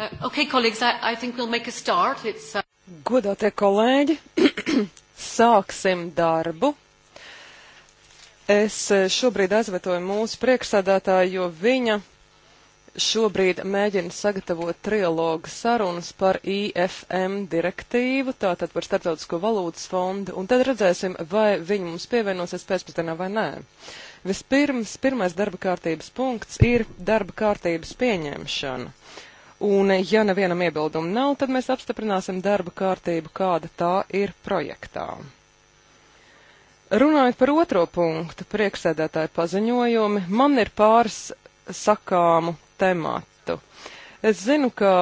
Uh, okay, colleagues, I, I think we'll make a start. It's, uh... Godātie kolēģi, sāksim darbu. Es uh, šobrīd aizvetoju mūsu priekšsēdētāju, jo viņa šobrīd mēģina sagatavot trilogu sarunas par IFM direktīvu, tātad par Startautisko valūtas fondu, un tad redzēsim, vai viņi mums pievienosies pēcpusdienā vai nē. Vispirms, pirmais darba kārtības punkts ir darba kārtības pieņemšana. Un, ja nevienam iebildumu nav, tad mēs apstiprināsim darba kārtību, kāda tā ir projektā. Runājot par otro punktu, priekšsēdētāju paziņojumi, man ir pāris sakāmu tematu. Es zinu, ka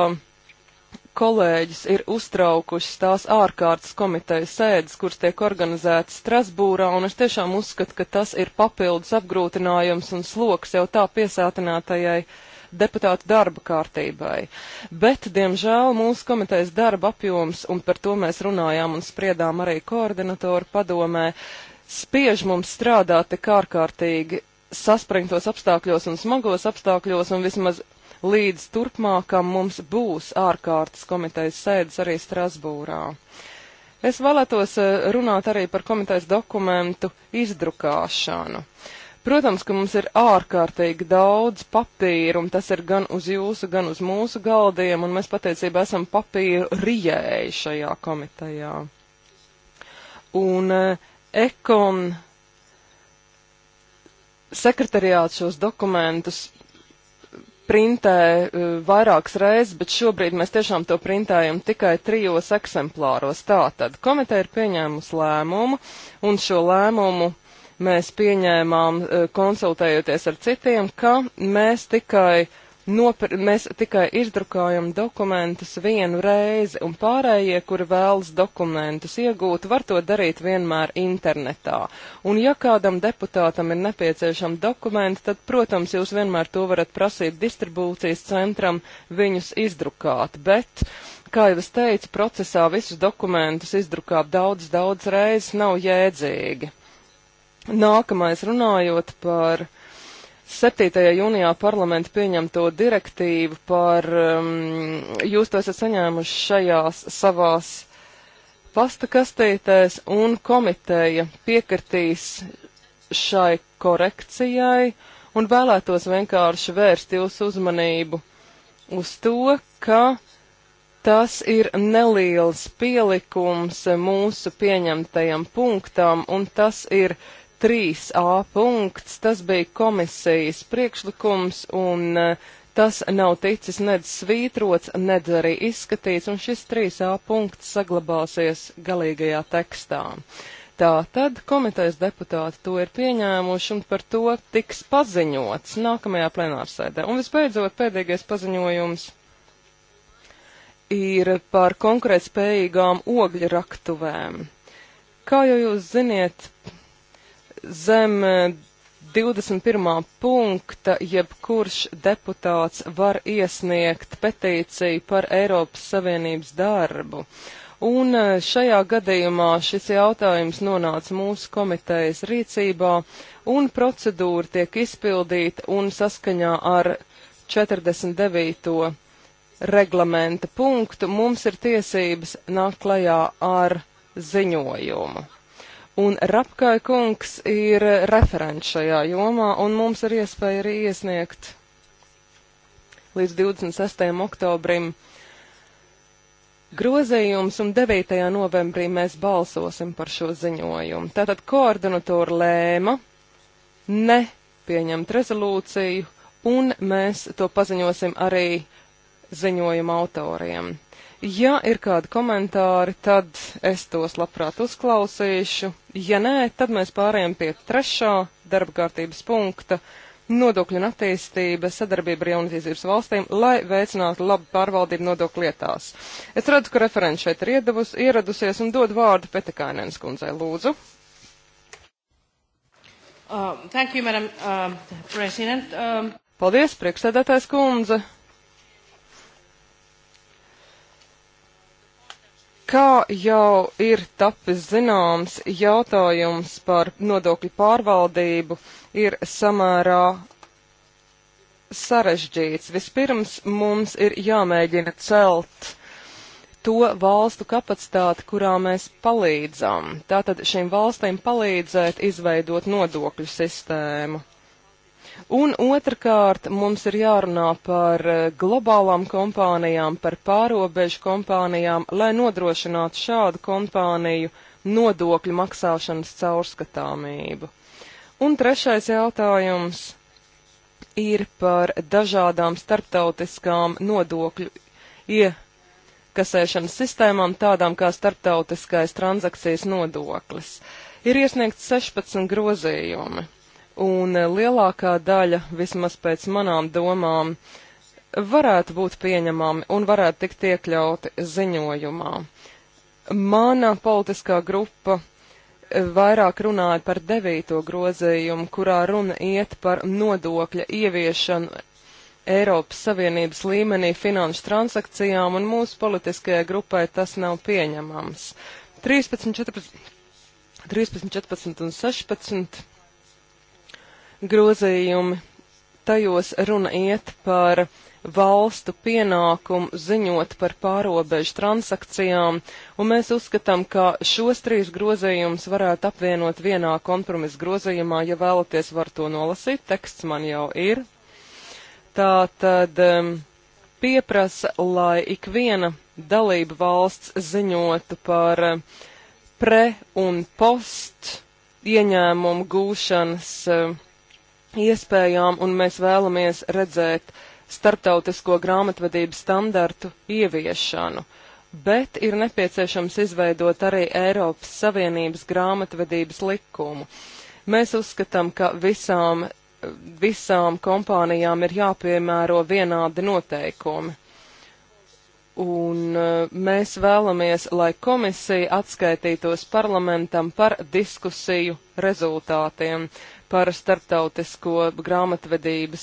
kolēģis ir uztraukušas tās ārkārtas komitejas sēdes, kuras tiek organizētas Strasbūrā, un es tiešām uzskatu, ka tas ir papildus apgrūtinājums un sloks jau tā piesātinātajai deputātu darba kārtībai. Bet, diemžēl, mūsu komitejas darba apjoms, un par to mēs runājām un spriedām arī koordinatoru padomē, spiež mums strādāt tik ārkārtīgi saspringtos apstākļos un smagos apstākļos, un vismaz līdz turpmākam mums būs ārkārtas komitejas sēdes arī Strasbūrā. Es vēlētos eh, runāt arī par komitejas dokumentu izdrukāšanu. Uh, Protams, ka mums ir ārkārtīgi daudz papīru, un tas ir gan uz jūsu, gan uz mūsu galdiem, un mēs patiesībā esam papīru rijēji šajā komitejā. Un eh, ekon sekretariāts šos dokumentus printē eh, vairākas reizes, bet šobrīd mēs tiešām to printējam tikai trijos eksemplāros. Tātad komiteja ir pieņēmusi lēmumu, un šo lēmumu mēs pieņēmām, eh, konsultējoties ar citiem, ka mēs tikai, nopir, mēs tikai izdrukājam dokumentus vienu reizi, un pārējie, kuri vēlas dokumentus iegūt, var to darīt vienmēr internetā. Un ja kādam deputātam ir nepieciešama dokumenta, tad, protams, jūs vienmēr to varat prasīt distribūcijas centram viņus izdrukāt, bet kā jau es teicu, procesā visus dokumentus izdrukāt daudz, daudz reizes nav jēdzīgi. Nākamais runājot par 7. jūnijā parlamentu pieņemto direktīvu par, um, jūs to esat saņēmuši šajās savās pasta kastītēs un komiteja piekartīs šai korekcijai un vēlētos vienkārši vērst jūsu uzmanību uz to, ka tas ir neliels pielikums mūsu pieņemtajam punktam un tas ir 3a punkts, tas bija komisijas priekšlikums un eh, tas nav ticis nedz svītrots, nedz arī izskatīts, un šis 3a punkts saglabāsies galīgajā tekstā. Tā tad komitejas deputāti to ir pieņēmuši un par to tiks paziņots nākamajā plenārsēdē. Un visbeidzot, pēdējais paziņojums ir par konkrētspējīgām ogļraktuvēm. Kā jau jūs ziniet, zem 21. E, punkta jebkurš deputāts var iesniegt petīciju par Eiropas Savienības darbu. Un e, šajā gadījumā šis jautājums nonāca mūsu komitejas rīcībā, un procedūra tiek izpildīta un saskaņā ar 49. reglamenta punktu mums ir tiesības nākt klajā ar ziņojumu. Un Rapkai kungs ir referents šajā jomā, un mums ir iespēja arī iesniegt līdz 26. oktobrim grozījums, un 9. novembrī mēs balsosim par šo ziņojumu. Tātad koordinatori lēma ne pieņemt rezolūciju, un mēs to paziņosim arī ziņojuma autoriem. Ja ir kādi komentāri, tad es tos labprāt uzklausīšu. Ja nē, tad mēs pārējām pie trešā darba kārtības punkta - nodokļu un attīstība, sadarbība ar jaunatīstības valstīm, lai veicinātu labu pārvaldību nodokļu lietās. Es redzu, ka referents šeit ir iedavus, ieradusies un dod vārdu Petekainēns kundzei. Lūdzu. Uh, thank you, Madam uh, President. Um... Paldies, priekšsēdētājs kundze. Kā jau ir tapis zināms, jautājums par nodokļu pārvaldību ir samērā sarežģīts. Vispirms mums ir jāmēģina celt to valstu kapacitāti, kurā mēs palīdzam. Tātad šīm valstīm palīdzēt izveidot nodokļu sistēmu. Un otrkārt, mums ir jārunā par eh, globālām kompānijām, par pārobežu kompānijām, lai nodrošinātu šādu kompāniju nodokļu maksāšanas caurskatāmību. Un trešais jautājums ir par dažādām starptautiskām nodokļu iekasēšanas sistēmām, tādām kā starptautiskais transakcijas nodoklis. Ir iesniegts 16 grozījumi un eh, lielākā daļa, vismaz pēc manām domām, varētu būt pieņemami un varētu tikt iekļauti ziņojumā. Mana politiskā grupa eh, vairāk runāja par devīto grozījumu, kurā runa iet par nodokļa ieviešanu Eiropas Savienības līmenī finanšu transakcijām, un mūsu politiskajai grupai tas nav pieņemams. 13, 14, 13, 14 un 16 grozījumi. Tajos runa iet par valstu pienākumu ziņot par pārobežu transakcijām, un mēs uzskatām, ka šos trīs grozījumus varētu apvienot vienā kompromisa grozījumā, ja vēlaties var to nolasīt, teksts man jau ir. Tā tad um, pieprasa, lai ikviena dalība valsts ziņotu par um, pre un post ieņēmumu gūšanas uh, iespējām, un mēs vēlamies redzēt starptautisko grāmatvedības standartu ieviešanu. Bet ir nepieciešams izveidot arī Eiropas Savienības grāmatvedības likumu. Mēs uzskatām, ka visām, visām kompānijām ir jāpiemēro vienādi noteikumi. Un eh, mēs vēlamies, lai komisija atskaitītos parlamentam par diskusiju rezultātiem par starptautisko grāmatvedības,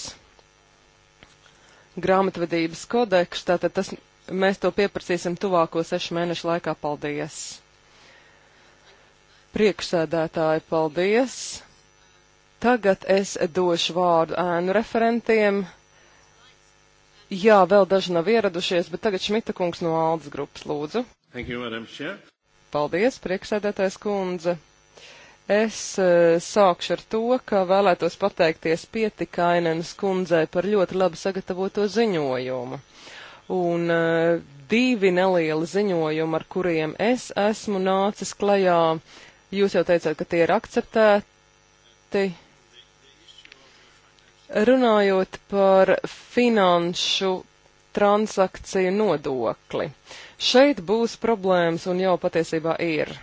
grāmatvedības kodeksu. Tātad tas, mēs to pieprasīsim tuvāko sešu mēnešu laikā. Paldies! Priekšsēdētāji, paldies! Tagad es došu vārdu ēnu referentiem. Jā, vēl daži nav ieradušies, bet tagad Šmita kungs no Aldas grupas lūdzu. You, Paldies, prieksēdētājs kundze. Es eh, sākšu ar to, ka vēlētos pateikties pietikainenes kundzei par ļoti labi sagatavoto ziņojumu. Un eh, divi nelieli ziņojumi, ar kuriem es esmu nācis klajā, jūs jau teicāt, ka tie ir akceptēti. Runājot par finanšu transakciju nodokli, šeit būs problēmas un jau patiesībā ir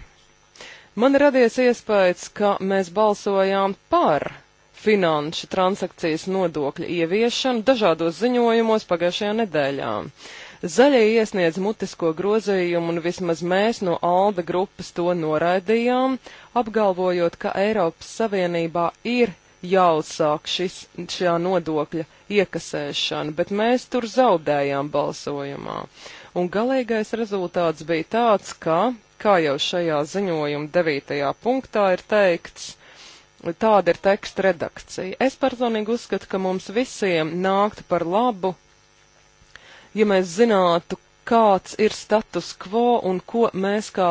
Man radies iespējas, ka mēs balsojām par finanšu transakcijas nodokļa ieviešanu dažādos ziņojumos pagājušajā nedēļā. Zaļie iesniedz mutisko grozījumu un vismaz mēs no ALDE grupas to noraidījām, apgalvojot, ka Eiropas Savienībā ir jāuzsāk šis, šajā nodokļa iekasēšana, bet mēs tur zaudējām balsojumā. Un galīgais rezultāts bija tāds, ka kā jau šajā ziņojuma devītajā punktā ir teikts, tāda ir teksta redakcija. Es personīgi uzskatu, ka mums visiem nāktu par labu, ja mēs zinātu, kāds ir status quo un ko mēs kā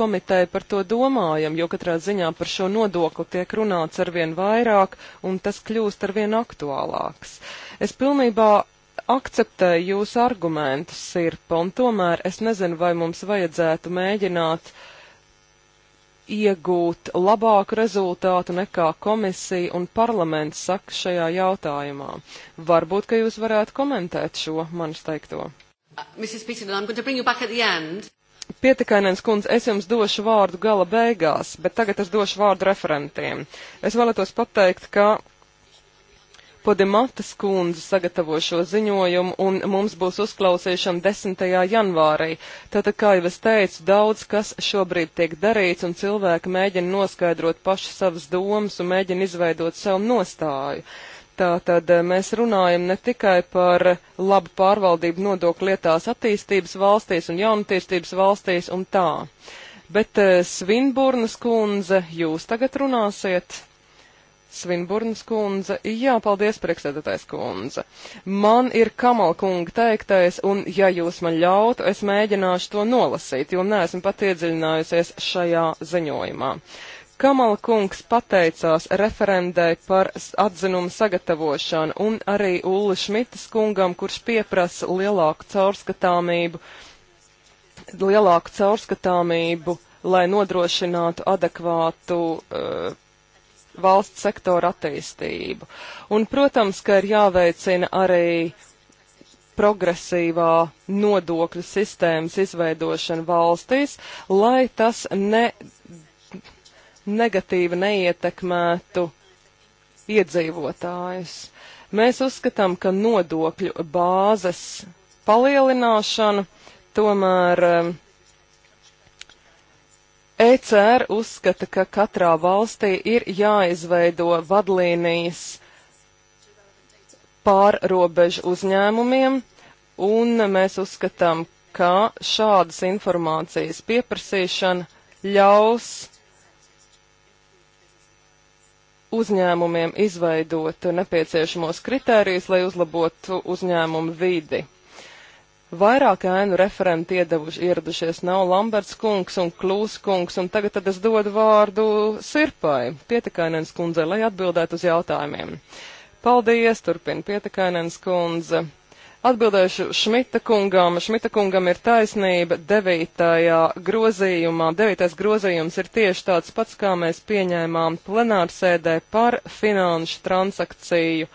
komiteja par to domājam, jo katrā ziņā par šo nodokli tiek runāts arvien vairāk un tas kļūst arvien aktuālāks. Es pilnībā akceptēju jūsu argumentu, Sirpa, un tomēr es nezinu, vai mums vajadzētu mēģināt iegūt labāku rezultātu nekā komisija un parlaments saka šajā jautājumā. Varbūt, ka jūs varētu komentēt šo manis teikto. Uh, Pietikainēns kundze, es jums došu vārdu gala beigās, bet tagad es došu vārdu referentiem. Es vēlētos pateikt, ka Podematas kundze sagatavo šo ziņojumu, un mums būs uzklausīšana 10. janvārī. Tātad, kā jau es teicu, daudz kas šobrīd tiek darīts, un cilvēki mēģina noskaidrot paši savas domas un mēģina izveidot savu nostāju. Tātad eh, mēs runājam ne tikai par labu pārvaldību nodokļu lietās attīstības valstīs un jaunatīstības valstīs un tā. Bet eh, Svinburnas kundze, jūs tagad runāsiet? Svinburnas kundze. Jā, paldies, priekšsēdētājs kundze. Man ir Kamal kunga teiktais, un ja jūs man ļautu, es mēģināšu to nolasīt, jo neesmu pat iedziļinājusies šajā ziņojumā. Kamala kungs pateicās referendē par atzinumu sagatavošanu un arī Ulli Šmitas kungam, kurš pieprasa lielāku caurskatāmību, lielāku caurskatāmību, lai nodrošinātu adekvātu uh, valsts sektora attīstību. Un, protams, ka ir jāveicina arī progresīvā nodokļu sistēmas izveidošana valstīs, lai tas ne, negatīvi neietekmētu iedzīvotājus. Mēs uzskatām, ka nodokļu bāzes palielināšana tomēr um, ECR uzskata, ka katrā valstī ir jāizveido vadlīnijas pārrobežu uzņēmumiem, un mēs uzskatām, ka šādas informācijas pieprasīšana ļaus uzņēmumiem izveidot nepieciešamos kritērijus, lai uzlabotu uzņēmumu vidi. Vairāk ēnu referenti iedevuši, ieradušies nav Lamberts kungs un Klūs kungs, un tagad tad es dodu vārdu Sirpai, pietikainens kundzei, lai atbildētu uz jautājumiem. Paldies, turpina pietikainens kundze. Atbildēšu Šmita kungam. Šmita kungam ir taisnība. Devītajā grozījumā, devītais grozījums ir tieši tāds pats, kā mēs pieņēmām plenārsēdē par finanšu transakciju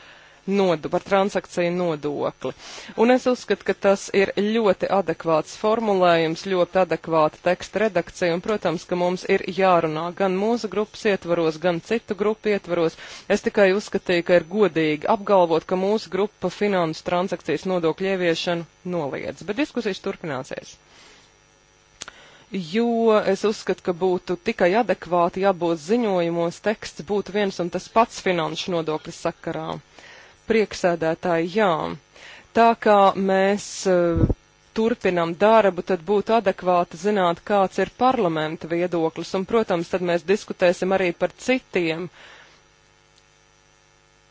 nodu, par transakciju nodokli. Un es uzskatu, ka tas ir ļoti adekvāts formulējums, ļoti adekvāta teksta redakcija, un, protams, ka mums ir jārunā gan mūsu grupas ietvaros, gan citu grupu ietvaros. Es tikai uzskatīju, ka ir godīgi apgalvot, ka mūsu grupa finansu transakcijas nodokļu ieviešanu noliedz, bet diskusijas turpināsies jo es uzskatu, ka būtu tikai adekvāti, ja būtu ziņojumos teksts būtu viens un tas pats finanšu nodokļu sakarā prieksēdētāji, jā. Tā kā mēs uh, turpinam darbu, tad būtu adekvāti zināt, kāds ir parlamenta viedoklis, un, protams, tad mēs diskutēsim arī par citiem,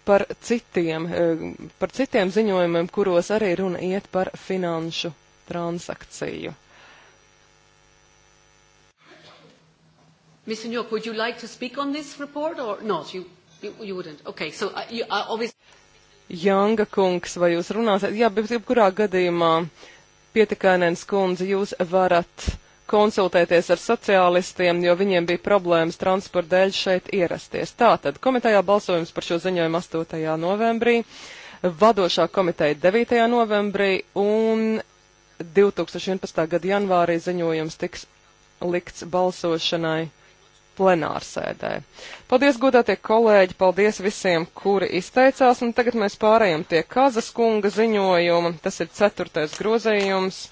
par citiem, eh, par citiem ziņojumiem, kuros arī runa iet par finanšu transakciju. Mr. Njok, would you like to speak on this report or not? You, you, you wouldn't. Okay, so uh, you, uh, obviously... Janga kungs, vai jūs runāsiet? Jā, bet jebkurā gadījumā pietikainēns kundze, jūs varat konsultēties ar sociālistiem, jo viņiem bija problēmas transporta dēļ šeit ierasties. Tātad komitejā balsojums par šo ziņojumu 8. novembrī, vadošā komiteja 9. novembrī un 2011. gada janvārī ziņojums tiks likts balsošanai plenārsēdē. Paldies, godātie kolēģi, paldies visiem, kuri izteicās, un tagad mēs pārējām pie Kazas kunga ziņojuma, tas ir ceturtais grozējums.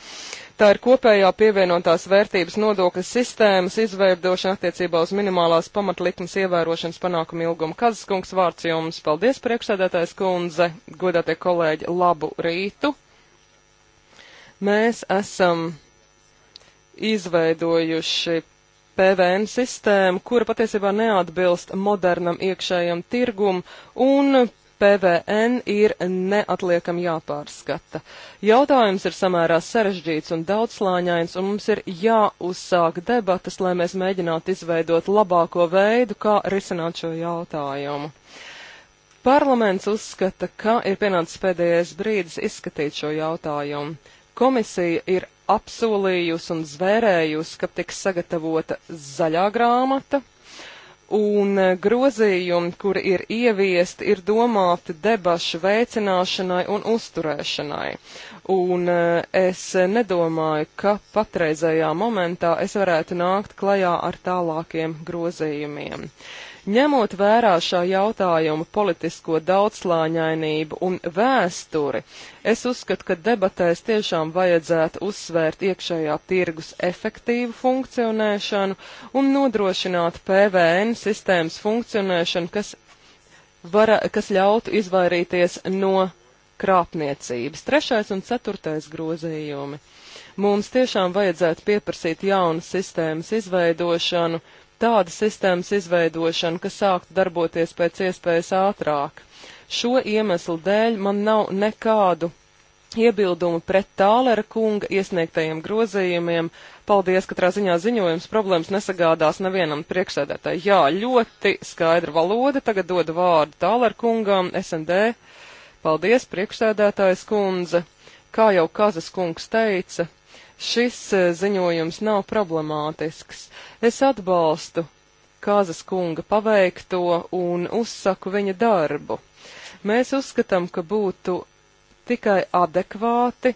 Tā ir kopējā pievienotās vērtības nodokļa sistēmas izveidošana attiecībā uz minimālās pamatlikmes ievērošanas panākumu ilgumu. Kazas kungs vārds jums. Paldies, priekšsēdētājs kundze, godātie kolēģi, labu rītu. Mēs esam izveidojuši PVN sistēmu, kura patiesībā neatbilst modernam iekšējam tirgum un PVN ir neatliekami jāpārskata. Jautājums ir samērā sarežģīts un daudzslāņains, un mums ir jāuzsāk debatas, lai mēs mēģinātu izveidot labāko veidu, kā risināt šo jautājumu. Parlaments uzskata, ka ir pienācis pēdējais brīdis izskatīt šo jautājumu. Komisija ir apsolījusi un zvērējusi, ka tiks sagatavota zaļā grāmata, un e, grozījumi, kuri ir ieviesti, ir domāti debašu veicināšanai un uzturēšanai. Un e, es nedomāju, ka patreizējā momentā es varētu nākt klajā ar tālākiem grozījumiem. Uh, Ņemot vērā šā jautājuma politisko daudzslāņainību un vēsturi, es uzskatu, ka debatēs tiešām vajadzētu uzsvērt iekšējā tirgus efektīvu funkcionēšanu un nodrošināt PVN sistēmas funkcionēšanu, kas, vara, kas ļautu izvairīties no krāpniecības. Trešais un ceturtais grozījumi. Mums tiešām vajadzētu pieprasīt jaunu sistēmas izveidošanu, tāda sistēmas izveidošana, kas sāktu darboties pēc iespējas ātrāk. Šo iemeslu dēļ man nav nekādu iebildumu pret Tālera kunga iesniegtajiem grozījumiem. Paldies, katrā ziņā ziņojums problēmas nesagādās nevienam priekšsēdētāji. Jā, ļoti skaidra valoda. Tagad dodu vārdu Tālera kungam, SND. Paldies, priekšsēdētājs kundze. Kā jau Kazas kungs teica, šis e, ziņojums nav problemātisks. Es atbalstu Kāzas kunga paveikto un uzsaku viņa darbu. Mēs uzskatām, ka būtu tikai adekvāti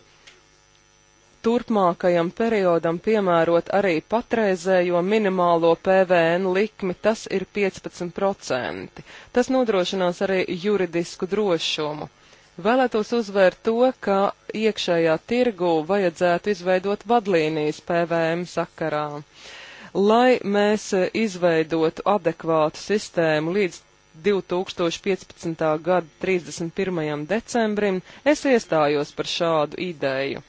turpmākajam periodam piemērot arī patreizējo minimālo PVN likmi, tas ir 15%. Tas nodrošinās arī juridisku drošumu. Vēlētos uzvērt to, ka iekšējā tirgu vajadzētu izveidot vadlīnijas PVM sakarā. Lai mēs izveidotu adekvātu sistēmu līdz 2015. gada 31. decembrim, es iestājos par šādu ideju.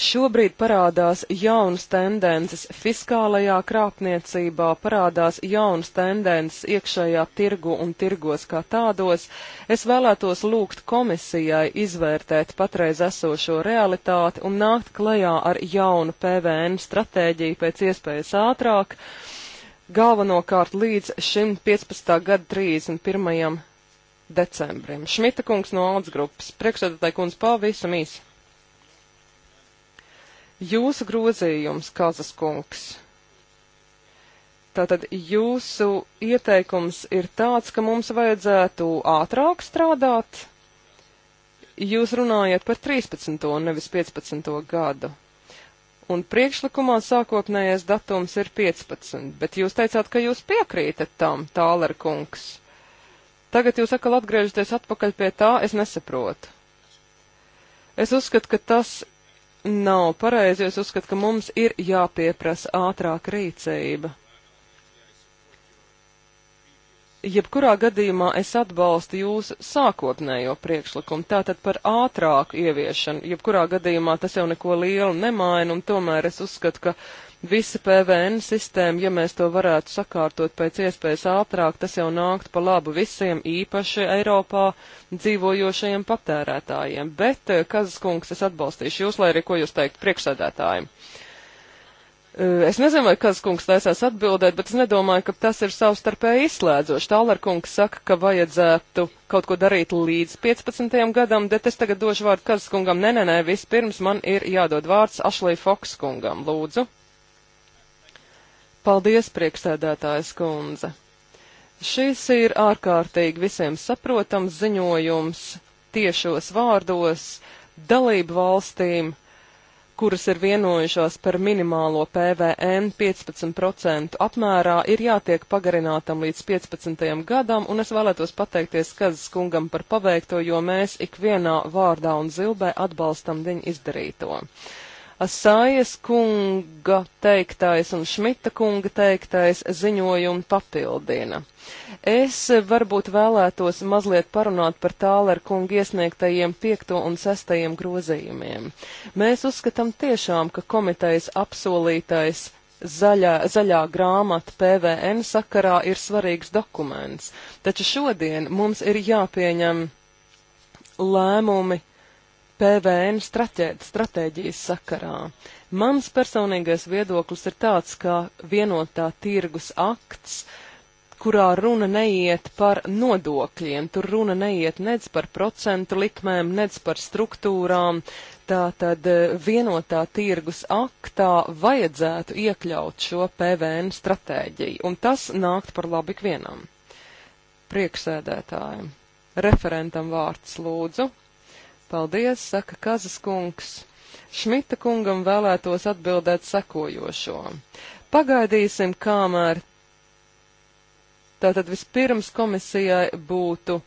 Šobrīd parādās jaunas tendences fiskālajā krāpniecībā, parādās jaunas tendences iekšējā tirgu un tirgos kā tādos. Es vēlētos lūgt komisijai izvērtēt patreiz esošo realitāti un nākt klajā ar jaunu PVN stratēģiju pēc iespējas ātrāk, galvenokārt līdz šim 15. gada 31. decembrim. Šmita kungs no Alts grupas, priekšsēdētāji kungs pavisam īsi. Jūsu grozījums, Kazas kungs. Tātad jūsu ieteikums ir tāds, ka mums vajadzētu ātrāk strādāt. Jūs runājat par 13. nevis 15. gadu. Un priekšlikumā sākotnējais datums ir 15, bet jūs teicāt, ka jūs piekrītat tam, tāler kungs. Tagad jūs atkal atgriežaties atpakaļ pie tā, es nesaprotu. Es uzskatu, ka tas nav pareizi, jo es uzskatu, ka mums ir jāpieprasa ātrāk rīcība. Jebkurā gadījumā es atbalstu jūsu sākotnējo priekšlikumu, tātad par ātrāku ieviešanu. Jebkurā gadījumā tas jau neko lielu nemaina, un tomēr es uzskatu, ka visu PVN sistēmu, ja mēs to varētu sakārtot pēc iespējas ātrāk, tas jau nāktu pa labu visiem īpaši Eiropā dzīvojošajiem patērētājiem. Bet, eh, Kazaskungs, es atbalstīšu jūs, lai arī ko jūs teikt priekšsēdētājiem. Eh, es nezinu, vai kāds kungs taisās atbildēt, bet es nedomāju, ka tas ir savstarpēji izslēdzoši. Tālāk kungs saka, ka vajadzētu kaut ko darīt līdz 15. gadam, bet es tagad došu vārdu kāds kungam. Nē, nē, nē, vispirms man ir jādod vārds Ašlī Foks kungam. Lūdzu. Paldies, priekšsēdētājs kundze. Šis ir ārkārtīgi visiem saprotams ziņojums tiešos vārdos dalību valstīm, kuras ir vienojušās par minimālo PVN 15% apmērā, ir jātiek pagarinātam līdz 15. gadam, un es vēlētos pateikties Kazas kungam par paveikto, jo mēs ikvienā vārdā un zilbē atbalstam viņu izdarīto. Asājas kunga teiktais un Šmita kunga teiktais ziņojumu papildina. Es varbūt vēlētos mazliet parunāt par tāleru kunga iesniegtajiem piekto un sestajiem grozījumiem. Mēs uzskatām tiešām, ka komitejas apsolītais zaļā, zaļā grāmata PVN sakarā ir svarīgs dokuments, taču šodien mums ir jāpieņem lēmumi PVN stratēģijas sakarā. Mans personīgais viedoklis ir tāds, ka vienotā tirgus akts kurā runa neiet par nodokļiem, tur runa neiet nec par procentu likmēm, nec par struktūrām. Tātad e, vienotā tirgus aktā vajadzētu iekļaut šo PVN stratēģiju, un tas nākt par labu ikvienam. Prieksēdētājiem. Referentam vārds lūdzu. Paldies, saka Kazaskungs. Šmita kungam vēlētos atbildēt sekojošo. Pagaidīsim, kamēr tātad vispirms komisijai būtu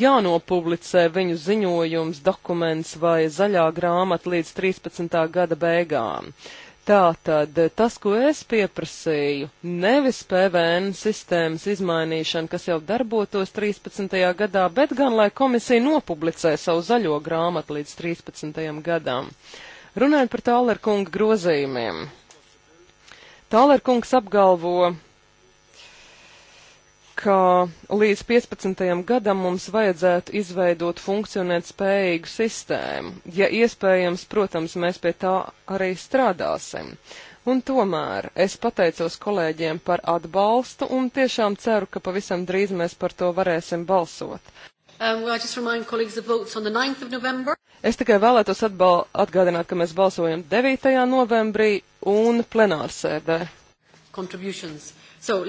jānopublicē viņu ziņojums, dokuments vai zaļā grāmata līdz 13. gada beigām. Tātad eh, tas, ko es pieprasīju, nevis PVN sistēmas izmainīšana, kas jau darbotos 13. gadā, bet gan, lai komisija nopublicē savu zaļo grāmatu līdz 13. gadam. Runājot par Tālerkunga grozījumiem. Tālerkungs apgalvo, ka līdz 15. gadam mums vajadzētu izveidot funkcionēt spējīgu sistēmu. Ja iespējams, protams, mēs pie tā arī strādāsim. Un tomēr es pateicos kolēģiem par atbalstu un tiešām ceru, ka pavisam drīz mēs par to varēsim balsot. Um, well, es tikai vēlētos atgādināt, ka mēs balsojam 9. novembrī un plenārsēdē. So,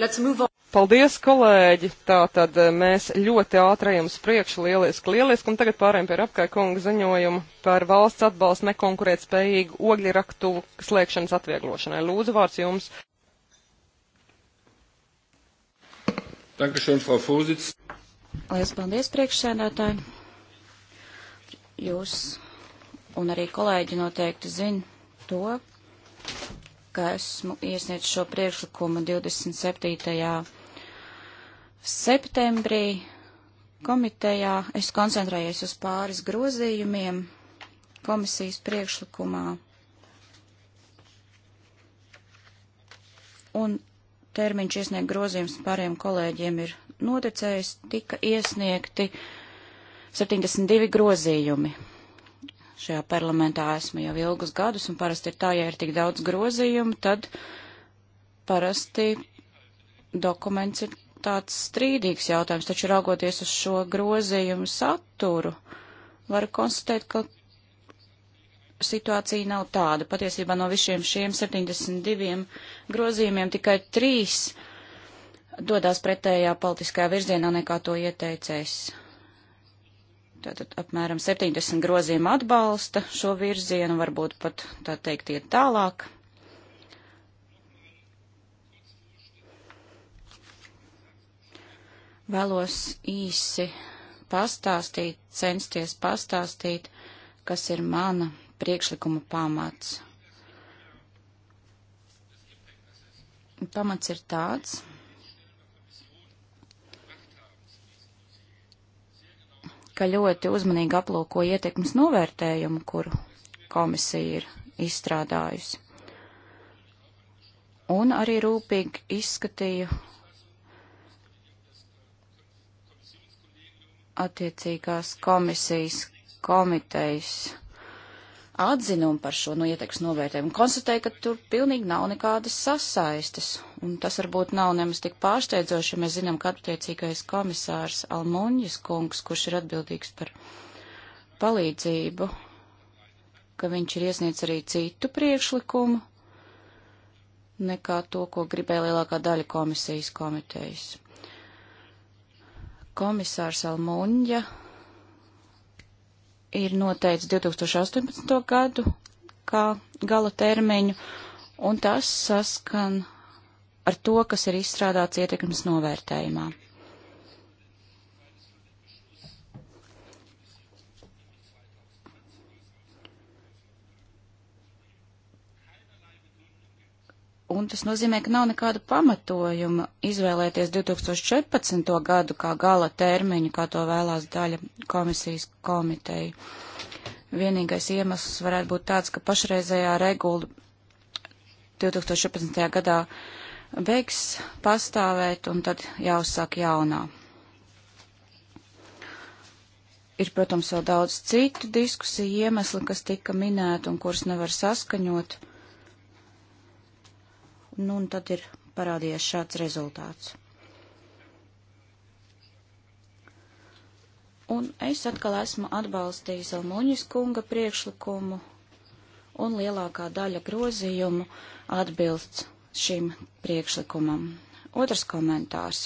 Paldies, kolēģi! Tā tad eh, mēs ļoti ātri ejam uz priekšu, lieliski, lieliski, un tagad pārējām pie apkārt kunga ziņojuma par valsts atbalstu nekonkurēt spējīgu ogļu raktuvu slēgšanas atvieglošanai. Lūdzu, vārds jums! Dankeschön, Frau Fūzits! Lielas paldies, priekšsēdētāji! Jūs un arī kolēģi noteikti zin to, ka esmu iesniedz šo priekšlikumu 27 Septembrī komitejā es koncentrējies uz pāris grozījumiem komisijas priekšlikumā. Un termiņš iesniegt grozījums pāriem kolēģiem ir noticējis, tika iesniegti 72 grozījumi. Šajā parlamentā esmu jau ilgus gadus, un parasti ir tā, ja ir tik daudz grozījumu, tad parasti dokuments ir tāds strīdīgs jautājums, taču raugoties uz šo grozījumu saturu, var konstatēt, ka situācija nav tāda. Patiesībā no visiem šiem 72 grozījumiem tikai trīs dodās pretējā politiskajā virzienā nekā to ieteicējs. Tātad apmēram 70 grozījumi atbalsta šo virzienu, varbūt pat tā teikt iet tālāk, Vēlos īsi pastāstīt, censties pastāstīt, kas ir mana priekšlikuma pamats. Pamats ir tāds, ka ļoti uzmanīgi aplūko ietekmes novērtējumu, kuru komisija ir izstrādājusi. Un arī rūpīgi izskatīju attiecīgās komisijas komitejas atzinumu par šo nu, ietekmes novērtējumu, konstatēja, ka tur pilnīgi nav nekādas sasaistes. Un tas varbūt nav nemaz tik pārsteidzoši, ja mēs zinām, ka attiecīgais komisārs Almuņas kungs, kurš ir atbildīgs par palīdzību, ka viņš ir iesniedz arī citu priekšlikumu nekā to, ko gribēja lielākā daļa komisijas komitejas komisārs Almuņģa ir noteicis 2018. gadu kā gala termiņu, un tas saskan ar to, kas ir izstrādāts ietekmes novērtējumā. Un tas nozīmē, ka nav nekāda pamatojuma izvēlēties 2014. gadu kā gala termiņu, kā to vēlās daļa komisijas komiteja. Vienīgais iemesls varētu būt tāds, ka pašreizējā regula 2014. gadā beigs pastāvēt un tad jāuzsāk jaunā. Ir, protams, vēl daudz citu diskusiju iemesli, kas tika minēti un kurus nevar saskaņot. Uh, nu un tad ir parādījies šāds rezultāts. Un es atkal esmu atbalstījis Almuņas kunga priekšlikumu, un lielākā daļa grozījumu atbilst šim priekšlikumam. Otrs komentārs.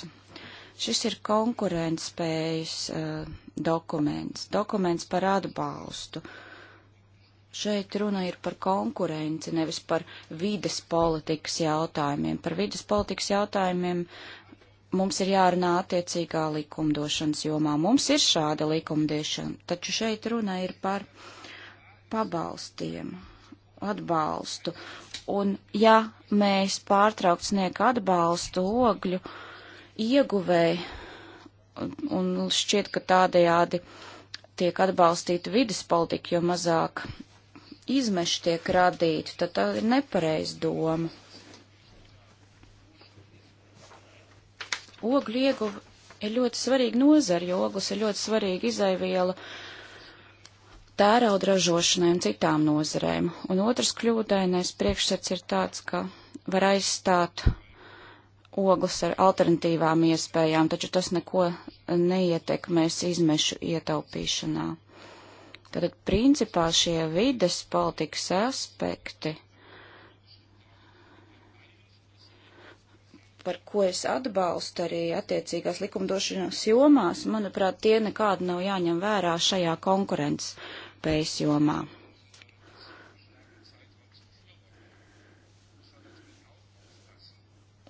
Šis ir konkurentspējas uh, eh, dokuments, dokuments par atbalstu. Uh, Šeit runa ir par konkurenci, nevis par vides politikas jautājumiem. Par vides politikas jautājumiem mums ir jārunā attiecīgā likumdošanas jomā. Mums ir šāda likumdošana, taču šeit runa ir par pabalstiem, atbalstu. Un ja mēs pārtraukt sniegt atbalstu ogļu ieguvēji, un, un šķiet, ka tādējādi tiek atbalstīta vidas politika, jo mazāk izmeši tiek radīti, tad tā ir nepareiz doma. Ogļu ieguva ir ļoti svarīga nozara, jo oglis ir ļoti svarīga izaiviela tērauda ražošanai un citām nozarēm. Un otrs kļūdainais priekšsats ir tāds, ka var aizstāt oglis ar alternatīvām iespējām, taču tas neko neietekmēs izmešu ietaupīšanā. Tātad, principā, šie vides politikas aspekti, par ko es atbalstu arī attiecīgās likumdošanas jomās, manuprāt, tie nekādi nav jāņem vērā šajā konkurences spējas jomā.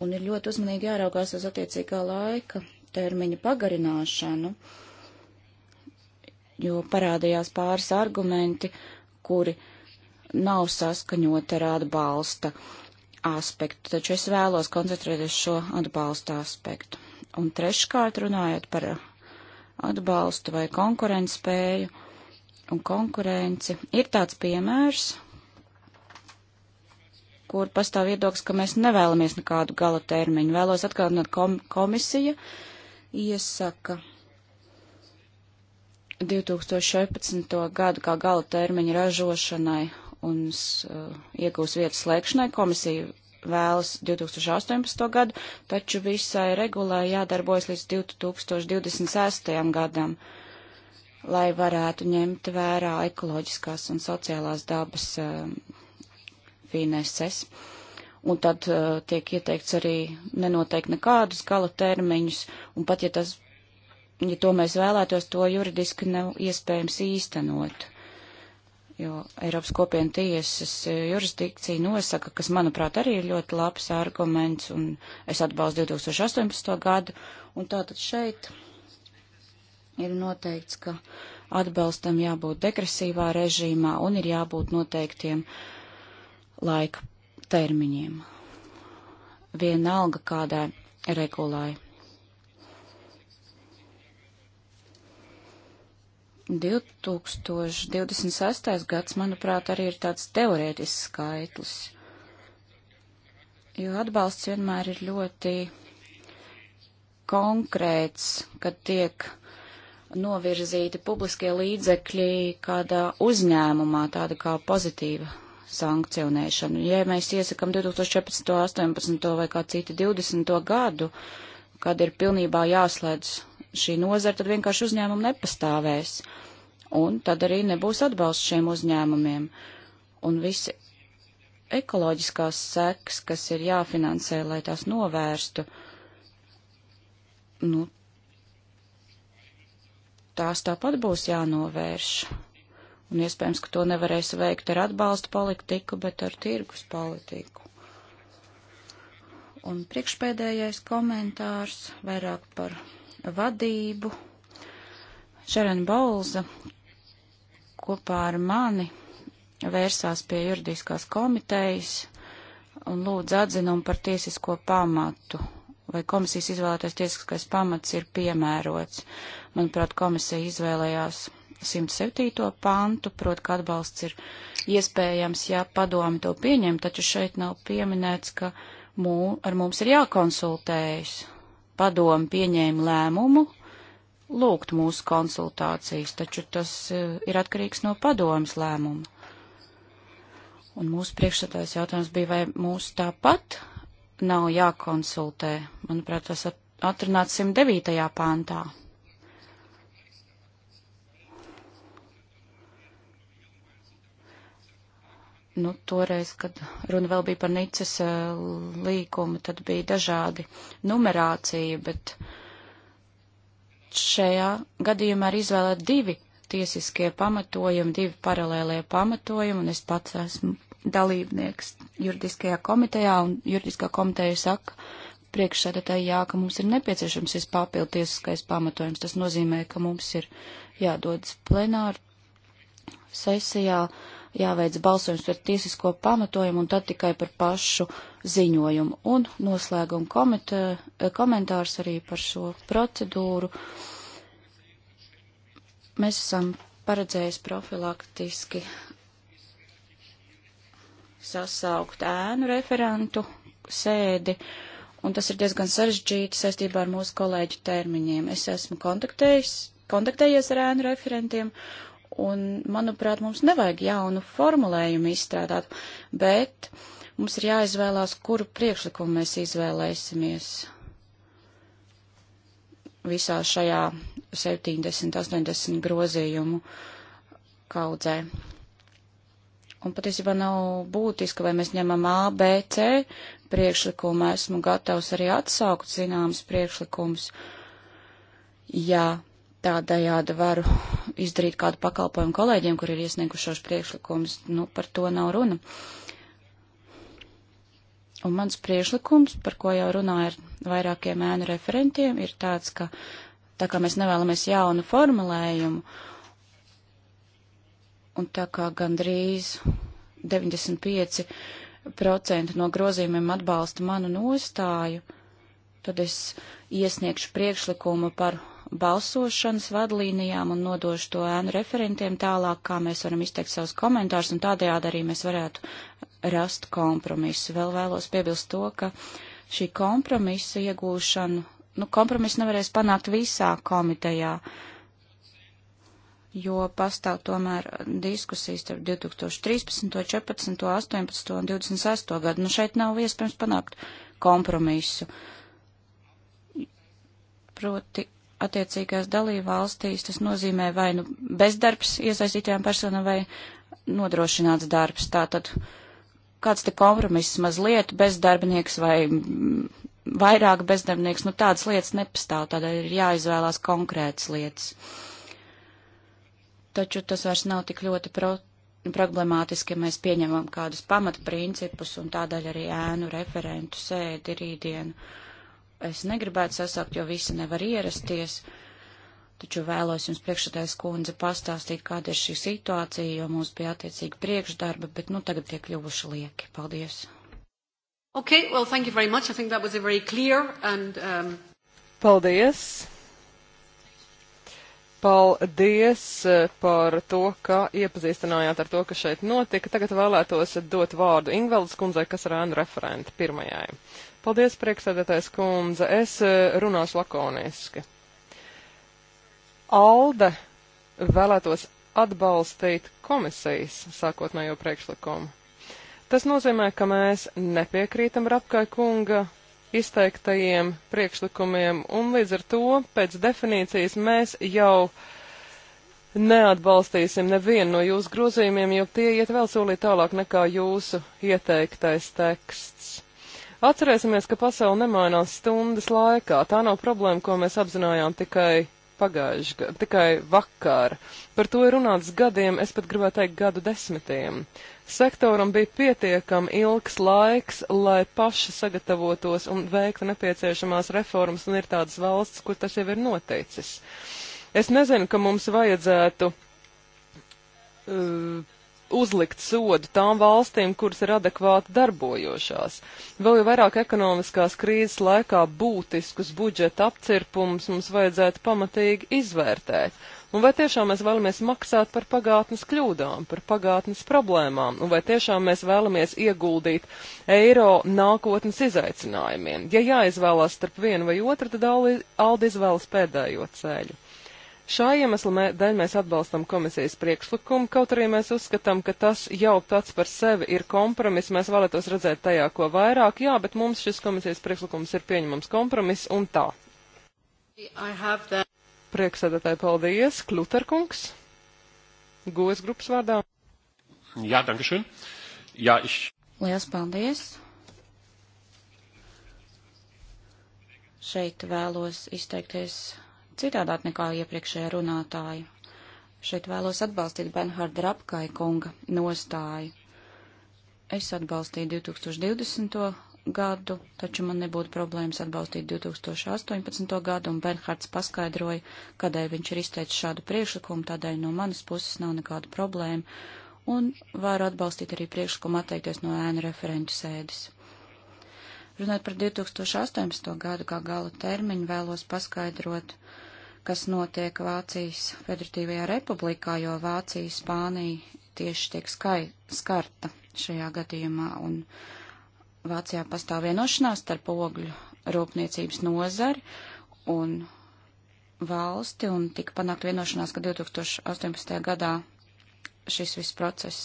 Un ir ļoti uzmanīgi jāraugās uz attiecīgā laika termiņa pagarināšanu. Uh, jo parādījās pāris argumenti, kuri nav saskaņoti ar atbalsta aspektu, taču es vēlos koncentrēties šo atbalsta aspektu. Un treškārt runājot par atbalstu vai konkurences spēju un konkurenci, ir tāds piemērs, kur pastāv viedoklis, ka mēs nevēlamies nekādu gala termiņu. Vēlos atgādināt, kom komisija iesaka 2014. gadu kā gala termiņu ražošanai un uh, iegūs vietas slēgšanai komisija vēlas 2018. gadu, taču visai regulai jādarbojas līdz 2026. gadam, lai varētu ņemt vērā ekoloģiskās un sociālās dabas uh, fineses. Un tad uh, tiek ieteikts arī nenoteikt nekādus gala termiņus, un pat ja tas ja to mēs vēlētos, to juridiski nav iespējams īstenot. Jo Eiropas kopiena tiesas eh, jurisdikcija nosaka, kas, manuprāt, arī ir ļoti labs arguments, un es atbalstu 2018. gadu, un tātad šeit ir noteikts, ka atbalstam jābūt degresīvā režīmā un ir jābūt noteiktiem laika termiņiem. Vienalga kādai regulai 2026. gads, manuprāt, arī ir tāds teorētisks skaitlis, jo atbalsts vienmēr ir ļoti konkrēts, kad tiek novirzīti publiskie līdzekļi kādā uzņēmumā, tāda kā pozitīva sankcionēšanu. Ja mēs iesakam 2014, 18 vai kā citi 20 gadu, kad ir pilnībā jāslēdz šī nozara tad vienkārši uzņēmumu nepastāvēs. Un tad arī nebūs atbalsts šiem uzņēmumiem. Un visi ekoloģiskās sekas, kas ir jāfinansē, lai tās novērstu, nu, tās tāpat būs jānovērš. Un iespējams, ka to nevarēs veikt ar atbalstu politiku, bet ar tirgus politiku. Un priekšpēdējais komentārs vairāk par vadību. Šerena Bolza kopā ar mani vērsās pie juridiskās komitejas un lūdza atzinumu par tiesisko pamatu. Vai komisijas izvēlētais tiesiskais pamats ir piemērots? Manuprāt, komisija izvēlējās 107. pantu, proti, ka atbalsts ir iespējams, ja padomi to pieņem, taču šeit nav pieminēts, ka mū, ar mums ir jākonsultējas padomu pieņēma lēmumu lūgt mūsu konsultācijas, taču tas e, ir atkarīgs no padomas lēmuma. Un mūsu priekšsatājs jautājums bija, vai mūs tāpat nav jākonsultē. Manuprāt, tas atrunāts 109. pāntā. nu, toreiz, kad runa vēl bija par Nicas eh, līkumu, tad bija dažādi numerācija, bet šajā gadījumā ir izvēlēt divi tiesiskie pamatojumi, divi paralēlie pamatojumi, un es pats esmu dalībnieks juridiskajā komitejā, un juridiskā komiteja saka priekšsēdētāji, jā, ka mums ir nepieciešams šis papildiesiskais pamatojums. Tas nozīmē, ka mums ir jādodas plenāru sesijā, uh, jāveic balsojums par tiesisko pamatojumu un tad tikai par pašu ziņojumu. Un noslēguma komite, eh, komentārs arī par šo procedūru. Mēs esam paredzējis profilaktiski sasaukt ēnu referentu sēdi, un tas ir diezgan sarežģīti saistībā ar mūsu kolēģu termiņiem. Es esmu kontaktējis, kontaktējies ar ēnu referentiem, un, manuprāt, mums nevajag jaunu formulējumu izstrādāt, bet mums ir jāizvēlās, kuru priekšlikumu mēs izvēlēsimies visā šajā 70, 80 grozījumu kaudzē. Un patiesībā nav būtiski, vai mēs ņemam A, B, C priekšlikumu. Esmu gatavs arī atsaukt zināmas priekšlikumus, ja tādējādi varu izdarīt kādu pakalpojumu kolēģiem, kur ir iesniegušos priekšlikumus. Nu, par to nav runa. Un mans priekšlikums, par ko jau runāju ar vairākiem ēnu referentiem, ir tāds, ka tā kā mēs nevēlamies jaunu formulējumu, un tā kā gandrīz 95% no grozījumiem atbalsta manu nostāju, tad es iesniegšu priekšlikumu par balsošanas vadlīnijām un nodošu to ēnu referentiem tālāk, kā mēs varam izteikt savus komentārus, un tādējādi arī mēs varētu rast kompromisu. Vēl vēlos piebilst to, ka šī kompromisa iegūšana, nu, kompromisu nevarēs panākt visā komitejā, jo pastāv tomēr diskusijas starp 2013, 14, 18 un 26 gadu. Nu, šeit nav iespējams panākt kompromisu proti attiecīgās dalībvalstīs tas nozīmē vai nu bezdarbs iesaistītajām personām vai nodrošināts darbs. Tātad kāds te kompromiss mazliet bezdarbnieks vai vairāk bezdarbnieks, nu tādas lietas nepastāv, tādēļ ir jāizvēlās konkrētas lietas. Taču tas vairs nav tik ļoti pro problemātiski, ja mēs pieņemam kādus pamatprincipus un tādēļ arī ēnu referentu sēdi rītdienu es negribētu sasaukt, jo visi nevar ierasties, taču vēlos jums priekšsēdājas kundze pastāstīt, kāda ir šī situācija, jo mums bija attiecīgi priekšdarba, bet nu tagad tiek kļuvuši lieki. Paldies! Okay, well, thank you very much. I think that was a very clear and... Um... Paldies! Paldies uh, par to, ka iepazīstinājāt ar to, kas šeit notika. Tagad vēlētos dot vārdu Ingveldas kundzei, kas ir ēnu referenti pirmajai. Paldies, priekšsēdētājs kundze. Es eh, runāšu lakoniski. Alde vēlētos atbalstīt komisijas sākotnējo priekšlikumu. Tas nozīmē, ka mēs nepiekrītam Rapkai kunga izteiktajiem priekšlikumiem, un līdz ar to pēc definīcijas mēs jau neatbalstīsim nevienu no jūsu grozījumiem, jo tie iet vēl solīt tālāk nekā jūsu ieteiktais teksts. Atcerēsimies, ka pasauli nemainās stundas laikā. Tā nav problēma, ko mēs apzinājām tikai pagājuši, tikai vakar. Par to ir runāts gadiem, es pat gribētu teikt gadu desmitiem. Sektoram bija pietiekami ilgs laiks, lai paši sagatavotos un veiktu nepieciešamās reformas, un ir tādas valsts, kur tas jau ir noticis. Es nezinu, ka mums vajadzētu uh, uzlikt sodu tām valstīm, kuras ir adekvāti darbojošās. Vēl jau vairāk ekonomiskās krīzes laikā būtiskus budžeta apcirpumus mums vajadzētu pamatīgi izvērtēt. Un vai tiešām mēs vēlamies maksāt par pagātnes kļūdām, par pagātnes problēmām, un vai tiešām mēs vēlamies ieguldīt eiro nākotnes izaicinājumiem? Ja jāizvēlās starp vienu vai otru, tad Aldi izvēlas pēdējo ceļu. Šā iemesla dēļ mēs atbalstam komisijas priekšlikumu, kaut arī mēs uzskatām, ka tas jau pats par sevi ir kompromiss, mēs vēlētos redzēt tajā ko vairāk, jā, bet mums šis komisijas priekšlikums ir pieņemams kompromiss un tā. Prieksēdētāji, paldies, Kluterkungs, gos grupas vārdā. Jā, dankašan. Jā, ich. Lielas paldies. šeit vēlos izteikties citādāk nekā iepriekšējā runātāja. Šeit vēlos atbalstīt Benharda Rapkai kunga nostāju. Es atbalstīju 2020. gadu, taču man nebūtu problēmas atbalstīt 2018. gadu, un Benhards paskaidroja, kādēļ viņš ir izteicis šādu priekšlikumu, tādēļ no manas puses nav nekāda problēma, un varu atbalstīt arī priekšlikumu atteikties no ēnu referentu sēdes. Runājot par 2018. gadu kā gala termiņu, vēlos paskaidrot, kas notiek Vācijas Federatīvajā republikā, jo Vācija, Spānija tieši tiek skai, skarta šajā gadījumā, un Vācijā pastāv vienošanās starp ogļu rūpniecības nozari un valsti, un tika panākt vienošanās, ka 2018. gadā šis viss process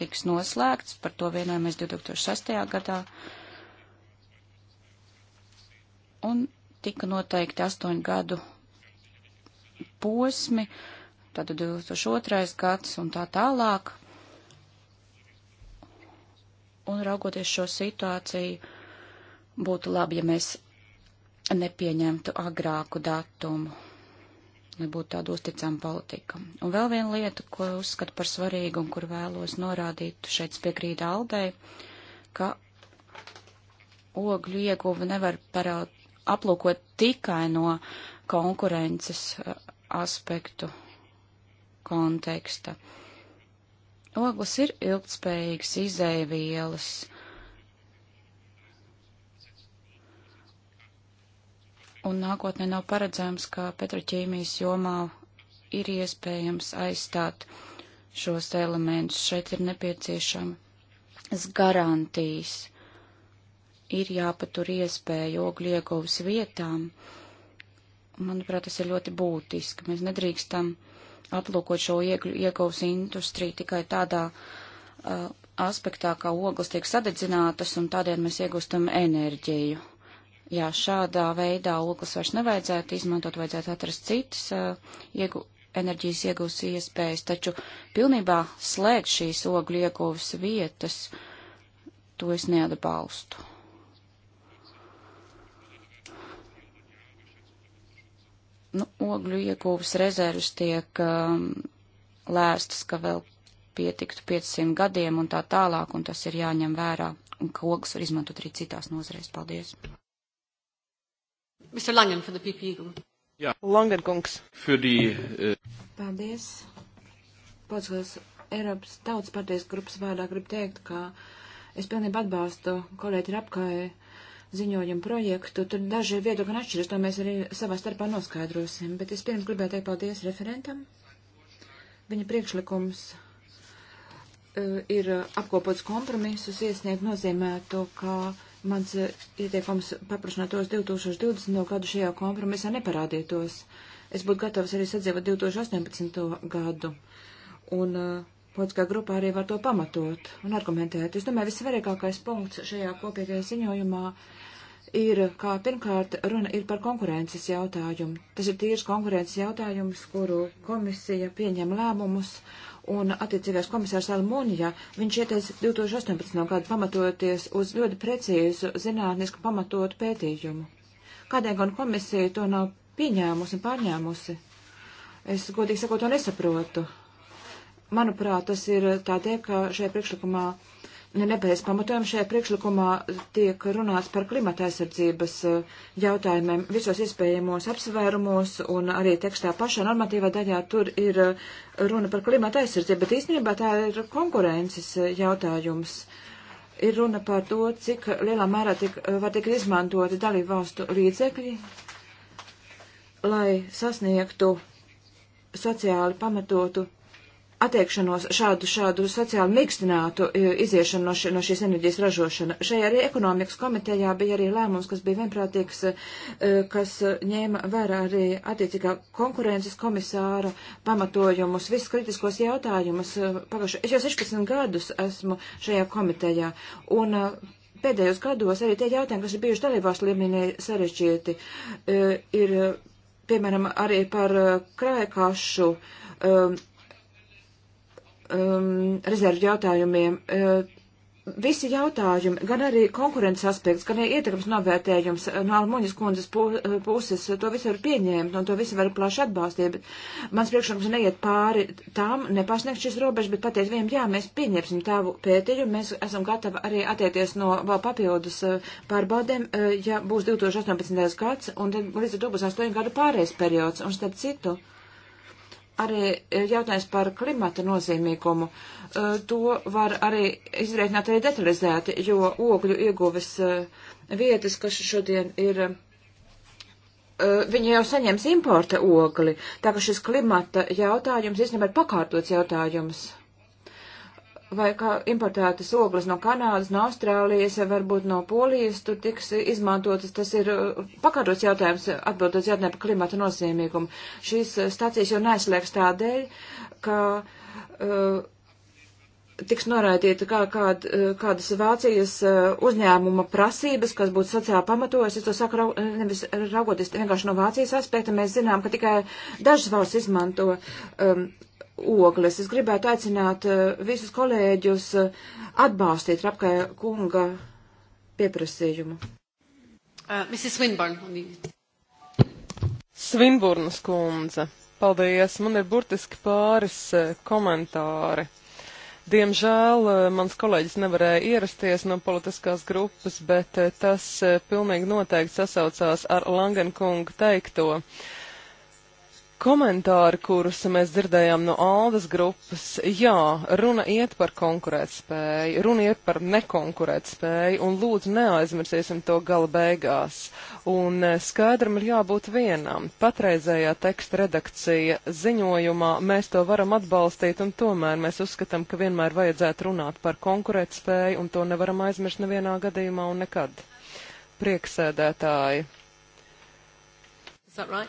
tiks noslēgts, par to vienojamies 2006. gadā un tika noteikti astoņu gadu posmi, tad 2002. gads un tā tālāk. Un raugoties šo situāciju, būtu labi, ja mēs nepieņemtu agrāku datumu, nebūtu tāda uzticama politika. Un vēl viena lieta, ko uzskatu par svarīgu un kur vēlos norādīt, šeit piekrīt Aldei, ka ogļu ieguva nevar paraut, aplūkot tikai no konkurences eh, aspektu konteksta. Ogles ir ilgspējīgas izēvielas. Un nākotnē nav paredzams, ka petroķīmijas jomā ir iespējams aizstāt šos elementus. Šeit ir nepieciešama garantijas ir jāpatur iespēja ogļu ieguvas vietām. Manuprāt, tas ir ļoti būtiski. Mēs nedrīkstam aplūkot šo ieguvas industriju tikai tādā uh, aspektā, kā ogles tiek sadedzinātas un tādēļ mēs iegūstam enerģiju. Jā, šādā veidā ogles vairs nevajadzētu izmantot, vajadzētu atrast citas uh, iegu, enerģijas iegūs iespējas, taču pilnībā slēgt šīs ogļu iegūs vietas, to es neatbalstu. nu, ogļu iegūves rezervas tiek um, lēstas, ka vēl pietiktu 500 gadiem un tā tālāk, un tas ir jāņem vērā, un ka ogles var izmantot arī citās nozarēs. Paldies! Mr. Langen, for the PP e group. Jā. Langen, kungs. Für die, uh... Paldies. Pats, Eiropas tautas partijas grupas vārdā gribu teikt, ka es pilnībā atbalstu kolēģi Rapkai ziņojumu projektu, tur daži viedokļi atšķiras, to mēs arī savā starpā noskaidrosim, bet es pirms gribēju teikt paldies referentam. Viņa priekšlikums uh, ir apkopots kompromisus, iesniegt nozīmētu, ka mans ieteikums paprašanātos 2020. gadu šajā kompromisā neparādītos. Es būtu gatavs arī sadzīvot 2018. gadu. Un, uh, Politiskā grupā arī var to pamatot un argumentēt. Es domāju, vissvarīgākais punkts šajā kopīgajā ziņojumā ir, kā pirmkārt, runa ir par konkurences jautājumu. Tas ir tīrs konkurences jautājums, kuru komisija pieņem lēmumus, un attiecīgais komisārs Almunija, viņš ieteica 2018. gadu pamatoties uz ļoti precīzu zinātnisku pamatotu pētījumu. Kādēļ gan komisija to nav pieņēmusi un pārņēmusi? Es, godīgi sakot, to nesaprotu. Manuprāt, tas ir tādēļ, ka šajā priekšlikumā uh, nebeiz pamatojumi šajā priekšlikumā tiek runāts par klimata aizsardzības eh, jautājumiem visos iespējamos apsvērumos un arī tekstā pašā normatīvā daļā tur ir eh, runa par klimata aizsardzību, bet īstenībā tā ir konkurences eh, jautājums. Ir runa par to, cik lielā mērā tik, var tikt izmantoti dalību valstu līdzekļi, lai sasniegtu sociāli pamatotu attiekšanos šādu, šādu sociāli mīkstinātu e, iziešanu no, š, no šīs enerģijas ražošana. Šajā arī ekonomikas komitejā bija arī lēmums, kas bija vienprātīgs, e, kas ņēma vērā arī attiecīgā konkurences komisāra pamatojumus, visus kritiskos jautājumus. E, Pagašu, es jau 16 gadus esmu šajā komitejā. Un, Pēdējos gados arī tie jautājumi, kas ir bijuši dalībās līmenī sarežģīti, ir piemēram arī par krājkašu um, um, rezervu jautājumiem. Uh, Visi jautājumi, gan arī konkurences aspekts, gan arī ietekmes novērtējums uh, no Almuņas kundzes uh, puses, to visu var pieņemt un to visu var plaši atbalstīt, bet mans priekšlikums neiet pāri tām, nepasniegt šis robežs, bet pateikt viņiem, jā, mēs pieņemsim tavu pētījumu, mēs esam gatavi arī attiekties no vēl papildus uh, pārbaudēm, ja būs 2018. gads, un tad līdz ar to būs 8 gadu pārējais periods, un starp citu. Uh, arī jautājums par klimata nozīmīgumu. To var arī izrēķināt arī detalizēti, jo ogļu ieguves vietas, kas šodien ir, viņi jau saņems importa ogli, tā ka šis klimata jautājums īstenībā ir pakārtots jautājums vai kā importētas ogles no Kanādas, no Austrālijas, varbūt no Polijas, tur tiks izmantotas, tas ir uh, pakarots jautājums, atbildot jautājumu par klimata nozīmīgumu. Šīs uh, stācijas jau neslēgs tādēļ, ka uh, tiks noraidīta kā, kād, uh, kādas Vācijas uzņēmuma prasības, kas būtu sociāli pamatojas. Es to saku raug, nevis raugoties vienkārši no Vācijas aspekta. Mēs zinām, ka tikai dažas valsts izmanto um, ogles. Es gribētu aicināt eh, visus kolēģus eh, atbalstīt Rapkai kunga pieprasījumu. Uh, Mrs. Swinburne. Svinburnas kundze, paldies. Man ir burtiski pāris eh, komentāri. Diemžēl mans kolēģis nevarēja ierasties no politiskās grupas, bet tas pilnīgi noteikti sasaucās ar Langenkungu teikto. Uh, Komentāri, kurus mēs dzirdējām no Aldas grupas, jā, runa iet par konkurētspēju, runa iet par nekonkurētspēju, un lūdzu neaizmirsīsim to gala beigās. Un e, skaidram ir jābūt vienam. Patreizējā teksta redakcija ziņojumā mēs to varam atbalstīt, un tomēr mēs uzskatām, ka vienmēr vajadzētu runāt par konkurētspēju, un to nevaram aizmirst nevienā gadījumā un nekad. Prieksēdētāji. Is that right?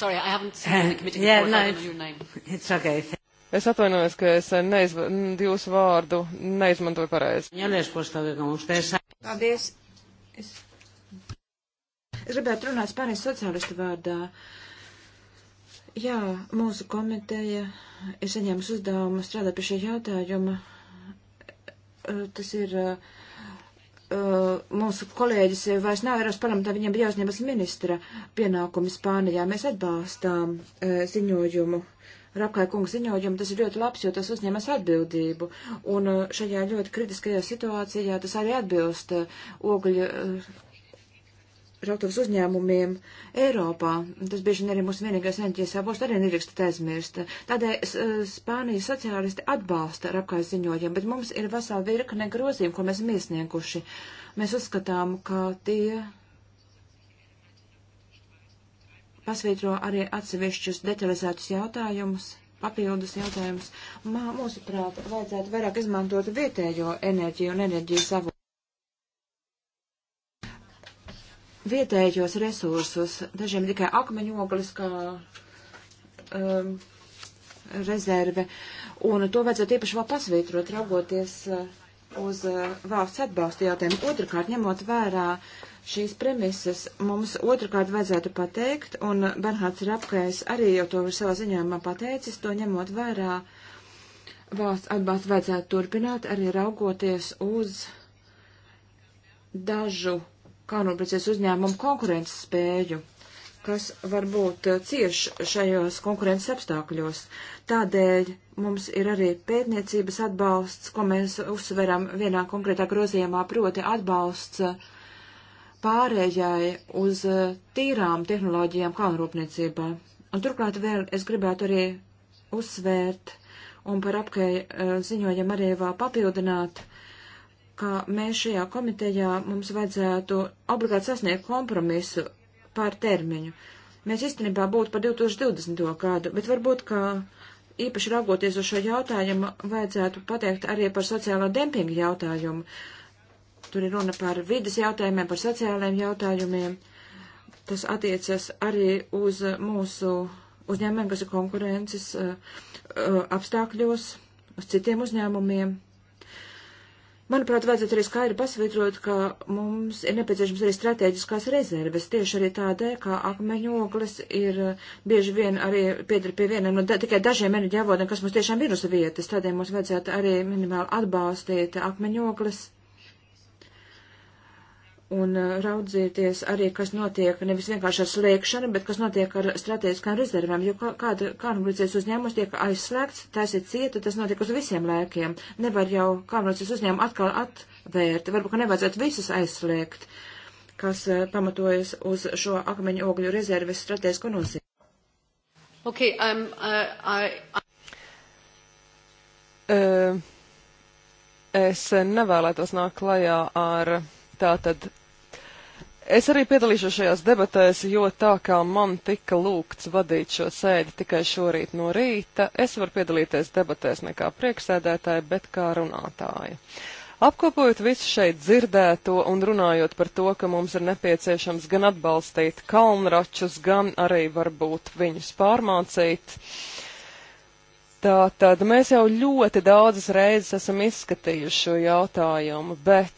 Sorry, I haven't seen eh, the committee before, yeah, no, I don't know your name. It's okay. Es atvainojos, ka es eh, neiz, jūsu vārdu neizmantoju pareizi. Paldies. Es, es gribētu runāt Spānijas sociālistu vārdā. Jā, mūsu komiteja ir saņēmusi uzdevumu strādāt pie šī jautājuma. Eh, tas ir uh, uh, mūsu kolēģis vairs nav Eiropas parlamentā, viņiem bija jāuzņemas ministra pienākumi Spānijā. Mēs atbalstām uh, ziņojumu, Rapkai kungs ziņojumu, tas ir ļoti labs, jo tas uzņemas atbildību. Un uh, šajā ļoti kritiskajā situācijā tas arī atbilst uh, ogļu. Uh, rautavas uzņēmumiem Eiropā. Tas bieži vien arī mūsu vienīgais enerģijas avots arī nedrīkst aizmirst. Tādēļ e, Spānijas sociālisti atbalsta ar apkārt ziņojumu, bet mums ir vesela virkne grozījumu, ko mēs esam iesnieguši. Mēs uzskatām, ka tie pasvītro arī atsevišķus detalizētus jautājumus papildus jautājums. Mūsuprāt, vajadzētu vairāk izmantot vietējo enerģiju un enerģijas avotu. vietējos resursus, dažiem tikai akmeņoglis kā um, rezerve, un to vajadzētu īpaši vēl pasvītrot, raugoties uh, uz uh, valsts atbalsta jautājumu. Otrakārt, ņemot vērā šīs premises, mums otrakārt vajadzētu pateikt, un Bernhards Rapkais arī jau to ir savā ziņojumā pateicis, to ņemot vērā valsts atbalstu vajadzētu turpināt, arī raugoties uz dažu kā nobriecies uzņēmumu konkurences spēju, kas varbūt eh, cieši šajos konkurences apstākļos. Tādēļ mums ir arī pētniecības atbalsts, ko mēs uzsveram vienā konkrētā grozījumā, proti atbalsts eh, pārējai uz eh, tīrām tehnoloģijām kalnrūpniecībā. Un turklāt vēl es gribētu arī uzsvērt un par apkai ziņojam arī vēl papildināt ka mēs šajā komitejā mums vajadzētu obligāti sasniegt kompromisu par termiņu. Mēs īstenībā būtu par 2020. gadu, bet varbūt, ka īpaši raugoties uz šo jautājumu, vajadzētu pateikt arī par sociālo dempingu jautājumu. Tur ir runa par vidas jautājumiem, par sociālajiem jautājumiem. Tas attiecas arī uz mūsu uzņēmumiem, kas ir konkurences uh, uh, apstākļos, uz citiem uzņēmumiem. Manuprāt, vajadzētu arī skaidri pasvitrot, ka mums ir nepieciešams arī strateģiskās rezerves, tieši arī tādēļ, ka akmeņogles ir eh, bieži vien arī piedara pie vieniem no da, tikai dažiem enerģijāvodiem, kas mums tiešām ir uz vietas, tādēļ mums vajadzētu arī minimāli atbalstīt akmeņogles un uh, raudzieties arī, kas notiek nevis vienkārši ar slēgšanu, bet kas notiek ar strateģiskām rezervēm, jo kāda kārnulīcijas uzņēmums tiek aizslēgts, tas ir cieta, tas notiek uz visiem lēkiem. Nevar jau kārnulīcijas uzņēmumu atkal atvērt, varbūt, ka nevajadzētu visus aizslēgt, kas uh, pamatojas uz šo akmeņu ogļu rezerves strateģisko nozīmi. Okay, um, uh, I, I... Uh, es nevēlētos nākt klajā ar tātad Es arī piedalīšos šajās debatēs, jo tā kā man tika lūgts vadīt šo sēdi tikai šorīt no rīta, es varu piedalīties debatēs ne kā priekšsēdētāja, bet kā runātāja. Apkopojot visu šeit dzirdēto un runājot par to, ka mums ir nepieciešams gan atbalstīt kalnračus, gan arī varbūt viņus pārmācīt, tātad mēs jau ļoti daudzas reizes esam izskatījuši šo jautājumu, bet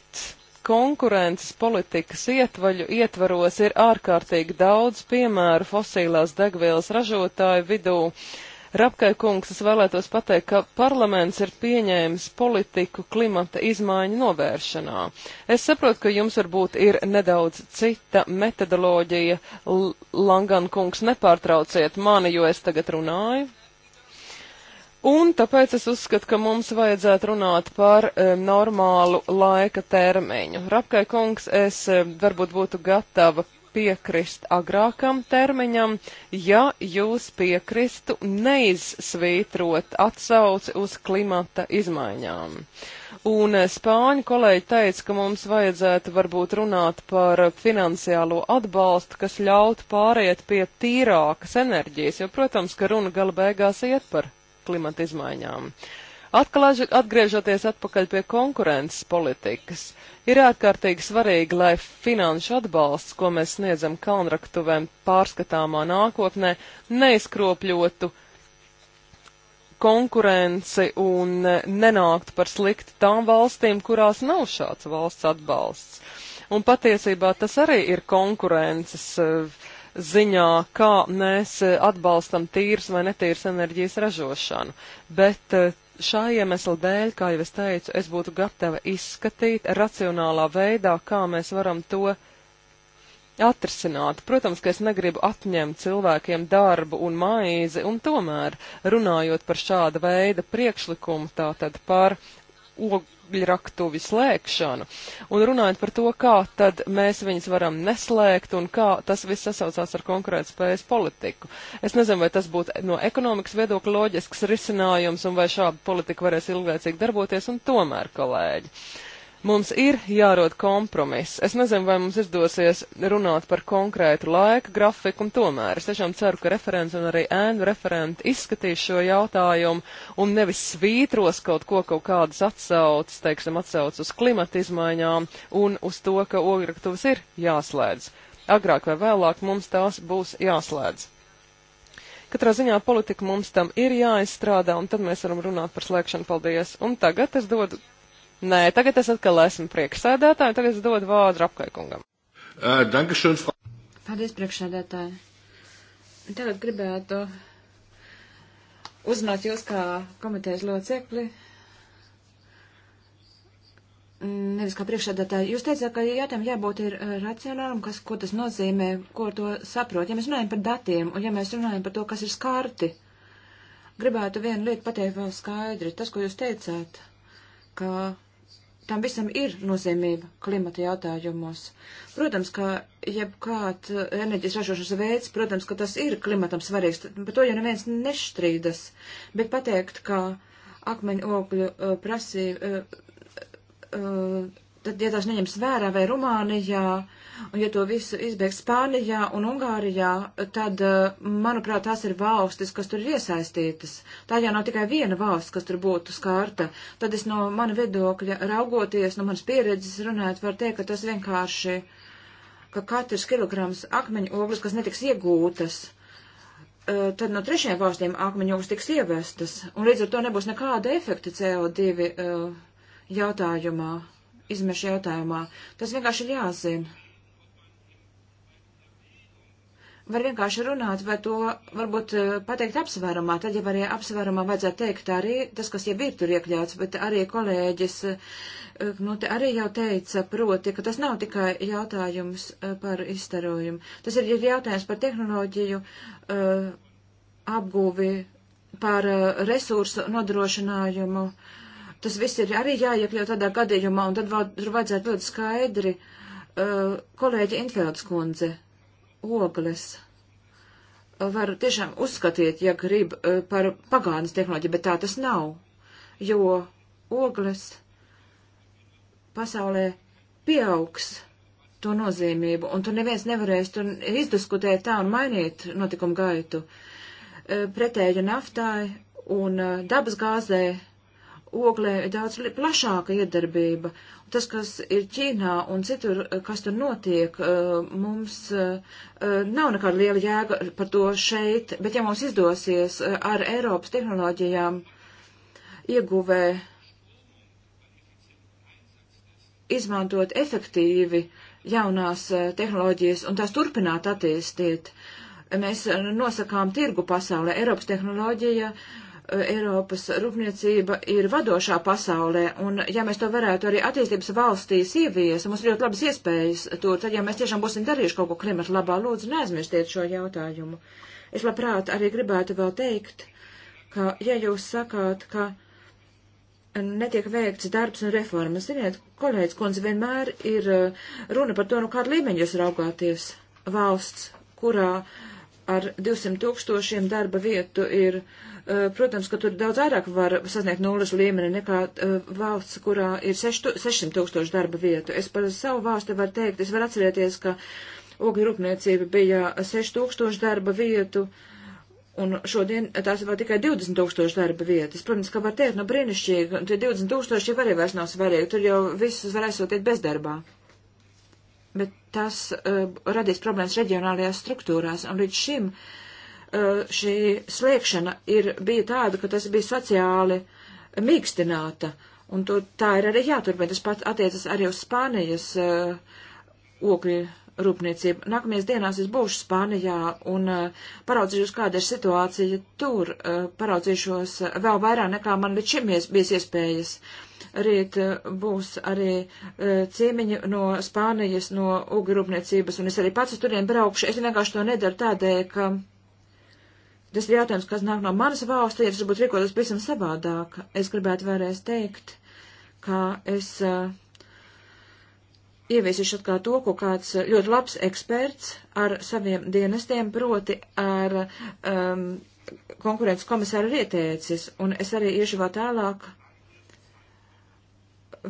konkurences politikas ietvaļu, ietvaros ir ārkārtīgi daudz piemēru fosīlās degvielas ražotāju vidū. Rapkai kungs, es vēlētos pateikt, ka parlaments ir pieņēmis politiku klimata izmaiņu novēršanā. Es saprotu, ka jums varbūt ir nedaudz cita metodoloģija. Langan kungs, nepārtrauciet mani, jo es tagad runāju. Un tāpēc es uzskatu, ka mums vajadzētu runāt par e, normālu laika termiņu. Rapkai kungs, es e, varbūt būtu gatava piekrist agrākam termiņam, ja jūs piekristu neizsvītrot atsauci uz klimata izmaiņām. Un e, spāņu kolēģi teica, ka mums vajadzētu varbūt runāt par finansiālo atbalstu, kas ļautu pāriet pie tīrākas enerģijas, jo, protams, ka runa gala beigās iet par klimata izmaiņām. Atkal atgriežoties atpakaļ pie konkurences politikas, ir ārkārtīgi svarīgi, lai finanšu atbalsts, ko mēs sniedzam kalnraktuvēm pārskatāmā nākotnē, neizkropļotu konkurenci un e, nenāktu par sliktu tām valstīm, kurās nav šāds valsts atbalsts. Un patiesībā tas arī ir konkurences uh, ziņā, kā mēs eh, atbalstam tīras vai netīras enerģijas ražošanu. Bet eh, šā iemesla dēļ, kā jau es teicu, es būtu gatava izskatīt racionālā veidā, kā mēs varam to atrisināt. Protams, ka es negribu atņemt cilvēkiem darbu un maizi, un tomēr runājot par šāda veida priekšlikumu, tātad par ogļraktuvi slēgšanu, un runājot par to, kā tad mēs viņus varam neslēgt un kā tas viss sasaucās ar konkurētspējas politiku. Es nezinu, vai tas būtu no ekonomikas viedokļa loģisks risinājums un vai šāda politika varēs ilglaicīgi darboties, un tomēr, kolēģi. Uh, Mums ir jārod kompromiss. Es nezinu, vai mums izdosies runāt par konkrētu laika grafiku, un tomēr es tiešām ceru, ka referents un arī ēnu referenti izskatīs šo jautājumu un nevis svītros kaut ko, kaut kādas atsaucas, teiksim, atsaucas uz klimata izmaiņām un uz to, ka ogrektuvas ir jāslēdz. Agrāk vai vēlāk mums tās būs jāslēdz. Katrā ziņā politika mums tam ir jāizstrādā, un tad mēs varam runāt par slēgšanu. Paldies! Un tagad es dodu Nē, tagad es atkal esmu priekšsēdētāji, tagad es dodu vārdu apkaikungam. Uh, Paldies, priekšsēdētāji. Tagad gribētu uzrunāt jūs kā komitejas locekli. Nevis kā priekšsēdētāji. Jūs teicāt, ka jātiem jābūt ir racionālam, kas, ko tas nozīmē, ko to saprot. Ja mēs runājam par datiem un ja mēs runājam par to, kas ir skarti, gribētu vienu lietu pateikt vēl skaidri. Tas, ko jūs teicāt, ka tam visam ir nozīmība klimata jautājumos. Protams, ka jebkāds uh, enerģijas ražošanas veids, protams, ka tas ir klimatam svarīgs, par to jau neviens nešķrīdas, bet pateikt, ka akmeņu ogļu uh, prasīja, uh, uh, tad, ja tās neņems vērā vai Rumānijā, uh, Un ja to visu izbeigs Spānijā un Ungārijā, tad, eh, manuprāt, tās ir valstis, kas tur ir iesaistītas. Tā jau nav tikai viena valsts, kas tur būtu skārta. Tad es no mana viedokļa raugoties, no manas pieredzes runājot, var teikt, ka tas vienkārši, ka katrs kilograms akmeņu ogles, kas netiks iegūtas, eh, tad no trešajām valstīm akmeņu ogles tiks ievestas. Un līdz ar to nebūs nekāda efekta CO2 eh, jautājumā, izmešu jautājumā. Tas vienkārši ir jāzina var vienkārši runāt, vai to varbūt eh, pateikt apsvērumā. Tad jau arī apsvērumā vajadzētu teikt arī tas, kas jau ir tur iekļauts, bet arī kolēģis, eh, nu, te arī jau teica, proti, ka tas nav tikai jautājums eh, par izstarojumu. Tas ir jautājums par tehnoloģiju apgūvi, par resursu nodrošinājumu. Tas viss ir arī jāiekļaut tādā gadījumā, un tad vēl tur vajadzētu ļoti skaidri kolēģi Infelds kundze ogles var tiešām uzskatīt, ja grib, e, par pagātnes tehnoloģiju, bet tā tas nav, jo ogles pasaulē pieaugs to nozīmību, un tur neviens nevarēs tur izdiskutēt tā un mainīt notikumu gaitu. E, Pretēju naftai un e, dabas gāzē oglē ir daudz plašāka iedarbība. Tas, kas ir Ķīnā un citur, kas tur notiek, uh, mums uh, uh, nav nekāda liela jēga par to šeit, bet ja mums izdosies ar Eiropas tehnoloģijām ieguvē izmantot efektīvi jaunās tehnoloģijas un tās turpināt attīstīt, mēs nosakām tirgu pasaulē. Eiropas tehnoloģija uh, Eiropas rūpniecība ir vadošā pasaulē, un ja mēs to varētu arī attīstības valstīs ievies, mums ir ļoti labas iespējas tur, tad ja mēs tiešām būsim darījuši kaut ko klimata labā, lūdzu, neaizmirstiet šo jautājumu. Es labprāt arī gribētu vēl teikt, ka, ja jūs sakāt, ka netiek veikts darbs un reformas, ziniet, kolēģis kundze vienmēr ir uh, runa par to, nu no kādu līmeņu jūs raugāties valsts, kurā ar 200 tūkstošiem darba vietu ir uh, Eh, protams, ka tur daudz vairāk var sasniegt nulles līmeni nekā eh, valsts, kurā ir 600 tūkstoši darba vietu. Es par savu valsti varu teikt, es varu atcerēties, ka ogļu rūpniecība bija 6000 darba vietu. Un šodien tās vēl tikai 20 tūkstoši darba vietas. Protams, ka var teikt, nu brīnišķīgi, tie 20 tūkstoši jau arī vairs nav svarīgi, tur jau visus var aizsūtīt bezdarbā. Bet tas uh, radīs problēmas reģionālajās struktūrās, un līdz šim uh, Eh, šī slēgšana ir, bija tāda, ka tas bija sociāli mīkstināta, un to, tā ir arī jāturpē. Tas pat attiecas arī uz Spānijas uh, eh, okļu rūpniecību. Nākamajās dienās es būšu Spānijā un uh, paraudzīšos, kāda ir situācija tur, uh, paraudzīšos uh, vēl vairāk nekā man līdz šim bijis iespējas. Rīt uh, būs arī uh, ciemiņi no Spānijas, no ogļu rūpniecības, un es arī pats turien braukšu. Es vienkārši to nedaru tādēļ, ka. Uh, tas ir jautājums, kas nāk no manas valsts, ja es varbūt rīkotos pavisam savādāk. Es gribētu vēlreiz teikt, ka es uh, ieviesīšu atkal to, ko kāds ļoti labs eksperts ar saviem dienestiem, proti ar um, konkurences komisāru ir ieteicis, un es arī iešu vēl tālāk.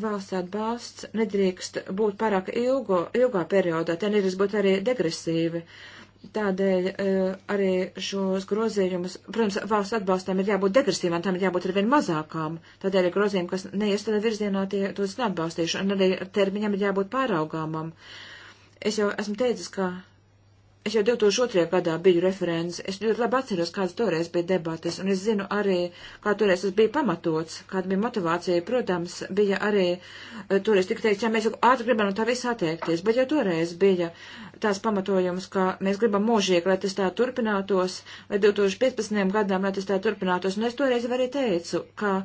Valsts atbalsts nedrīkst būt pārāk ilgo, ilgā periodā, ten ir jābūt arī degresīvi. Uh, Tādēļ e, arī šos grozījumus, protams, valsts atbalstām ir jābūt degresīvām, tām ir jābūt arvien mazākām. Tādēļ ir grozījumi, kas neies tādā virzienā, tie tos neatbalstīšu, un arī termiņam ir jābūt pāraugāmam. Es jau esmu teicis, ka Es jau 2002. gadā biju referents, es ļoti labi atceros, kādas toreiz bija debates, un es zinu arī, kā toreiz tas bija pamatots, kāda bija motivācija. Protams, bija arī eh, toreiz tik teikt, ja mēs jau ātri gribam no tā visa atteikties, bet jau toreiz bija tās pamatojums, ka mēs gribam mūžīgi, lai tas tā turpinātos, lai 2015. gadam, lai tas tā turpinātos, un es toreiz arī teicu, ka,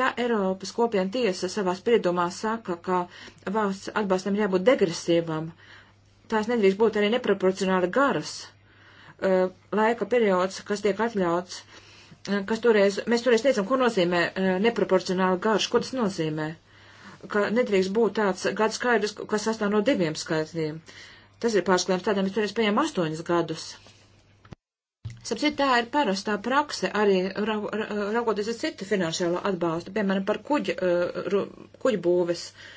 ja Eiropas kopiena tiesa savā spriedumā saka, ka valsts atbalstam jābūt degresīvam, uh, tās nedrīkst būt arī neproporcionāli garas uh, laika periods, kas tiek atļauts, uh, kas toreiz, mēs toreiz teicam, ko nozīmē uh, neproporcionāli garš, ko tas nozīmē, ka nedrīkst būt tāds gads skaidrs, kas sastāv no diviem skaitļiem. Tas ir pārsklājums tādiem, mēs toreiz pieņem astoņus gadus. Sapcīt, tā ir parastā prakse arī raugoties uz citu finansiālo atbalstu, piemēram, par kuģi, uh, kuģi būves. Uh,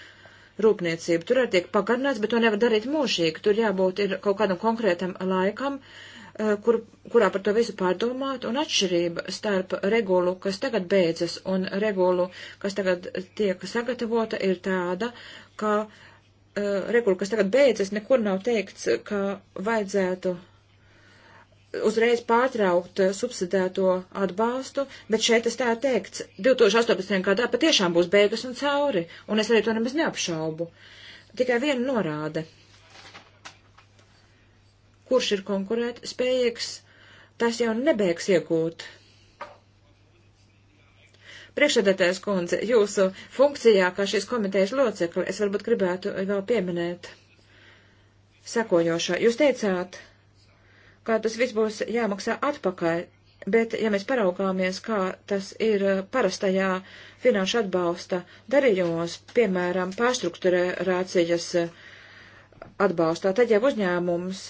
rūpniecību. Tur arī tiek pagarināts, bet to nevar darīt mūžīgi. Tur jābūt ir kaut kādam konkrētam laikam, eh, kur, kurā par to visu pārdomāt, un atšķirība starp regulu, kas tagad beidzas, un regulu, kas tagad tiek sagatavota, ir tāda, ka uh, eh, regulu, kas tagad beidzas, nekur nav teikts, ka vajadzētu uh, uzreiz pārtraukt eh, subsidēto atbalstu, bet šeit es tā teikts, 2018. gadā patiešām būs beigas un cauri, un es arī to nemaz neapšaubu. Tikai viena norāde. Kurš ir konkurēt spējīgs, tas jau nebeigs iegūt. Priekšsēdētājs kundze, jūsu funkcijā kā šīs komitejas locekli es varbūt gribētu vēl pieminēt sekojošo. Jūs teicāt, kā tas viss būs jāmaksā atpakaļ. Bet, ja mēs paraugāmies, kā tas ir eh, parastajā finanšu atbalsta darījumos, piemēram, pārstrukturēcijas eh, atbalstā, tad jau uzņēmums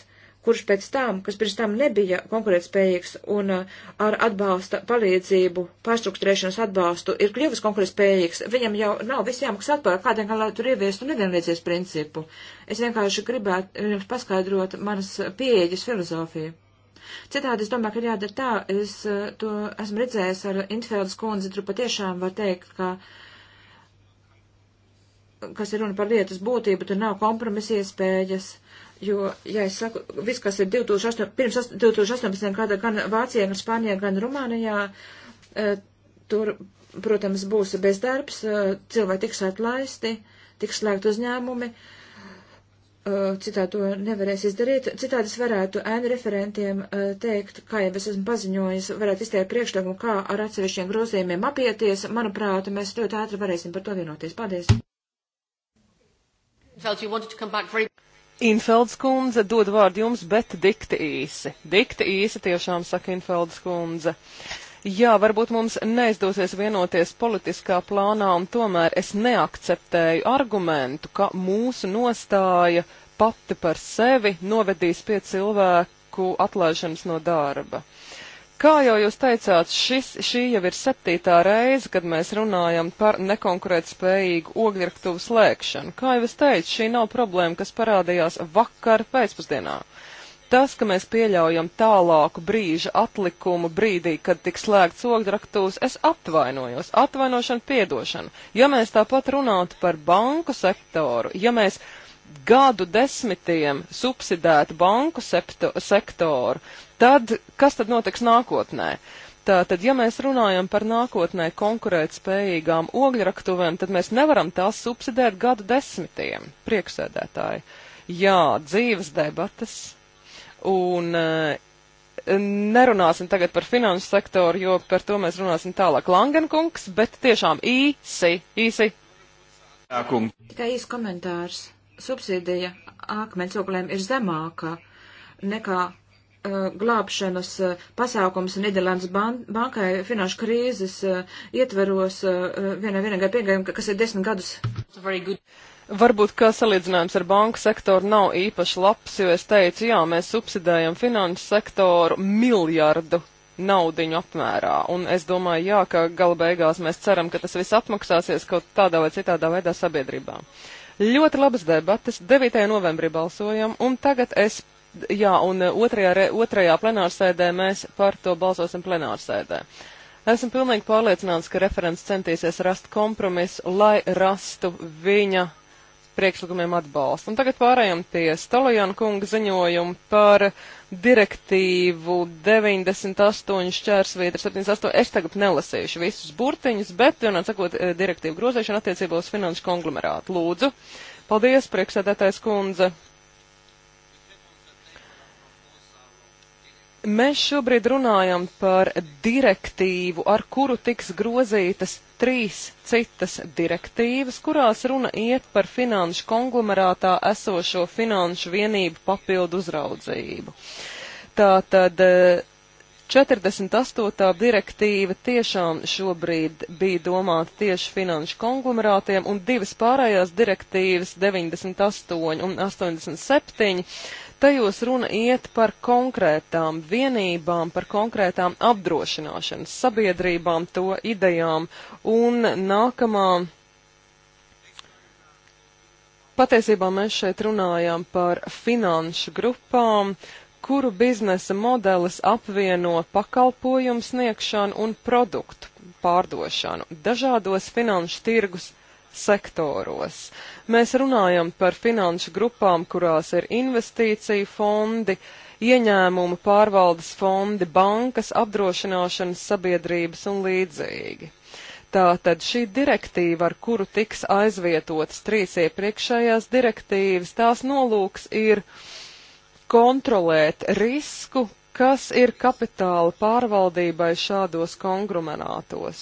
kurš pēc tam, kas pirms tam nebija konkurētspējīgs un uh, ar atbalsta palīdzību, pārstrukturēšanas atbalstu, ir kļuvis konkurētspējīgs, viņam jau nav viss jāmaksā atpakaļ, kādēļ gan lai tur ieviestu nevienlīdzies principu. Es vienkārši gribētu jums paskaidrot manas pieejas filozofiju. Citādi es domāju, ka ir jādara tā, es uh, to esmu redzējis ar Intfeldas kundzi, tur patiešām var teikt, ka kas ir runa par lietas būtību, tur nav kompromisa iespējas Jo, ja es saku, viss, kas ir 2008, pirms 2018. gada gan Vācijā, gan Spānijā, gan Rumānijā, eh, tur, protams, būs bezdarbs, eh, cilvēki tiks atlaisti, tiks slēgt uzņēmumi, eh, citādi to nevarēs izdarīt. Citādi es varētu ēnu referentiem teikt, kā jau es esmu paziņojis, varētu izteikt priekšlikumu, kā ar atsevišķiem grozījumiem apieties. Manuprāt, mēs ļoti ātri varēsim par to vienoties. Paldies! Very... Infelds kundze dod vārdu jums, bet dikti īsi. Dikti īsi tiešām saka Infelds kundze. Jā, varbūt mums neizdosies vienoties politiskā plānā, un tomēr es neakceptēju argumentu, ka mūsu nostāja pati par sevi novedīs pie cilvēku atlaišanas no darba. Uh, Kā jau jūs teicāt, šis, šī jau ir septītā reize, kad mēs runājam par nekonkurētspējīgu ogļraktuvu slēgšanu. Kā jau es teicu, šī nav problēma, kas parādījās vakar pēcpusdienā tas, ka mēs pieļaujam tālāku brīža atlikumu brīdī, kad tiks slēgts ogļraktūs, es atvainojos, atvainošana, piedošana. Ja mēs tāpat runātu par banku sektoru, ja mēs gadu desmitiem subsidētu banku sektoru, tad kas tad notiks nākotnē? Tātad, ja mēs runājam par nākotnē konkurētspējīgām ogļraktuvēm, tad mēs nevaram tās subsidēt gadu desmitiem, prieksēdētāji. Jā, dzīves debatas. Un eh, nerunāsim tagad par finanšu sektoru, jo par to mēs runāsim tālāk Langenkungs, bet tiešām īsi, īsi. Tikai īsi komentārs. Subsīdija akmens oglēm ir zemāka nekā Uh, glābšanas uh, pasākums Nīderlandes ban bankai finanšu krīzes uh, ietveros vienai vienīgai pieejam, kas ir desmit gadus. Varbūt kā salīdzinājums ar banku sektoru nav īpaši labs, jo es teicu, jā, mēs subsidējam finanšu sektoru miljardu naudiņu apmērā, un es domāju, jā, ka gala beigās mēs ceram, ka tas viss atmaksāsies kaut tādā vai citādā veidā sabiedrībā. Ļoti labas debatas, 9. novembrī balsojam, un tagad es jā, un e, otrajā, re, otrajā plenārsēdē mēs par to balsosim plenārsēdē. Esmu pilnīgi pārliecināts, ka referents centīsies rast kompromisu, lai rastu viņa priekšlikumiem atbalstu. Un tagad pārējām pie Stalojana kunga ziņojumu par direktīvu 98 šķērsvītra 78. Es tagad nelasīšu visus burtiņus, bet, un atsakot, e, direktīvu grozēšanu attiecībā uz finanšu konglomerātu. Lūdzu. Paldies, priekšsēdētājs kundze. Mēs šobrīd runājam par direktīvu, ar kuru tiks grozītas trīs citas direktīvas, kurās runa iet par finanšu konglomerātā esošo finanšu vienību papildu uzraudzību. Tātad 48. Eh, direktīva tiešām šobrīd bija domāta tieši finanšu konglomerātiem, un divas pārējās direktīvas, 98 un 87, Tajos runa iet par konkrētām vienībām, par konkrētām apdrošināšanas sabiedrībām, to idejām un nākamā. Patiesībā mēs šeit runājam par finanšu grupām, kuru biznesa modelis apvieno pakalpojumu sniegšanu un produktu pārdošanu dažādos finanšu tirgus sektoros. Mēs runājam par finanšu grupām, kurās ir investīciju fondi, ieņēmumu pārvaldes fondi, bankas, apdrošināšanas sabiedrības un līdzīgi. Tātad šī direktīva, ar kuru tiks aizvietotas trīs iepriekšējās direktīvas, tās nolūks ir kontrolēt risku, kas ir kapitāla pārvaldībai šādos kongrumenātos,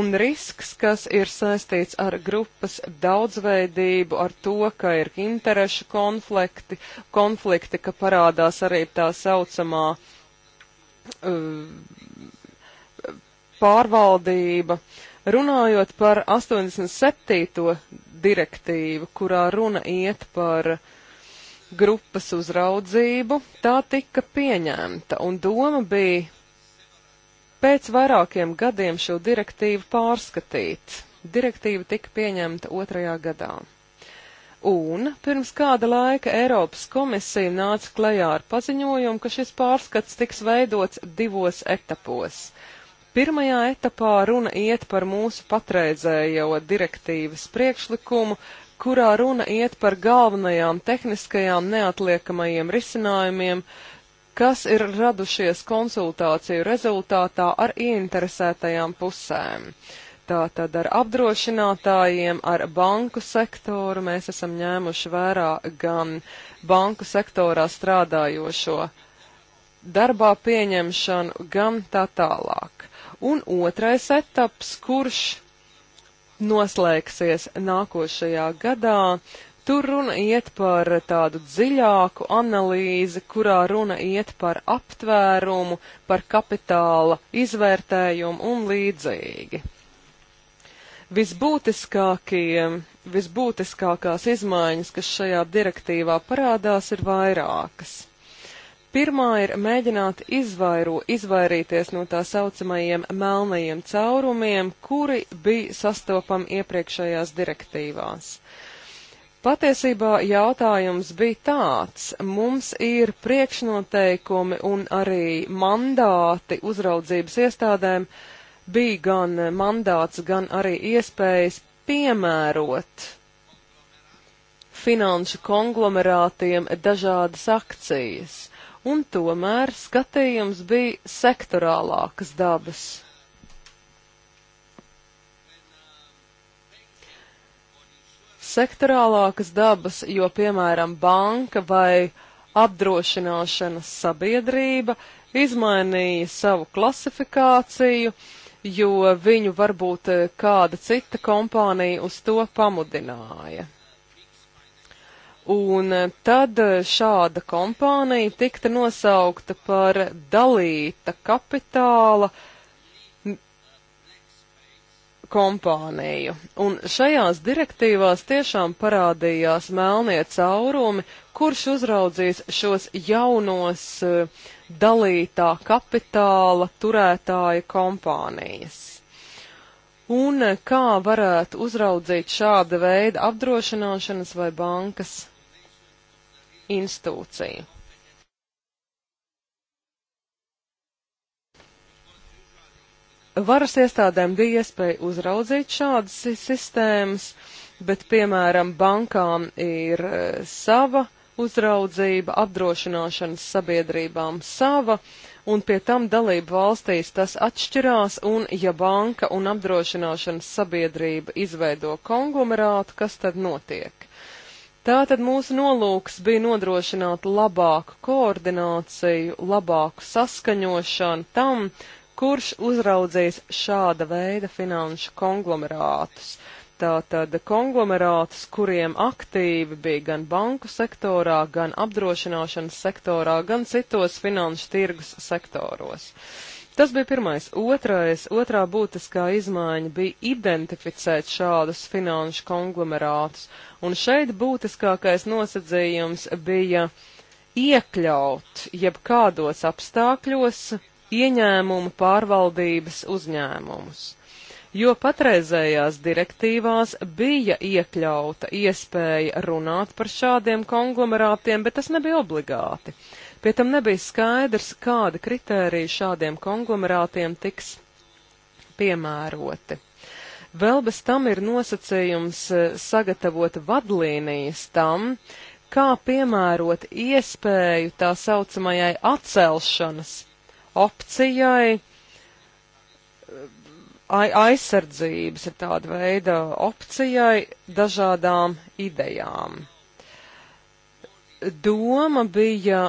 un risks, kas ir saistīts ar grupas daudzveidību, ar to, ka ir interešu konflikti, konflikti, ka parādās arī tā saucamā uh, pārvaldība. Runājot par 87. direktīvu, kurā runa iet par uh, grupas uzraudzību, tā tika pieņemta, un doma bija pēc vairākiem gadiem šo direktīvu pārskatīt. Direktīva tika pieņemta otrajā gadā. Un pirms kāda laika Eiropas komisija nāca klajā ar paziņojumu, ka šis pārskats tiks veidots divos etapos. Pirmajā etapā runa iet par mūsu patreizējo direktīvas priekšlikumu, uh, kurā runa iet par galvenajām tehniskajām neatliekamajiem risinājumiem, kas ir radušies konsultāciju rezultātā ar ieinteresētajām pusēm. Tātad ar apdrošinātājiem, ar banku sektoru mēs esam ņēmuši vērā gan banku sektorā strādājošo darbā pieņemšanu, gan tā tālāk. Un otrais etaps, kurš noslēgsies nākošajā gadā. Tur runa iet par tādu dziļāku analīzi, kurā runa iet par aptvērumu, par kapitāla izvērtējumu un līdzīgi. Visbūtiskākās izmaiņas, kas šajā direktīvā parādās, ir vairākas. Pirmā ir mēģināt izvairu, izvairīties no tā saucamajiem melnajiem caurumiem, kuri bija sastopami iepriekšējās direktīvās. Patiesībā jautājums bija tāds, mums ir priekšnoteikumi un arī mandāti uzraudzības iestādēm, bija gan mandāts, gan arī iespējas piemērot finanšu konglomerātiem dažādas akcijas un tomēr skatījums bija sektorālākas dabas. Sektorālākas dabas, jo, piemēram, banka vai apdrošināšanas sabiedrība izmainīja savu klasifikāciju, jo viņu varbūt eh, kāda cita kompānija uz to pamudināja. Un eh, tad eh, šāda kompānija tikta nosaukta par dalīta kapitāla kompāniju. Un šajās direktīvās tiešām parādījās melnie caurumi, kurš uzraudzīs šos jaunos eh, dalītā kapitāla turētāja kompānijas. Un kā varētu uzraudzīt šāda veida apdrošināšanas vai bankas institūciju. Varas iestādēm bija iespēja uzraudzīt šādas sistēmas, bet, piemēram, bankām ir e, sava uzraudzība, apdrošināšanas sabiedrībām sava, un pie tam dalību valstīs tas atšķirās, un ja banka un apdrošināšanas sabiedrība izveido konglomerātu, kas tad notiek? Tātad mūsu nolūks bija nodrošināt labāku koordināciju, labāku saskaņošanu tam, kurš uzraudzīs šāda veida finanšu konglomerātus. Tātad konglomerātus, kuriem aktīvi bija gan banku sektorā, gan apdrošināšanas sektorā, gan citos finanšu tirgus sektoros. Uh, Tas bija pirmais. Otrais, otrā būtiskā izmaiņa bija identificēt šādus finanšu konglomerātus, un šeit būtiskākais nosacījums bija iekļaut jebkādos apstākļos ieņēmumu pārvaldības uzņēmumus. Jo patreizējās direktīvās bija iekļauta iespēja runāt par šādiem konglomerātiem, bet tas nebija obligāti. Pie tam nebija skaidrs, kādi kritēriji šādiem konglomerātiem tiks piemēroti. Vēl bez tam ir nosacījums e, sagatavot vadlīnijas tam, kā piemērot iespēju tā saucamajai atcelšanas opcijai, e, aizsardzības ir tāda veida opcijai dažādām idejām. Doma bija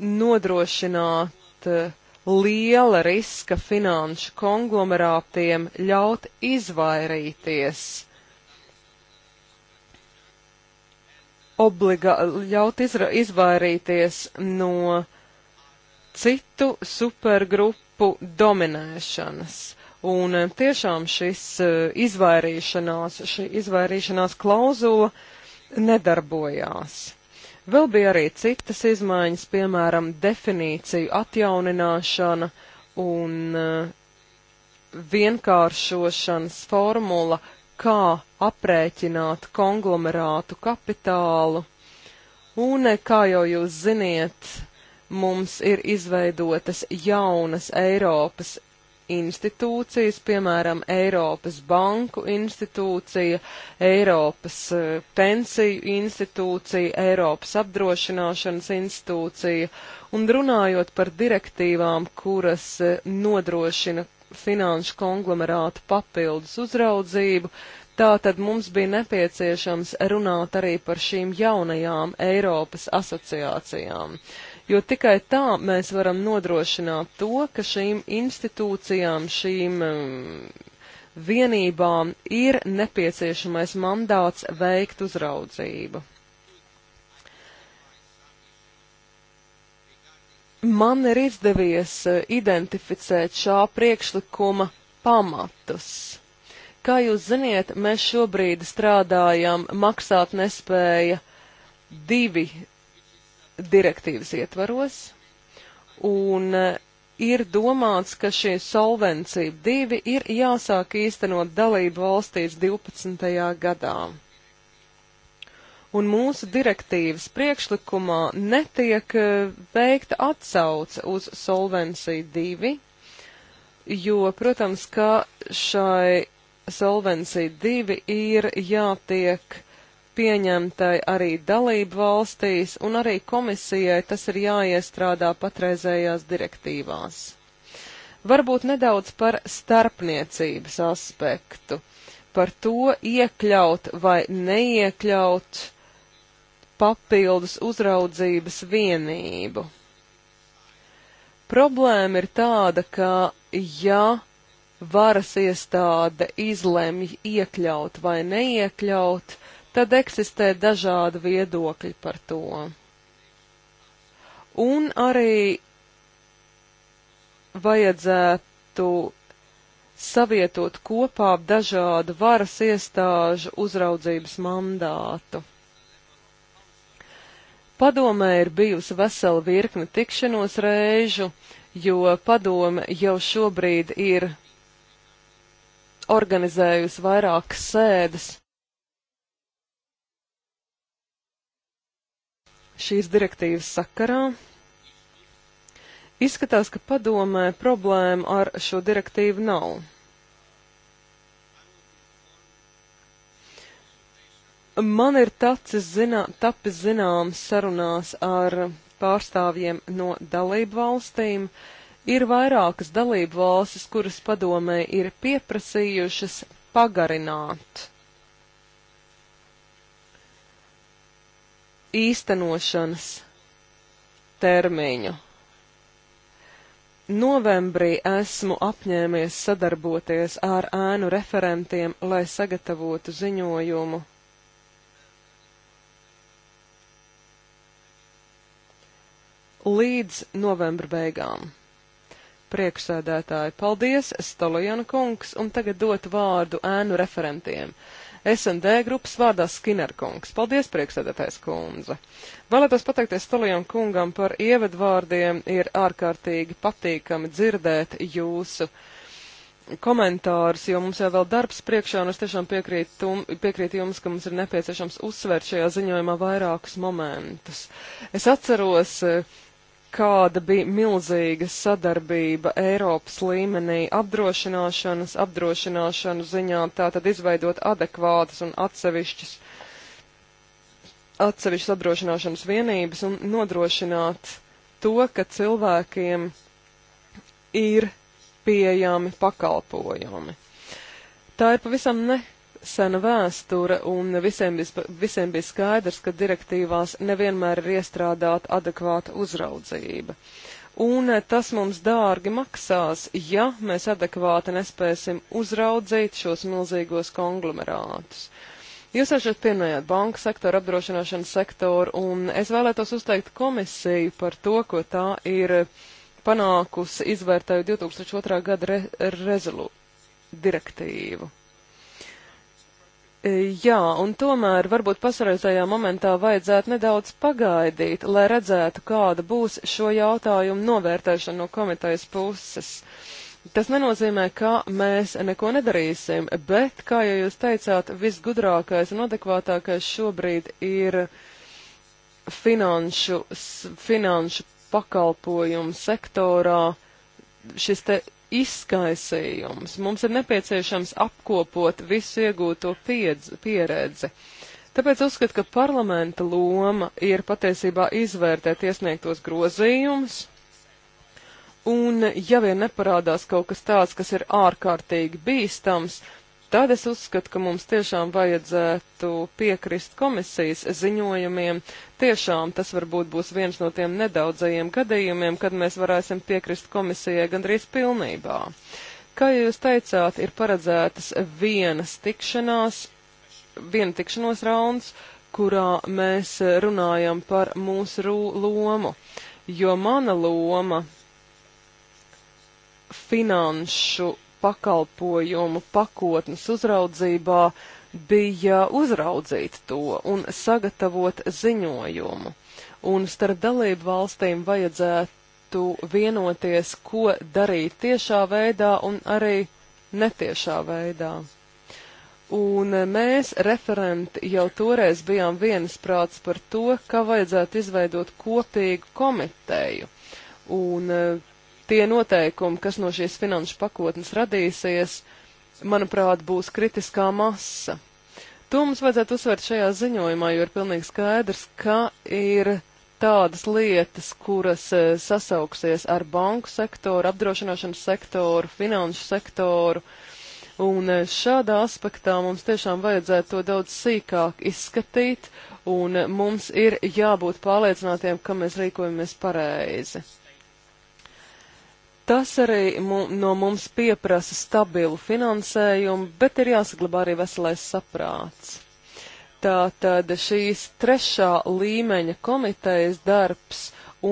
nodrošināt eh, liela riska finanšu konglomerātiem ļaut izvairīties, obligā, ļaut izra, izvairīties no citu supergrupu dominēšanas. Un eh, tiešām šis eh, izvairīšanās, šī izvairīšanās klauzula nedarbojās. Vēl bija arī citas izmaiņas, piemēram, definīciju atjaunināšana un eh, vienkāršošanas formula, kā aprēķināt konglomerātu kapitālu. Un, eh, kā jau jūs ziniet, mums ir izveidotas jaunas Eiropas institūcijas, piemēram, Eiropas banku institūcija, Eiropas eh, pensiju institūcija, Eiropas apdrošināšanas institūcija, un runājot par direktīvām, kuras eh, nodrošina finanšu konglomerātu papildus uzraudzību, Tātad mums bija nepieciešams runāt arī par šīm jaunajām Eiropas asociācijām. Uh, jo tikai tā mēs varam nodrošināt to, ka šīm institūcijām, šīm um, vienībām ir nepieciešamais mandāts veikt uzraudzību. Man ir izdevies uh, identificēt šā priekšlikuma pamatus. Kā jūs ziniet, mēs šobrīd strādājam maksāt nespēja divi direktīvas ietvaros, un eh, ir domāts, ka šie solvencija divi ir jāsāk īstenot dalību valstīs 12. gadā. Un mūsu direktīvas priekšlikumā netiek eh, veikta atsauce uz solvenciju divi, jo, protams, ka šai solvencija divi ir jātiek pieņemtai arī dalību valstīs, un arī komisijai tas ir jāiestrādā patreizējās direktīvās. Varbūt nedaudz par starpniecības aspektu, par to iekļaut vai neiekļaut papildus uzraudzības vienību. Problēma ir tāda, ka ja varas iestāde izlemj iekļaut vai neiekļaut, tad eksistē dažādi viedokļi par to. Un arī vajadzētu savietot kopā dažādu varas iestāžu uzraudzības mandātu. Padomē ir bijusi vesela virkne tikšanos reižu, jo padome jau šobrīd ir organizējusi vairākas sēdes šīs direktīvas sakarā. Izskatās, ka padomē problēma ar šo direktīvu nav. Man ir tacis zinā, tapis zināms sarunās ar pārstāvjiem no dalību valstīm. Ir vairākas dalību valstis, kuras padomē ir pieprasījušas pagarināt īstenošanas termiņu. Novembrī esmu apņēmies sadarboties ar ēnu referentiem, lai sagatavotu ziņojumu. Līdz novembra beigām. Priekšsēdētāji, paldies, Stolojana kungs, un tagad dot vārdu ēnu referentiem. Uh, SND grupas vārdā Skinnerkungs. Paldies, priekšsēdētājs kundze. Vēlētos pateikties Stalijam kungam par ievedvārdiem. Ir ārkārtīgi patīkami dzirdēt jūsu komentārus, jo mums jau vēl darbs priekšā, un es tiešām piekrītu, tum, piekrītu jums, ka mums ir nepieciešams uzsvērt šajā ziņojumā vairākus momentus. Es atceros, uh, kāda bija milzīga sadarbība Eiropas līmenī apdrošināšanas, apdrošināšanu ziņā, tātad izveidot adekvātas un atsevišķas, atsevišķas apdrošināšanas vienības un nodrošināt to, ka cilvēkiem ir pieejami pakalpojumi. Tā ir pavisam ne sena vēsture, un visiem bija, visiem bija skaidrs, ka direktīvās nevienmēr ir iestrādāta adekvāta uzraudzība. Un eh, tas mums dārgi maksās, ja mēs adekvāti nespēsim uzraudzīt šos milzīgos konglomerātus. Jūs esat pieminējāt banku sektoru, apdrošināšanas sektoru, un es vēlētos uzteikt komisiju par to, ko tā ir panākusi izvērtējot 2002. gada re rezolu direktīvu. E, jā, un tomēr varbūt pašreizējā momentā vajadzētu nedaudz pagaidīt, lai redzētu, kāda būs šo jautājumu novērtēšana no komitejas puses. Tas nenozīmē, ka mēs neko nedarīsim, bet, kā jau jūs teicāt, visgudrākais un adekvātākais šobrīd ir finanšu, finanšu pakalpojumu sektorā šis te izskaisījums. Mums ir nepieciešams apkopot visu iegūto piedzi, pieredzi. Tāpēc uzskatu, ka parlamenta loma ir patiesībā izvērtēt iesniegtos grozījumus, un ja vien neparādās kaut kas tāds, kas ir ārkārtīgi bīstams, tad es uzskatu, ka mums tiešām vajadzētu piekrist komisijas ziņojumiem. Tiešām tas varbūt būs viens no tiem nedaudzajiem gadījumiem, kad mēs varēsim piekrist komisijai gandrīz pilnībā. Kā jūs teicāt, ir paredzētas vienas tikšanās, viena tikšanos rauns, kurā mēs runājam par mūsu lomu, jo mana loma finanšu pakalpojumu pakotnes uzraudzībā bija uzraudzīt to un sagatavot ziņojumu. Un starp dalību valstīm vajadzētu vienoties, ko darīt tiešā veidā un arī netiešā veidā. Un mēs, referenti, jau toreiz bijām viensprāts par to, ka vajadzētu izveidot kopīgu komiteju. Un tie noteikumi, kas no šīs finanšu pakotnes radīsies, manuprāt, būs kritiskā masa. To mums vajadzētu uzsvērt šajā ziņojumā, jo ir pilnīgi skaidrs, ka ir tādas lietas, kuras e, sasauksies ar banku sektoru, apdrošināšanas sektoru, finanšu sektoru. Un e, šādā aspektā mums tiešām vajadzētu to daudz sīkāk izskatīt, un e, mums ir jābūt pārliecinātiem, ka mēs rīkojamies pareizi. Tas arī mum, no mums pieprasa stabilu finansējumu, bet ir jāsaglabā arī veselais saprāts. Tātad šīs trešā līmeņa komitejas darbs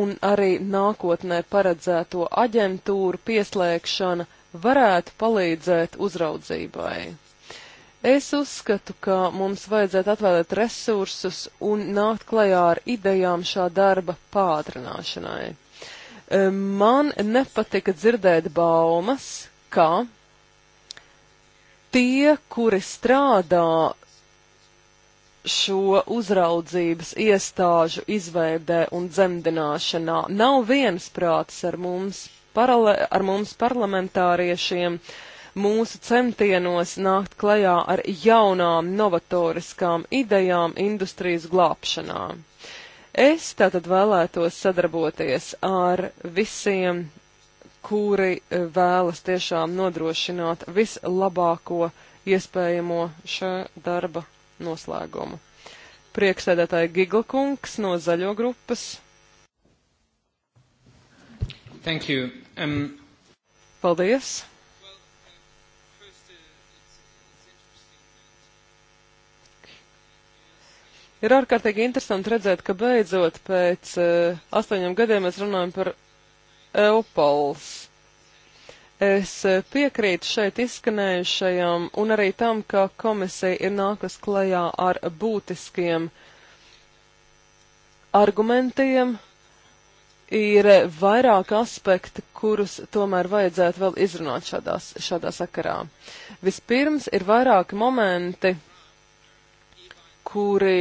un arī nākotnē paredzēto aģentūru pieslēgšana varētu palīdzēt uzraudzībai. Es uzskatu, ka mums vajadzētu atvēlēt resursus un nākt klajā ar idejām šā darba pātrināšanai. Man nepatika dzirdēt baumas, ka tie, kuri strādā šo uzraudzības iestāžu izveidē un dzemdināšanā, nav viensprāts ar mums, parale, ar mums parlamentāriešiem mūsu centienos nākt klajā ar jaunām novatoriskām idejām industrijas glābšanā. Es tātad vēlētos sadarboties ar visiem, kuri eh, vēlas tiešām nodrošināt vislabāko iespējamo šā darba noslēgumu. Prieksēdētāji Giglkungs no Zaļo grupas. Thank you. Um... Paldies! Ir ārkārtīgi interesanti redzēt, ka beidzot pēc uh, astoņiem gadiem mēs runājam par Eupols. Es eh, piekrītu šeit izskanējušajam un arī tam, ka komisija ir nākas klajā ar būtiskiem argumentiem. Ir vairāk aspekti, kurus tomēr vajadzētu vēl izrunāt šādās, šādā sakarā. Vispirms ir vairāki momenti, kuri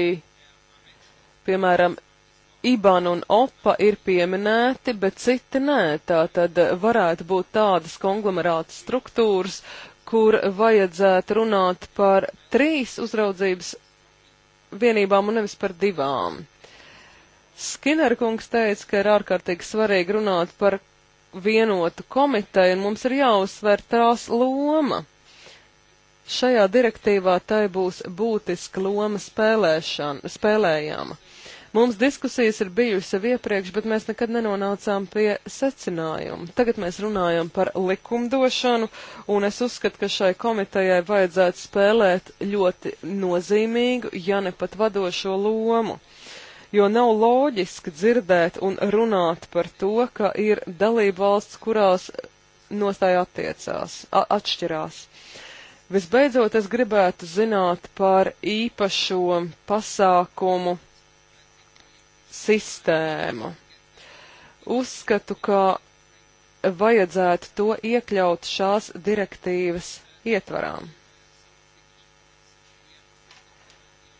Piemēram, IBAN un OPA ir pieminēti, bet citi nē. Tā tad varētu būt tādas konglomerāta struktūras, kur vajadzētu runāt par trīs uzraudzības vienībām un nevis par divām. Skinnerkungs teica, ka ir ārkārtīgi svarīgi runāt par vienotu komiteju, un mums ir jāuzsver tās loma. Šajā direktīvā tai būs būtiska loma spēlēšana, spēlējama. Mums diskusijas ir bijusi jau iepriekš, bet mēs nekad nenonācām pie secinājuma. Tagad mēs runājam par likumdošanu, un es uzskatu, ka šai komitejai vajadzētu spēlēt ļoti nozīmīgu, ja ne pat vadošo lomu jo nav loģiski dzirdēt un runāt par to, ka ir dalība valsts, kurās nostāja attiecās, atšķirās. Visbeidzot, es gribētu zināt par īpašo pasākumu sistēmu. Uzskatu, ka vajadzētu to iekļaut šās direktīvas ietvarām.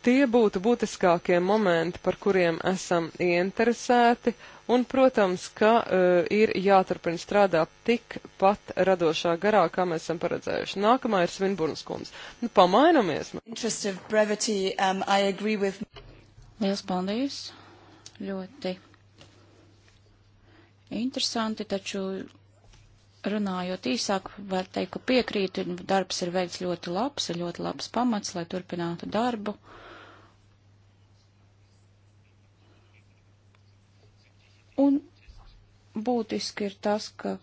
Tie būtu būtiskākie momenti, par kuriem esam ieinteresēti, un, protams, ka uh, ir jāturpina strādāt tikpat radošā garā, kā mēs esam paredzējuši. Nākamā ir Svinburnas kundze. Nu, pamainamies! Um, Liels paldies! ļoti interesanti, taču runājot īsāk, var teikt, ka piekrītu, darbs ir veikts ļoti labs, ir ļoti labs pamats, lai turpinātu darbu. Un būtiski ir tas, ka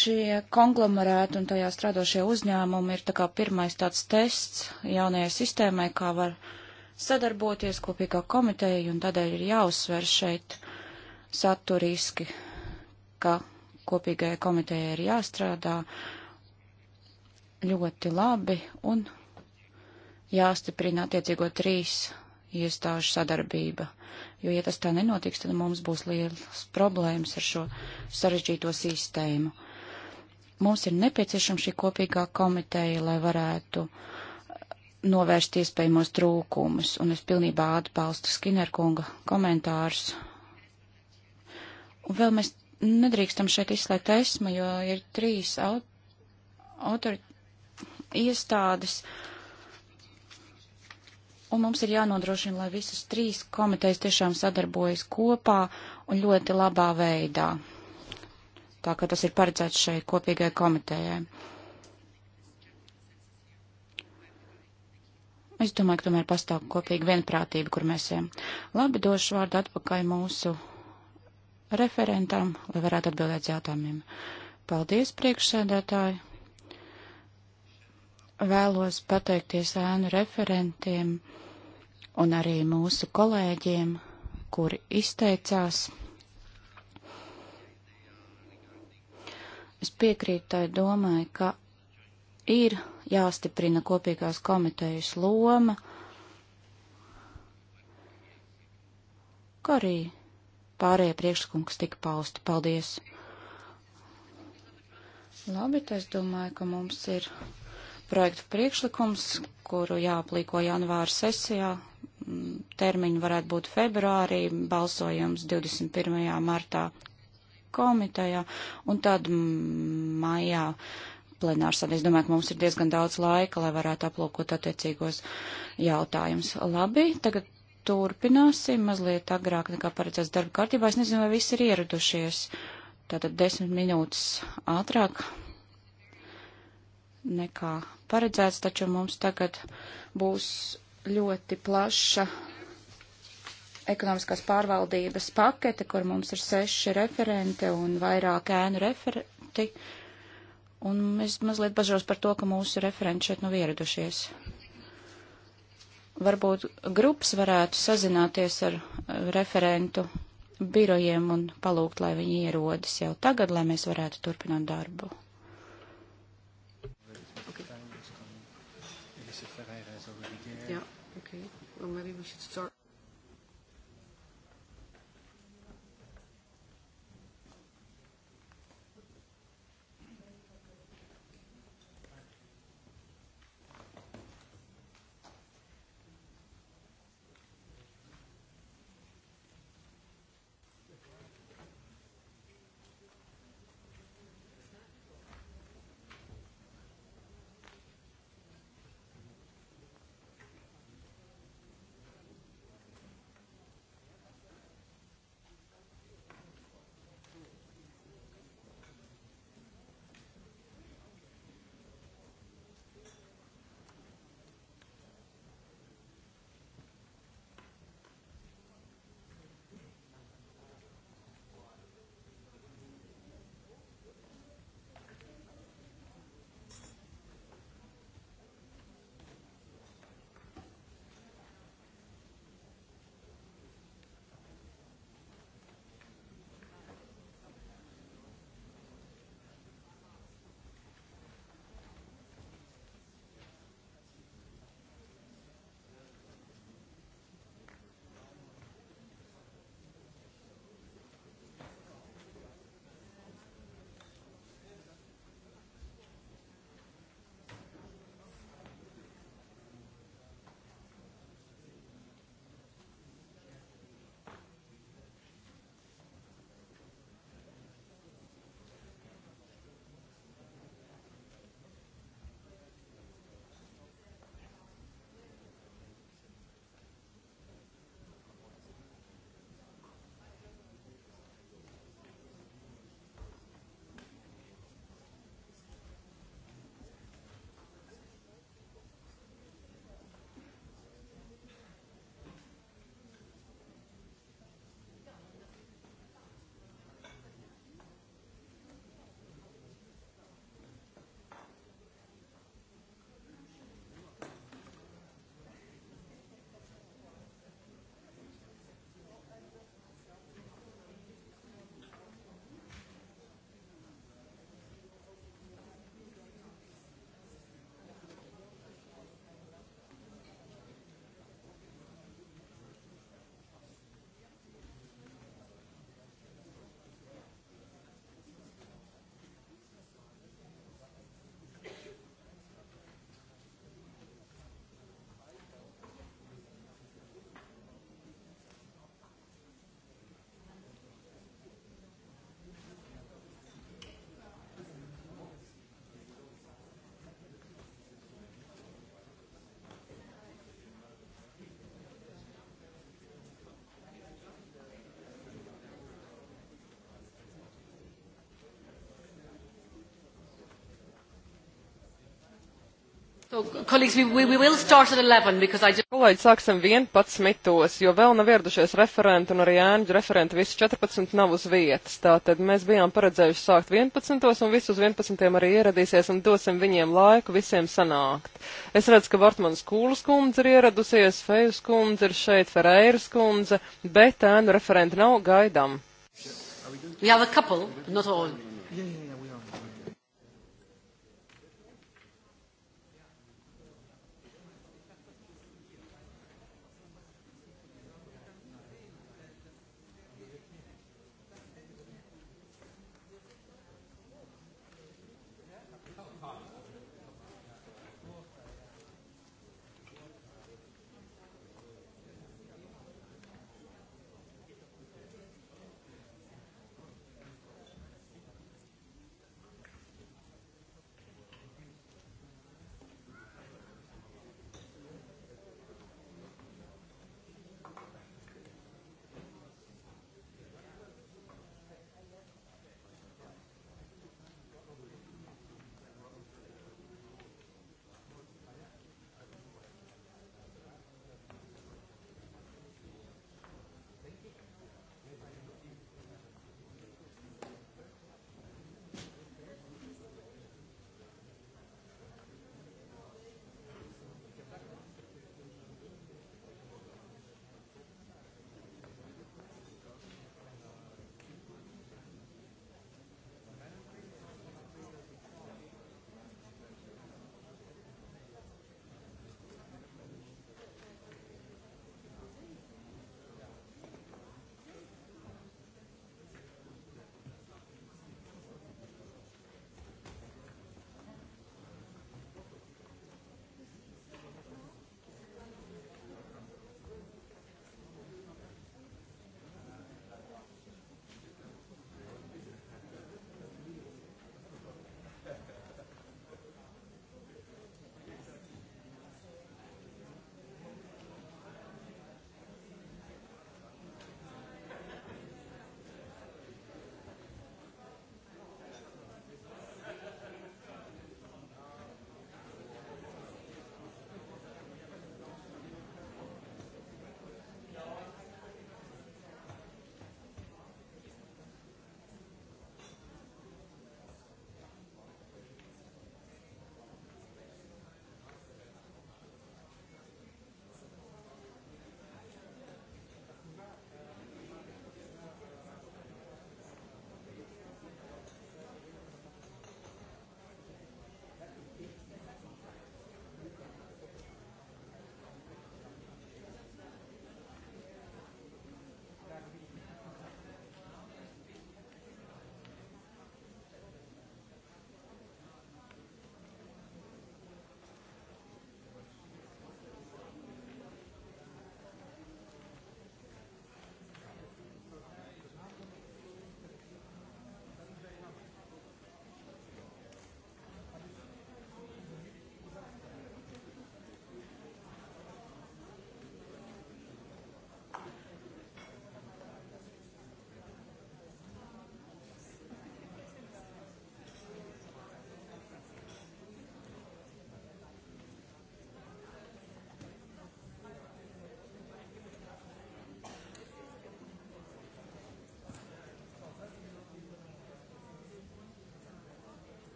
šie konglomerēti un tajā strādošie uzņēmumi ir tā kā pirmais tāds tests jaunajai sistēmai, kā var uh, sadarboties kopīgā komiteja, un tādēļ ir jāuzsver šeit saturiski, ka kopīgajai komitejai ir jāstrādā ļoti labi un jāstiprina attiecīgo trīs iestāžu sadarbība. Jo, ja tas tā nenotiks, tad mums būs liels problēmas ar šo sarežģīto sistēmu. Mums ir nepieciešama šī kopīgā komiteja, lai varētu uh, novērst iespējamos trūkumus, un es pilnībā atbalstu Skinnerkunga komentārus. Un vēl mēs nedrīkstam šeit izslēgt esmu, jo ir trīs aut autori iestādes, un mums ir jānodrošina, lai visas trīs komitejas tiešām sadarbojas kopā un ļoti labā veidā, tā kā tas ir paredzēts šai kopīgai komitejai. Es domāju, ka tomēr pastāv kopīga vienprātība, kur mēs ejam. Labi, došu vārdu atpakaļ mūsu referentam, lai varētu atbildēt jautājumiem. Paldies, priekšsēdētāji! Vēlos pateikties ēnu referentiem un arī mūsu kolēģiem, kuri izteicās. Es piekrītu tai domai, ka ir jāstiprina kopīgās komitejas loma, kā arī pārējie priekšskungs tika pausti. Paldies! Labi, es domāju, ka mums ir projektu priekšlikums, kuru jāaplīko janvāra sesijā. Termiņi varētu būt februārī, balsojums 21. martā komitejā, un tad maijā plenārsēdē. Es domāju, ka mums ir diezgan daudz laika, lai varētu aplūkot attiecīgos jautājumus. Labi, tagad turpināsim mazliet agrāk nekā paredzēts darba kārtībā. Es nezinu, vai visi ir ieradušies. Tātad desmit minūtes ātrāk nekā paredzēts, taču mums tagad būs ļoti plaša ekonomiskās pārvaldības pakete, kur mums ir seši referenti un vairāk ēnu referenti. Un es mazliet bažos par to, ka mūsu referenti šeit nav nu ieradušies. Varbūt grupas varētu sazināties ar referentu birojiem un palūgt, lai viņi ierodas jau tagad, lai mēs varētu turpināt darbu. Okay. Yeah, okay. Well, So, colleagues, we, we will start at 11 because I just... Kolēģi, sāksim 11, jo vēl nav ieradušies referenti un arī ēņģu referenti. Visi 14 nav uz vietas. Tātad mēs bijām paredzējuši sākt 11 un visi uz 11 arī ieradīsies un dosim viņiem laiku visiem sanākt. Es redzu, ka Vartmanas Kūlas kundze ir ieradusies, Fejas kundze ir šeit, Ferreiras kundze, bet ēnu referenti nav gaidām. We have a couple, not all. Yeah, yeah.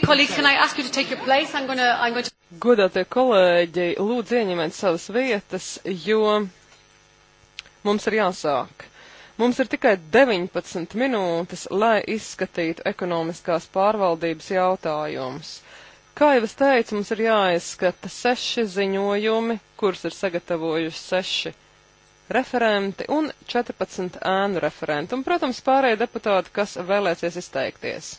Godātie kolēģi, lūdzu ieņemiet savas vietas, jo mums ir jāsāk. Mums ir tikai 19 minūtes, lai izskatītu ekonomiskās pārvaldības jautājumus. Kā jau es teicu, mums ir jāizskata seši ziņojumi, kurus ir sagatavojuši seši referenti un 14 ēnu referenti, un, protams, pārējie deputāti, kas vēlēsies izteikties.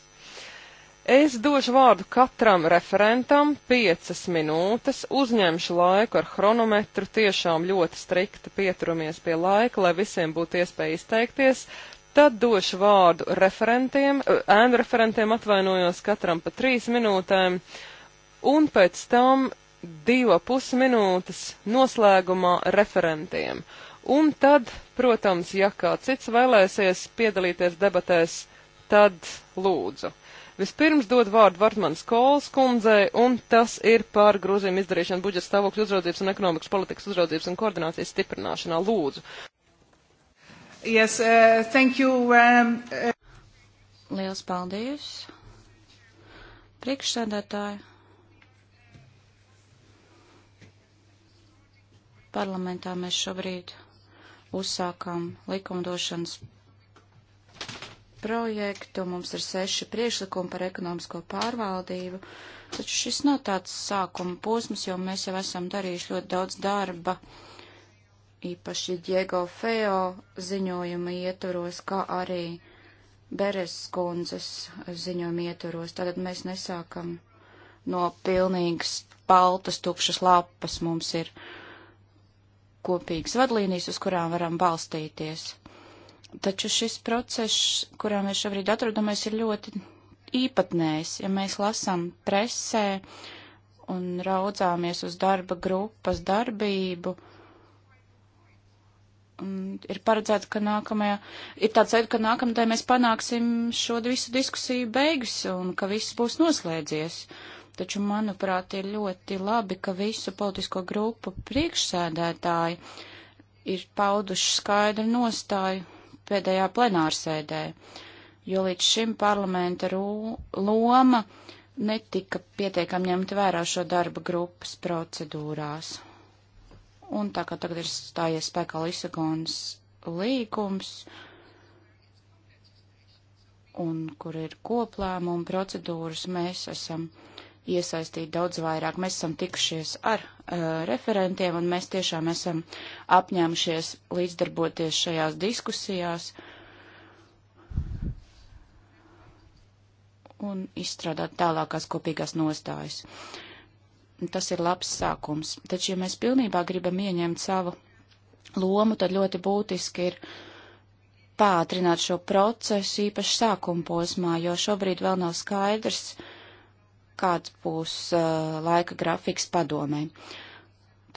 Es došu vārdu katram referentam piecas minūtes, uzņemšu laiku ar chronometru, tiešām ļoti strikti pieturamies pie laika, lai visiem būtu iespēja izteikties. Tad došu vārdu referentiem, eh, ēnu referentiem atvainojos katram pa trīs minūtēm, un pēc tam divo pusminūtes noslēgumā referentiem. Un tad, protams, ja kāds cits vēlēsies piedalīties debatēs, tad lūdzu. Vispirms dod vārdu Vartmanas Kols kundzei, un tas ir par grozījumu izdarīšanu budžeta stāvokļa uzraudzības un ekonomikas politikas uzraudzības un koordinācijas stiprināšanā. Lūdzu. Yes, uh, thank you. Um, uh... Liels paldies. Priekšsēdētāji. Parlamentā mēs šobrīd uzsākam likumdošanas projektu, mums ir seši priekšlikumi par ekonomisko pārvaldību, taču šis nav tāds sākuma posms, jo mēs jau esam darījuši ļoti daudz darba, īpaši Diego Feo ziņojuma ietvaros, kā arī Beres kundzes ziņojuma ietvaros. Tātad mēs nesākam no pilnīgas paltas tukšas lapas, mums ir kopīgas vadlīnijas, uz kurām varam balstīties. Taču šis process, kurā mēs šobrīd atrodamies, ir ļoti īpatnējs. Ja mēs lasām presē un raudzāmies uz darba grupas darbību, ir paredzēts, ka nākamajā, ir tāds veid, ka nākamajā mēs panāksim šo visu diskusiju beigas un ka viss būs noslēdzies. Taču, manuprāt, ir ļoti labi, ka visu politisko grupu priekšsēdētāji ir pauduši skaidru nostāju pēdējā plenārsēdē, jo līdz šim parlamenta rū, loma netika pietiekam ņemta vērā šo darba grupas procedūrās. Un tā kā tagad ir stājies spēkā Lisagons līgums, un kur ir koplēmuma procedūras, mēs esam uh, iesaistīt daudz vairāk. Mēs esam tikušies ar uh, referentiem, un mēs tiešām esam apņēmušies līdzdarboties šajās diskusijās un izstrādāt tālākās kopīgās nostājas. Tas ir labs sākums. Taču, ja mēs pilnībā gribam ieņemt savu lomu, tad ļoti būtiski ir pātrināt šo procesu īpaši sākuma posmā, jo šobrīd vēl nav skaidrs, uh, kāds būs uh, laika grafiks padomē.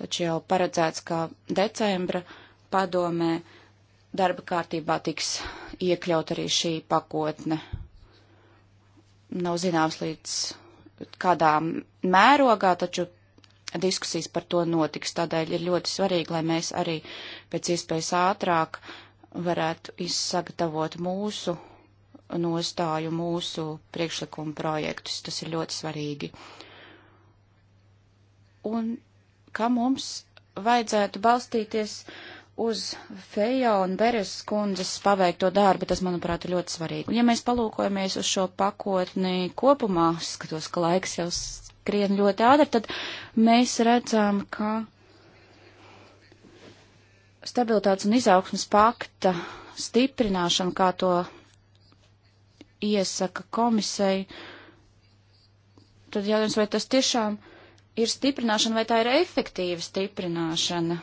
Taču jau paredzēts, ka decembra padomē darba kārtībā tiks iekļaut arī šī pakotne. Nav zināms līdz kādā mērogā, taču diskusijas par to notiks. Tādēļ ir ļoti svarīgi, lai mēs arī pēc iespējas ātrāk varētu izsagatavot mūsu nostāju mūsu priekšlikumu projektus. Tas ir ļoti svarīgi. Un ka mums vajadzētu balstīties uz Feja un Beres kundzes paveikto darbu, tas, manuprāt, ir ļoti svarīgi. Un, ja mēs palūkojamies uz šo pakotni kopumā, skatos, ka laiks jau skrien ļoti ātri, tad mēs redzam, ka stabilitātes un izaugsmas pakta stiprināšana, kā to iesaka komisei, tad jautājums, vai tas tiešām ir stiprināšana, vai tā ir efektīva stiprināšana,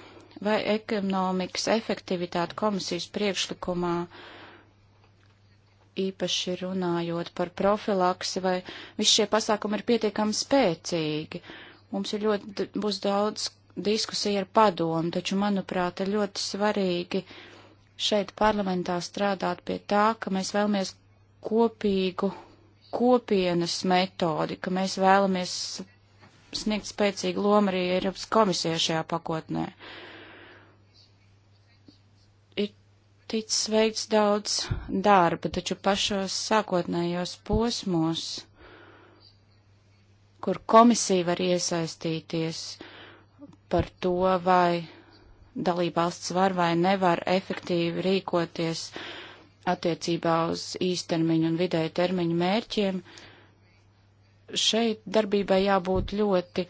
vai ekonomikas efektivitāte komisijas priekšlikumā īpaši runājot par profilaksi, vai visi šie pasākumi ir pietiekami spēcīgi. Mums ir ļoti, būs daudz diskusija ar padomu, taču, manuprāt, ir ļoti svarīgi šeit parlamentā strādāt pie tā, ka mēs vēlamies kopīgu kopienas metodi, ka mēs vēlamies sniegt spēcīgu lomu arī Eiropas komisijai šajā pakotnē. Ir ticis veikts daudz darba, taču pašos sākotnējos posmos, kur komisija var iesaistīties par to, vai dalībvalsts var vai nevar efektīvi rīkoties, uh, attiecībā uz īstermiņu un vidēju termiņu mērķiem, šeit darbībai jābūt ļoti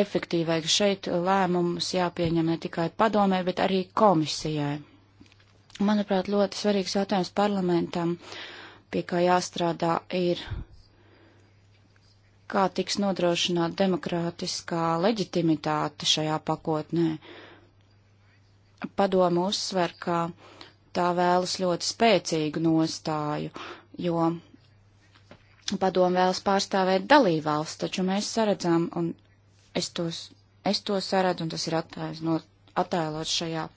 efektīvai, ka šeit lēmumus jāpieņem ne tikai padomē, bet arī komisijai. Manuprāt, ļoti svarīgs jautājums parlamentam, pie kā jāstrādā, ir, kā tiks nodrošināt demokrātiskā leģitimitāte šajā pakotnē. Padomu uzsver, ka tā vēlas ļoti spēcīgu nostāju, jo padomu vēlas pārstāvēt dalībvalsts, taču mēs saredzam, un es, tos, es to saredzu, un tas ir attēls no, attēlots šajā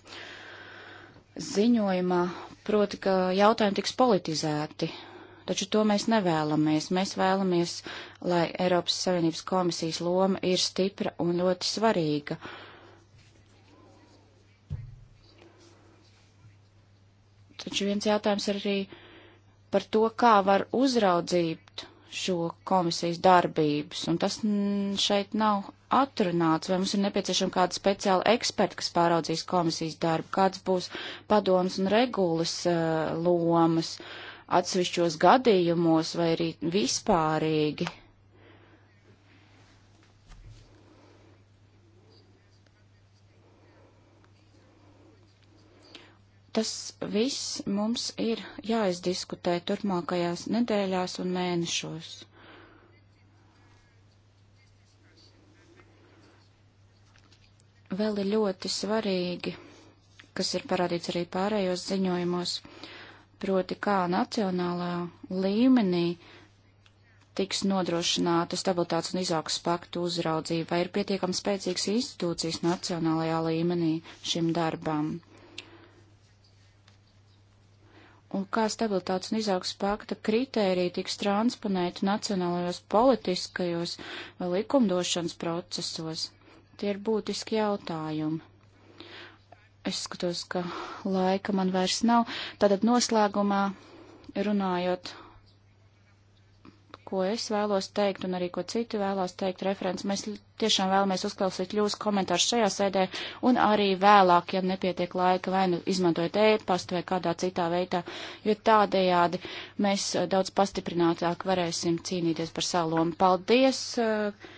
ziņojumā, proti, ka jautājumi tiks politizēti, taču to mēs nevēlamies. Mēs vēlamies, lai Eiropas Savienības komisijas loma ir stipra un ļoti svarīga. Uh, Taču viens jautājums ir arī par to, kā var uzraudzīt šo komisijas darbības, un tas šeit nav atrunāts, vai mums ir nepieciešama kāda speciāla eksperta, kas pāraudzīs komisijas darbu, kāds būs padomas un regulas uh, lomas atsevišķos gadījumos vai arī vispārīgi. Tas viss mums ir jāizdiskutē turpmākajās nedēļās un mēnešos. Vēl ir ļoti svarīgi, kas ir parādīts arī pārējos ziņojumos, proti kā nacionālā līmenī tiks nodrošināta stabilitātes un izaugs paktu uzraudzība, vai ir pietiekami spēcīgas institūcijas nacionālajā līmenī šim darbam un kā stabilitātes un izaugs pakta kritērija tiks transponēta nacionālajos politiskajos vai likumdošanas procesos. Tie ir būtiski jautājumi. Es skatos, ka laika man vairs nav. Tātad noslēgumā runājot ko es vēlos teikt un arī ko citi vēlos teikt referents. Mēs tiešām vēlamies uzklausīt jūsu komentārus šajā sēdē un arī vēlāk, ja nepietiek laika, vai nu izmantojot ēpastu vai kādā citā veidā, jo tādējādi mēs eh, daudz pastiprinātāk varēsim cīnīties par savu lomu. Paldies! Eh,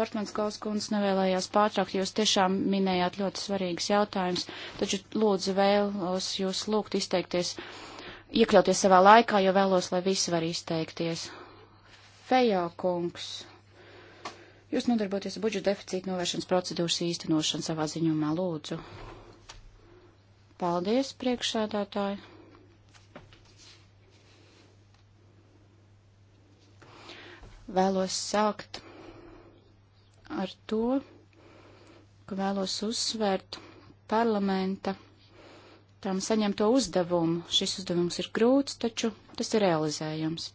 Vartmans Galskunds nevēlējās pārtraukt, jūs tiešām minējāt ļoti svarīgus jautājumus, taču lūdzu vēlos jūs lūgt izteikties, iekļauties savā laikā, jo vēlos, lai visi var izteikties. Fejo kungs. Jūs nodarboties ar budžeta deficīta novēršanas procedūras īstenošanu savā ziņumā, lūdzu. Paldies, priekšsēdētāji. Vēlos sākt ar to, ka vēlos uzsvērt parlamenta tam saņemto uzdevumu. Šis uzdevums ir grūts, taču tas ir realizējams.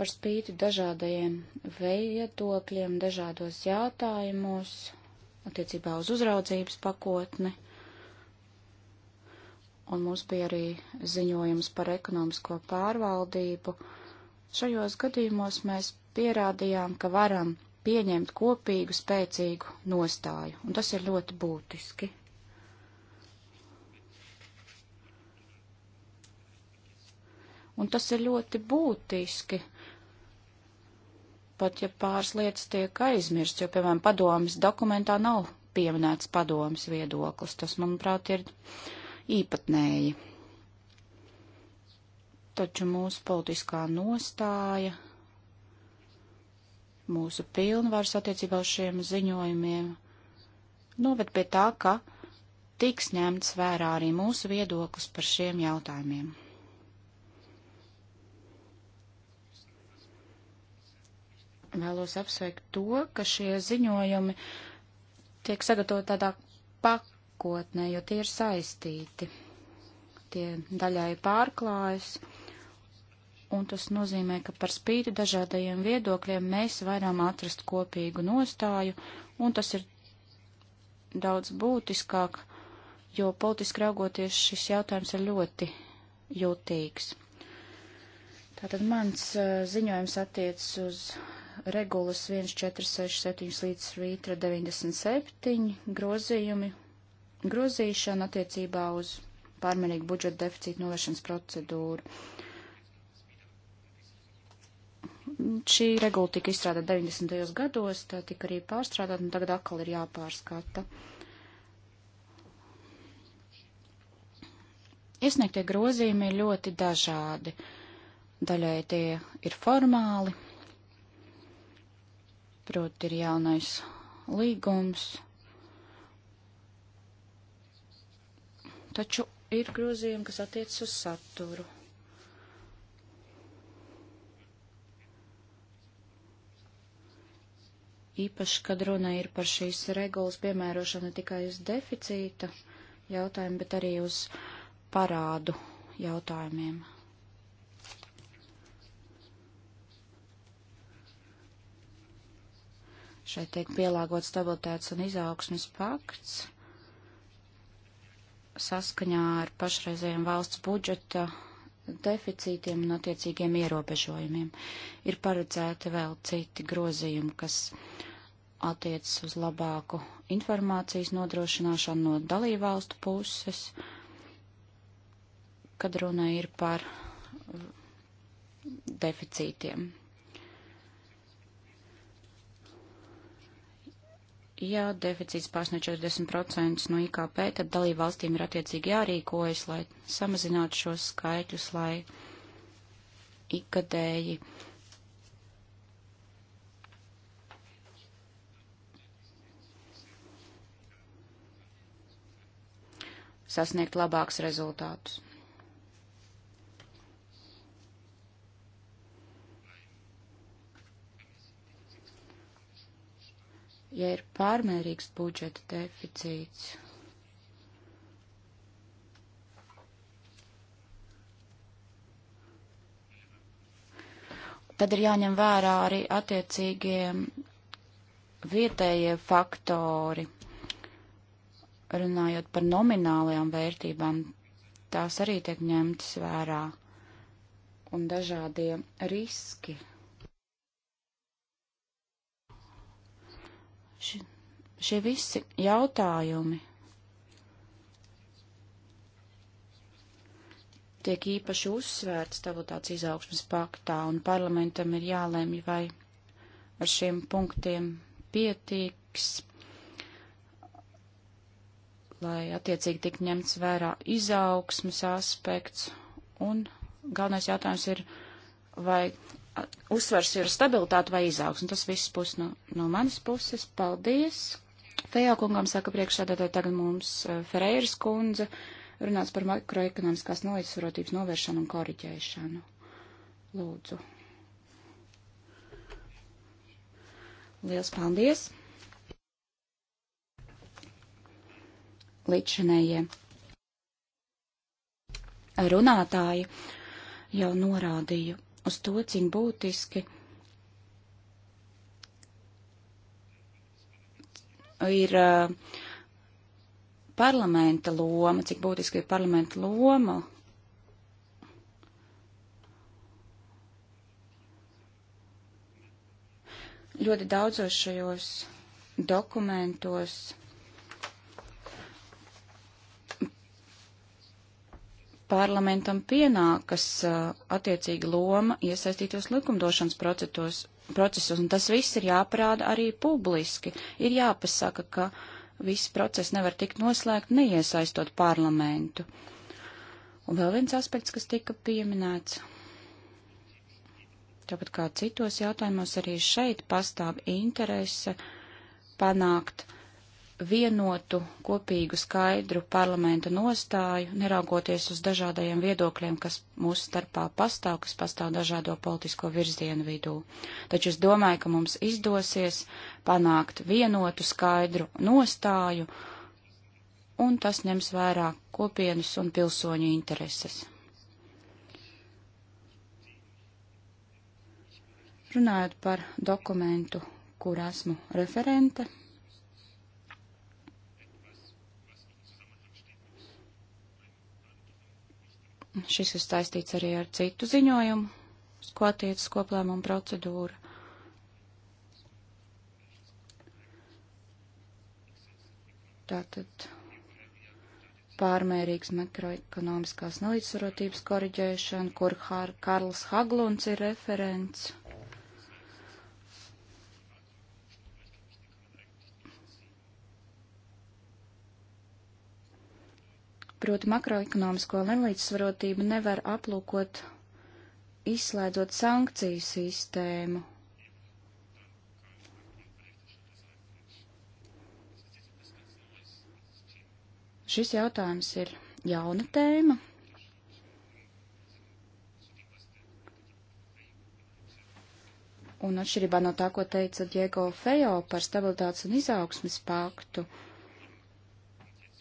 Par spīti dažādajiem viedokļiem, dažādos jautājumos, attiecībā uz uzraudzības pakotni, un mums bija arī ziņojums par ekonomisko pārvaldību. Šajos gadījumos mēs pierādījām, ka varam pieņemt kopīgu, spēcīgu nostāju, un tas ir ļoti būtiski. Un tas ir ļoti būtiski, pat ja pāris lietas tiek aizmirsts, jo, piemēram, padomas dokumentā nav pieminēts padomas viedoklis. Tas, manuprāt, ir īpatnēji. Taču mūsu politiskā nostāja, mūsu pilnvaras attiecībā uz šiem ziņojumiem noved pie tā, ka tiks ņemts vērā arī mūsu viedoklis par šiem jautājumiem. vēlos apsveikt to, ka šie ziņojumi tiek sagatavot tādā pakotnē, jo tie ir saistīti. Tie daļai pārklājas, un tas nozīmē, ka par spīti dažādajiem viedokļiem mēs varam atrast kopīgu nostāju, un tas ir daudz būtiskāk, jo politiski raugoties šis jautājums ir ļoti jūtīgs. Tātad mans uh, ziņojums attiecas uz regulas 1467 līdz rītra 97 grozījumi, grozīšana attiecībā uz pārmērīgu budžeta deficīta novēršanas procedūru. Šī regula tika izstrādāta 90. gados, tā tika arī pārstrādāta, un tagad atkal ir jāpārskata. Iesniegtie grozījumi ir ļoti dažādi. Daļai tie ir formāli, Proti ir jaunais līgums. Taču ir grozījumi, kas attiec uz saturu. Īpaši, kad runa ir par šīs regulas piemērošanu ne tikai uz deficīta jautājumu, bet arī uz parādu jautājumiem. Šeit tiek pielāgot stabilitātes un izaugsmes pakts saskaņā ar pašreizējiem valsts budžeta deficītiem un attiecīgiem ierobežojumiem. Ir paredzēti vēl citi grozījumi, kas attiecas uz labāku informācijas nodrošināšanu no dalībvalstu puses, kad runa ir par deficītiem. Ja deficīts pārsniedz 40% no IKP, tad dalību valstīm ir attiecīgi jārīkojas, lai samazinātu šos skaitļus, lai ikgadēji sasniegt labākus rezultātus. ja ir pārmērīgs budžeta deficīts. Tad ir jāņem vērā arī attiecīgie vietējie faktori, runājot par nominālajām vērtībām, tās arī tiek ņemtas vērā un dažādie riski Ši, šie visi jautājumi tiek īpaši uzsvērts stabilitātes izaugsmas paktā, un parlamentam ir jālēmj, vai ar šiem punktiem pietiks, lai attiecīgi tik ņemts vērā izaugsmas aspekts, un galvenais jautājums ir, vai uzsvers ir stabilitāte vai izaugsme. Tas viss būs no, no manas puses. Paldies! Fejā kungam saka priekšsēdētāji tagad mums eh, Ferreiras kundze runās par makroekonomiskās nelīdzsvarotības novēršanu un koriģēšanu. Lūdzu. Liels paldies! Līdzinējie runātāji jau norādīju uz to, cik būtiski ir uh, parlamenta loma, cik būtiski ir parlamenta loma. Ļoti daudzos šajos dokumentos parlamentam pienākas attiecīga loma iesaistītos likumdošanas procesos, procesos, un tas viss ir jāparāda arī publiski. Ir jāpasaka, ka viss process nevar tikt noslēgt, neiesaistot parlamentu. Un vēl viens aspekts, kas tika pieminēts. Tāpat kā citos jautājumos arī šeit pastāv interese panākt uh, vienotu, kopīgu, skaidru parlamenta nostāju, neraugoties uz dažādajiem viedokļiem, kas mūsu starpā pastāv, kas pastāv dažādo politisko virzienu vidū. Taču es domāju, ka mums izdosies panākt vienotu, skaidru nostāju, un tas ņems vērā kopienas un pilsoņu intereses. Runājot par dokumentu, kur esmu referente, Šis ir saistīts arī ar citu ziņojumu, ko attiecas koplēmuma procedūra. Tātad pārmērīgas makroekonomiskās nelīdzsvarotības koriģēšana, kur Har Karls Haglunds ir referents. Proti makroekonomisko nelīdzsvarotību nevar aplūkot izslēdzot sankciju sistēmu. Šis jautājums ir jauna tēma. Un atšķirībā no tā, ko teica Diego Fejo par stabilitātes un izaugsmes paktu, uh,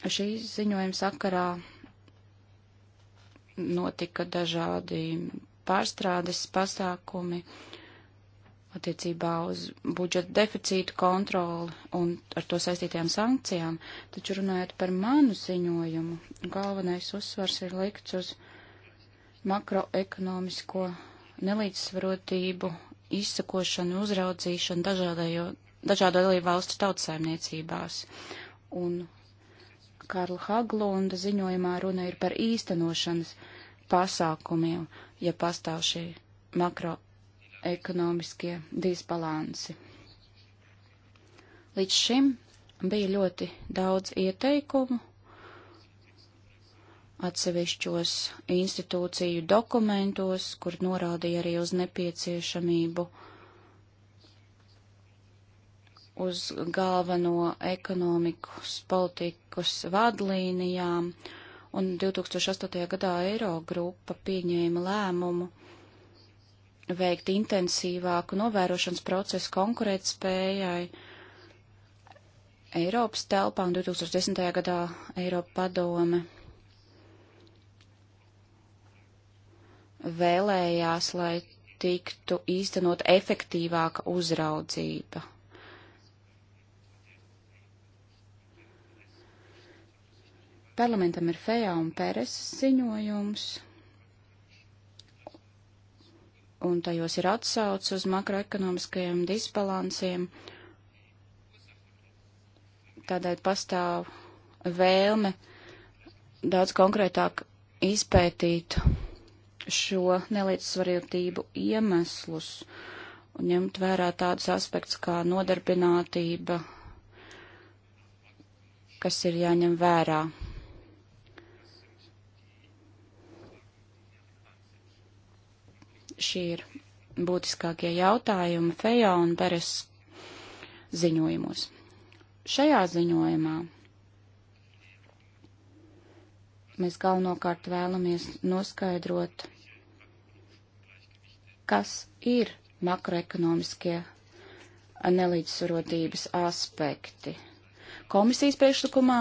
Šī ziņojuma sakarā notika dažādi pārstrādes pasākumi attiecībā uz budžeta deficītu kontroli un ar to saistītajām sankcijām, taču runājot par manu ziņojumu, galvenais uzsvars ir likts uz makroekonomisko nelīdzsvarotību, izsakošanu, uzraudzīšanu dažādējo, dažādo dalību valstu tautsaimniecībās un Karla Haglunda ziņojumā runa ir par īstenošanas pasākumiem, ja pastāv šī makroekonomiskie disbalansi. Līdz šim bija ļoti daudz ieteikumu atsevišķos institūciju dokumentos, kur norādīja arī uz nepieciešamību uh, uz galveno ekonomikas politikas vadlīnijām, un 2008. gadā Eirogrupa pieņēma lēmumu veikt intensīvāku novērošanas procesu konkurētspējai Eiropas telpā, un 2010. gadā Eiropa padome vēlējās, lai tiktu īstenot efektīvāka uzraudzība Parlamentam ir Fejā un Pēreses ziņojums, un tajos ir atsauc uz makroekonomiskajiem disbalansiem. Tādēļ pastāv vēlme daudz konkrētāk izpētīt šo nelīdzsvarjotību iemeslus un ņemt vērā tādus aspektus kā nodarbinātība, kas ir jāņem vērā šie ir būtiskākie jautājumi Fejā un Beres ziņojumos. Šajā ziņojumā mēs galvenokārt vēlamies noskaidrot, kas ir makroekonomiskie nelīdzsvarotības aspekti. Komisijas priekšlikumā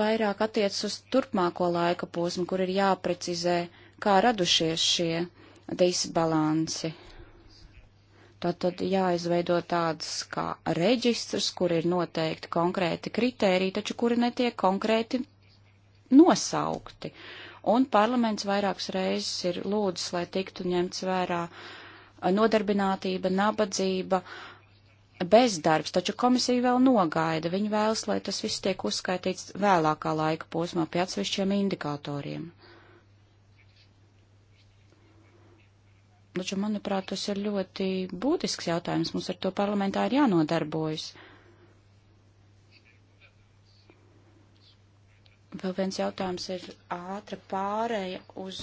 vairāk attiec uz turpmāko laika posmu, kur ir jāprecizē, kā radušies šie disbalansi. Tātad jāizveido tādas kā reģistrs, kur ir noteikti konkrēti kritēriji, taču kuri netiek konkrēti nosaukti. Un parlaments vairākas reizes ir lūdzis, lai tiktu ņemts vērā nodarbinātība, nabadzība, bezdarbs, taču komisija vēl nogaida. Viņa vēlas, lai tas viss tiek uzskaitīts vēlākā laika posmā pie atsevišķiem indikatoriem. Taču, manuprāt, tas ir ļoti būtisks jautājums. Mums ar to parlamentā ir jānodarbojas. Vēl viens jautājums ir ātra pārēja uz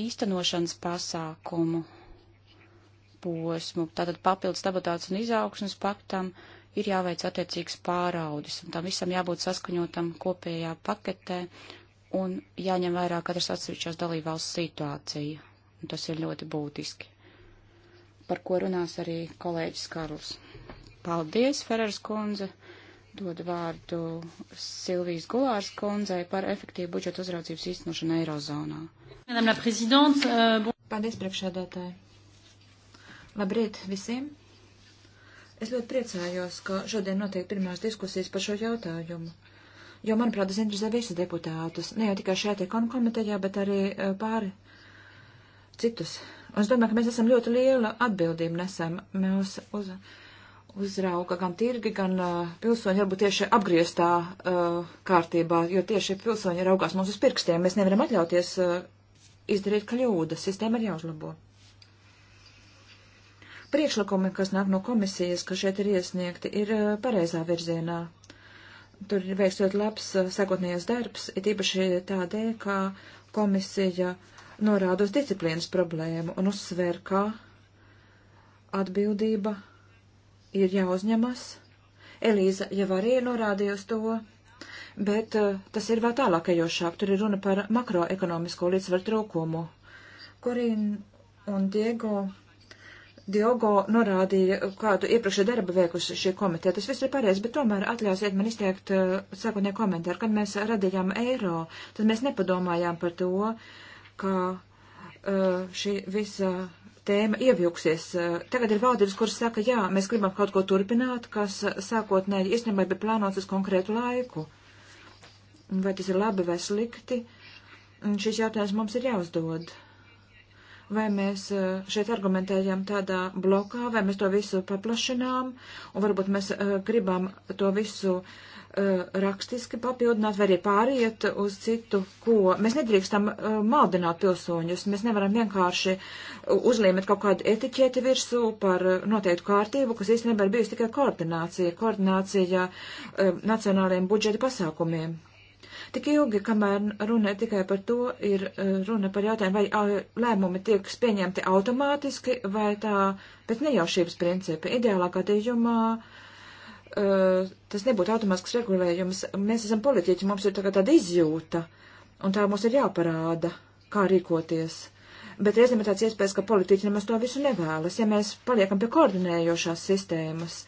īstenošanas pasākumu posmu. Tātad papildus stabilitātes un izaugsmas paktam ir jāveic attiecīgs pāraudis, un tam visam jābūt saskaņotam kopējā paketē un jāņem vērā katras atsevišķās dalībvalsts situācija. Tas ir ļoti būtiski. Par ko runās arī kolēģis Karls. Paldies, Ferers kundze! Dod vārdu Silvijas Gulārs kundzei par efektīvu budžeta uzraudzības īstenošanu Eirozonā. Euh, Paldies, priekšēdētāji! Labrīt visiem! Es ļoti priecājos, ka šodien notiek pirmās diskusijas par šo jautājumu jo, manuprāt, tas interesē visus deputātus, ne jau tikai šeit ekonomikomitejā, bet arī eh, pāri citus. Un es domāju, ka mēs esam ļoti lielu atbildību nesam. Mēs uz, uzrauga gan tirgi, gan uh, pilsoņi varbūt tieši apgrieztā uh, kārtībā, jo tieši pilsoņi raugās mums uz pirkstiem. Mēs nevaram atļauties uh, izdarīt kļūdas. Sistēma ir jāuzlabo. Priekšlikumi, kas nāk no komisijas, kas šeit ir iesniegti, ir uh, pareizā virzienā. Tur ir veikts ļoti labs uh, sākotnējais darbs, it īpaši tādēļ, ka komisija uh, norāda uz disciplīnas problēmu un uzsver, ka atbildība ir jāuzņemas. Elīza jau arī norādīja uz to, bet uh, tas ir vēl tālākajošāk. Tur ir runa par makroekonomisko līdzsvaru trūkumu. Korīna un Diego, Diogo norādīja, kādu iepriekšēju darbu veikusi šī komiteja. Tas viss ir pareizi, bet tomēr atļausiet man izteikt uh, eh, sākotnē komentāru. Kad mēs radījām eiro, tad mēs nepadomājām par to, uh, ka uh, šī visa tēma ievilksies. Uh, tagad ir valdības, kuras saka, jā, mēs gribam kaut ko turpināt, kas sākotnēji īstenībā bija plānots uz konkrētu laiku. Vai tas ir labi vai slikti? Šis jautājums mums ir jāuzdod. Uh, vai mēs eh, šeit argumentējam tādā blokā, vai mēs to visu paplašinām, un varbūt mēs uh, gribam to visu uh, rakstiski papildināt, vai arī pāriet uz citu, ko mēs nedrīkstam uh, maldināt pilsoņus. Mēs nevaram vienkārši uzlīmēt kaut kādu etiķeti virsū par noteiktu kārtību, kas īstenībā ir bijusi tikai koordinācija, koordinācija nacionālajiem budžeta pasākumiem. Tik ilgi, kamēr runa tikai par to, ir eh, runa par jautājumu, vai lēmumi tiek pieņemti automātiski vai tā pēc nejaušības principa. Ideālā gadījumā eh, tas nebūtu automātisks regulējums. Mēs esam politiķi, mums ir tagad tāda izjūta, un tā mums ir jāparāda, kā rīkoties bet reizēm ir tāds iespējas, ka politiķi nemaz to visu nevēlas. Ja mēs paliekam pie koordinējošās sistēmas,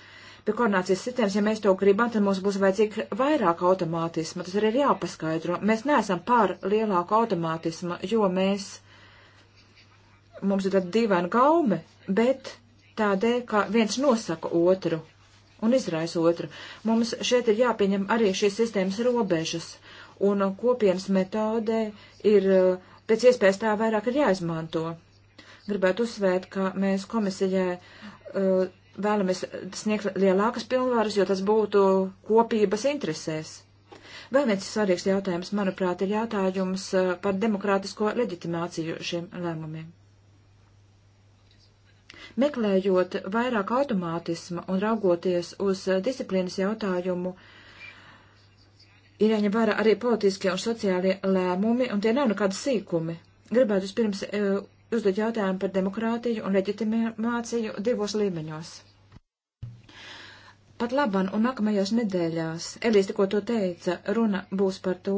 pie koordinācijas sistēmas, ja mēs to gribam, tad mums būs vajadzīga vairāk automātisma. Tas arī ir jāpaskaidro. Mēs neesam pār lielāku automātismu, jo mēs, mums ir tāda dīvaina gaume, bet tādēļ, ka viens nosaka otru un izraisa otru. Mums šeit ir jāpieņem arī šīs sistēmas robežas, un kopienas metodē ir pēc iespējas tā vairāk ir jāizmanto. Gribētu uzsvērt, ka mēs komisijai uh, vēlamies sniegt lielākas pilnvaras, jo tas būtu kopības interesēs. Vēl viens svarīgs jautājums, manuprāt, ir jautājums eh, par demokrātisko leģitimāciju šiem lēmumiem. Meklējot vairāk automātisma un raugoties uz disciplīnas jautājumu, ir jāņem vērā arī politiskie un sociālie lēmumi, un tie nav nekādi sīkumi. Gribētu pirms eh, uzdot jautājumu par demokrātiju un leģitimāciju divos līmeņos. Pat laban un nākamajās nedēļās, Elīs tikko to teica, runa būs par to,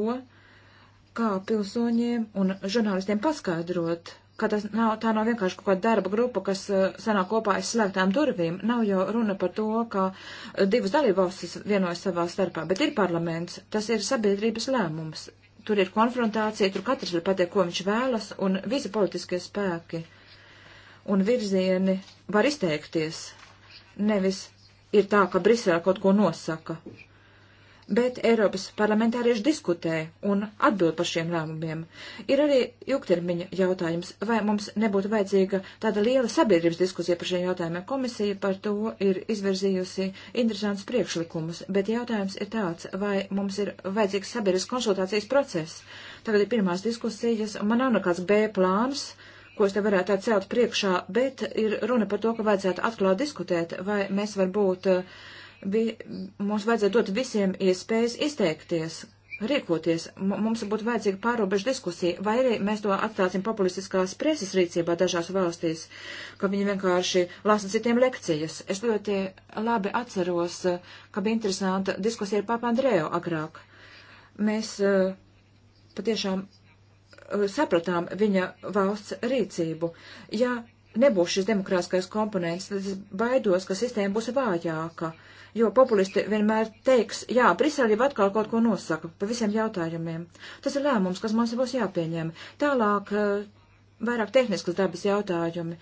kā pilsoņiem un žurnālistiem paskaidrot, ka tas nav, tā nav vienkārši kaut kāda darba grupa, kas uh, sanāk kopā aiz slēgtām durvīm. Nav jau runa par to, ka uh, divas dalībvalstis vienojas savā starpā, bet ir parlaments, tas ir sabiedrības lēmums tur ir konfrontācija, tur katrs var pateikt, ko viņš vēlas, un visi politiskie spēki un virzieni var izteikties. Nevis ir tā, ka Brisele kaut ko nosaka bet Eiropas parlamentārieši diskutē un atbild par šiem lēmumiem. Ir arī ilgtermiņa jautājums, vai mums nebūtu vajadzīga tāda liela sabiedrības diskusija par šiem jautājumiem. Komisija par to ir izvirzījusi interesants priekšlikumus, bet jautājums ir tāds, vai mums ir vajadzīgs sabiedrības konsultācijas process. Tagad ir pirmās diskusijas, un man nav nekāds B plāns ko es te varētu tā celt priekšā, bet ir runa par to, ka vajadzētu atklāt diskutēt, vai mēs varbūt uh, vi, mums vajadzētu dot visiem iespējas izteikties, rīkoties. Mums būtu vajadzīga pārobežu diskusija, vai arī mēs to atstāsim populistiskās preses rīcībā dažās valstīs, ka viņi vienkārši lasa citiem lekcijas. Es ļoti labi atceros, ka bija interesanta diskusija ar Papandrēju agrāk. Mēs eh, patiešām eh, sapratām viņa valsts rīcību. Ja nebūs šis demokrātiskais komponents, tad es baidos, ka sistēma būs vājāka, jo populisti vienmēr teiks, jā, Brisele jau atkal kaut ko nosaka par visiem jautājumiem. Tas ir lēmums, kas mums būs jāpieņem. Tālāk eh, vairāk tehniskas dabas jautājumi,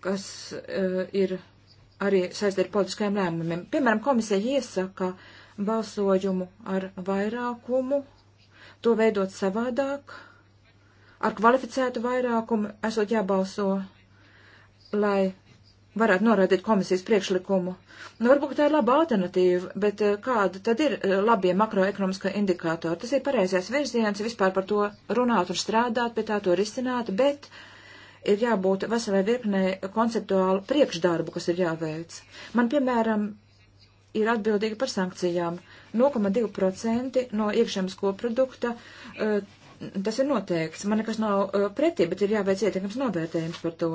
kas uh, ir arī saistīti ar politiskajiem lēmumiem. Piemēram, komisija iesaka balsojumu ar vairākumu, to veidot savādāk, ar kvalificētu vairākumu esot jābalso lai varētu noraidīt komisijas priekšlikumu. Nu, varbūt tā ir laba alternatīva, bet eh, kāda tad ir eh, labie makroekonomiskā indikātori? Tas ir pareizais virziens, vispār par to runāt un strādāt, pie tā to risināt, bet ir jābūt veselai virknē konceptuālu priekšdarbu, kas ir jāveic. Man, piemēram, ir atbildīgi par sankcijām. 0,2% no iekšējams koprodukta eh, tas ir noteikts. Man nekas nav pretī, bet ir jāveic ietekmes novērtējums par to.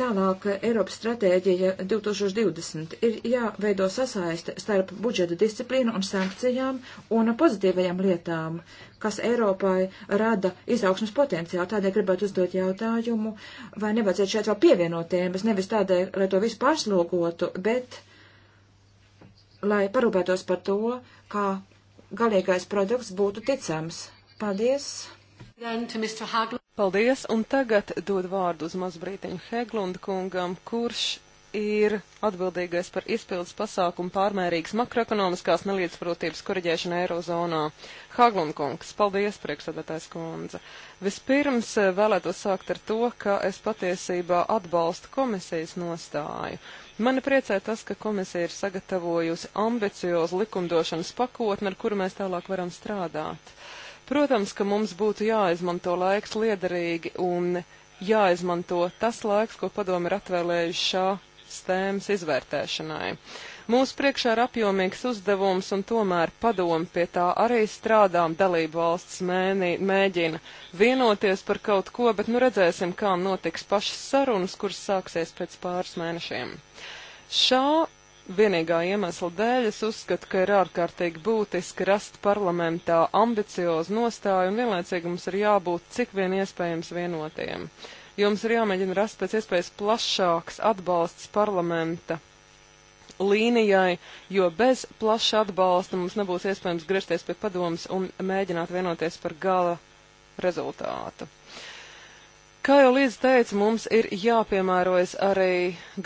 Tālāk Eiropas stratēģija 2020 ir jāveido sasaiste starp budžeta disciplīnu un sankcijām un pozitīvajām lietām, kas Eiropai rada izaugsmas potenciālu. Tādēļ gribētu uzdot jautājumu, vai nevajadzētu šeit vēl pievienot tēmas, nevis tādēļ, lai to visu pārslogotu, bet lai parūpētos par to, kā galīgais produkts būtu ticams. Paldies! Paldies, un tagad dod vārdu uz mazbrītiņu Heglunda kungam, kurš ir atbildīgais par izpildus pasākumu pārmērīgas makroekonomiskās nelīdzsvarotības koriģēšanu Eirozonā. Haglunkungs, paldies, priekšsēdētājs kundze. Vispirms eh, vēlētos sākt ar to, ka es patiesībā atbalstu komisijas nostāju. Mani priecē tas, ka komisija ir sagatavojusi ambiciozu likumdošanas pakotni, ar kuru mēs tālāk varam strādāt. Protams, ka mums būtu jāizmanto laiks liederīgi un jāizmanto tas laiks, ko padomi ir atvēlējuši šā stēmas izvērtēšanai. Mūsu priekšā ir apjomīgs uzdevums, un tomēr padomu pie tā arī strādām dalību valsts mēnī, mēģina vienoties par kaut ko, bet nu redzēsim, kā notiks pašas sarunas, kuras sāksies pēc pāris mēnešiem. Šā vienīgā iemesla dēļ es uzskatu, ka ir ārkārtīgi būtiski rast parlamentā ambiciozu nostāju un vienlaicīgi mums ir jābūt cik vien iespējams vienotiem. Jums ir jāmēģina rast pēc iespējas plašāks atbalsts parlamenta līnijai, jo bez plaša atbalsta mums nebūs iespējams griezties pie padomas un mēģināt vienoties par gala rezultātu. Kā jau līdz teicu, mums ir jāpiemērojas arī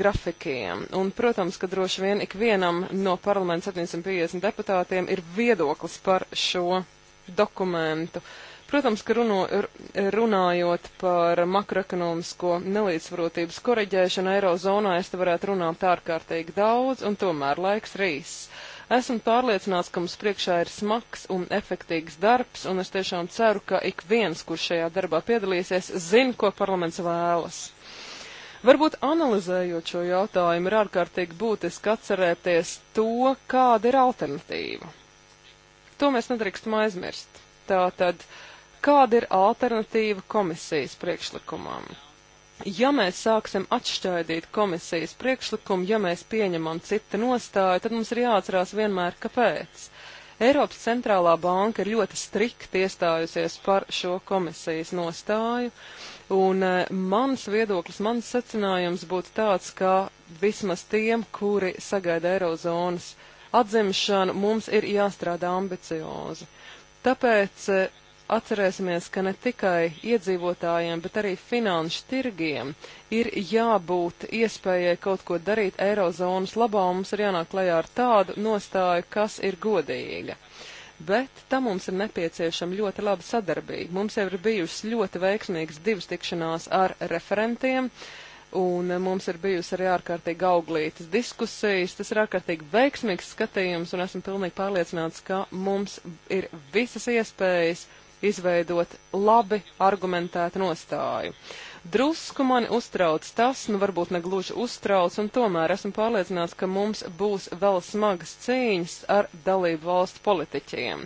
grafikiem, un, protams, ka droši vien ikvienam no parlamenta 750 deputātiem ir viedoklis par šo dokumentu. Protams, ka runo, runājot par makroekonomisko nelīdzsvarotības koreģēšanu Eirozonā, es te varētu runāt ārkārtīgi daudz, un tomēr laiks rīs. Uh, Esmu pārliecināts, ka mums priekšā ir smags un efektīgs darbs, un es tiešām ceru, ka ik viens, kurš šajā darbā piedalīsies, zina, ko parlaments vēlas. Varbūt analizējot šo jautājumu, ir ārkārtīgi būtiski atcerēties to, kāda ir alternatīva. To mēs nedrīkstam aizmirst. Tātad, kāda ir alternatīva komisijas priekšlikumam? Ja mēs sāksim atšķaidīt komisijas priekšlikumu, ja mēs pieņemam citu nostāju, tad mums ir jāatcerās vienmēr, kāpēc. Eiropas centrālā banka ir ļoti strikti iestājusies par šo komisijas nostāju, un e, mans viedoklis, mans secinājums būtu tāds, ka vismaz tiem, kuri sagaida eirozonas atzimšanu, mums ir jāstrādā ambiciozi. Tāpēc e, atcerēsimies, ka ne tikai iedzīvotājiem, bet arī finanšu tirgiem ir jābūt iespējai kaut ko darīt eirozonas labā, un mums ir jānāk klajā ar tādu nostāju, kas ir godīga. Bet tam mums ir nepieciešama ļoti laba sadarbība. Mums jau ir bijušas ļoti veiksmīgas divas tikšanās ar referentiem, un mums ir bijusi arī ārkārtīgi auglītas diskusijas. Tas ir ārkārtīgi veiksmīgs skatījums, un esmu pilnīgi pārliecināts, ka mums ir visas iespējas izveidot labi argumentētu nostāju. Drusku mani uztrauc tas, nu varbūt negluži uztrauc, un tomēr esmu pārliecināts, ka mums būs vēl smagas cīņas ar dalību valstu politiķiem.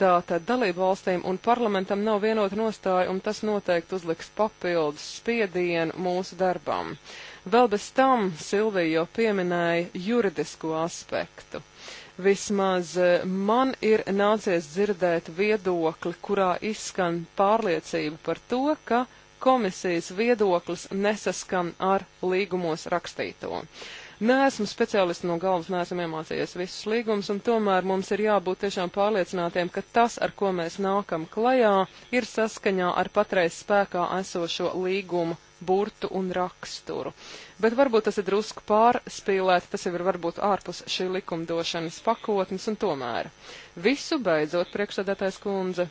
Tātad dalību valstīm un parlamentam nav vienota nostāja, un tas noteikti uzliks papildus spiedienu mūsu darbam. Uh, Vēl bez tam Silvija jau pieminēja juridisko aspektu. Vismaz e, man ir nācies dzirdēt viedokli, kurā izskan pārliecība par to, ka komisijas viedoklis nesaskan ar līgumos rakstīto neesmu speciālists no galvas, neesmu iemācījies visus līgumus, un tomēr mums ir jābūt tiešām pārliecinātiem, ka tas, ar ko mēs nākam klajā, ir saskaņā ar patreiz spēkā esošo līgumu burtu un raksturu. Bet varbūt tas ir drusku pārspīlēti, tas jau ir varbūt ārpus šī likumdošanas pakotnes un tomēr. Visu beidzot, priekšsēdētājs kundze,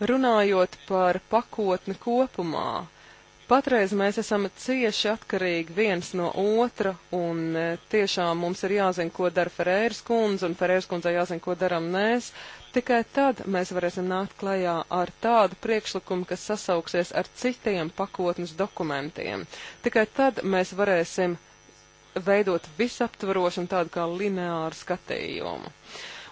runājot par pakotni kopumā, Patreiz mēs esam cieši atkarīgi viens no otra, un eh, tiešām mums ir jāzina, ko dara Ferēras kundze, un Ferēras kundzei jāzina, ko daram mēs. Tikai tad mēs varēsim nākt klajā ar tādu priekšlikumu, kas sasauksies ar citiem pakotnes dokumentiem. Tikai tad mēs varēsim veidot visaptvarošu un tādu kā lineāru skatījumu.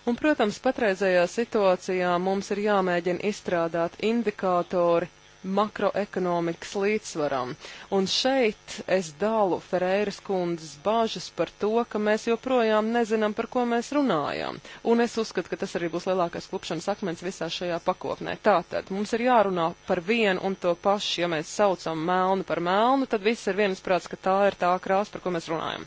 Un, protams, patreizējā situācijā mums ir jāmēģina izstrādāt indikātori, makroekonomikas līdzsvaram. Un šeit es dalu Ferēras kundzes bāžas par to, ka mēs joprojām nezinām, par ko mēs runājam. Un es uzskatu, ka tas arī būs lielākais klupšanas akmens visā šajā pakopnē. Tātad mums ir jārunā par vienu un to pašu. Ja mēs saucam melnu par melnu, tad viss ir viensprāts, ka tā ir tā krāsa, par ko mēs runājam.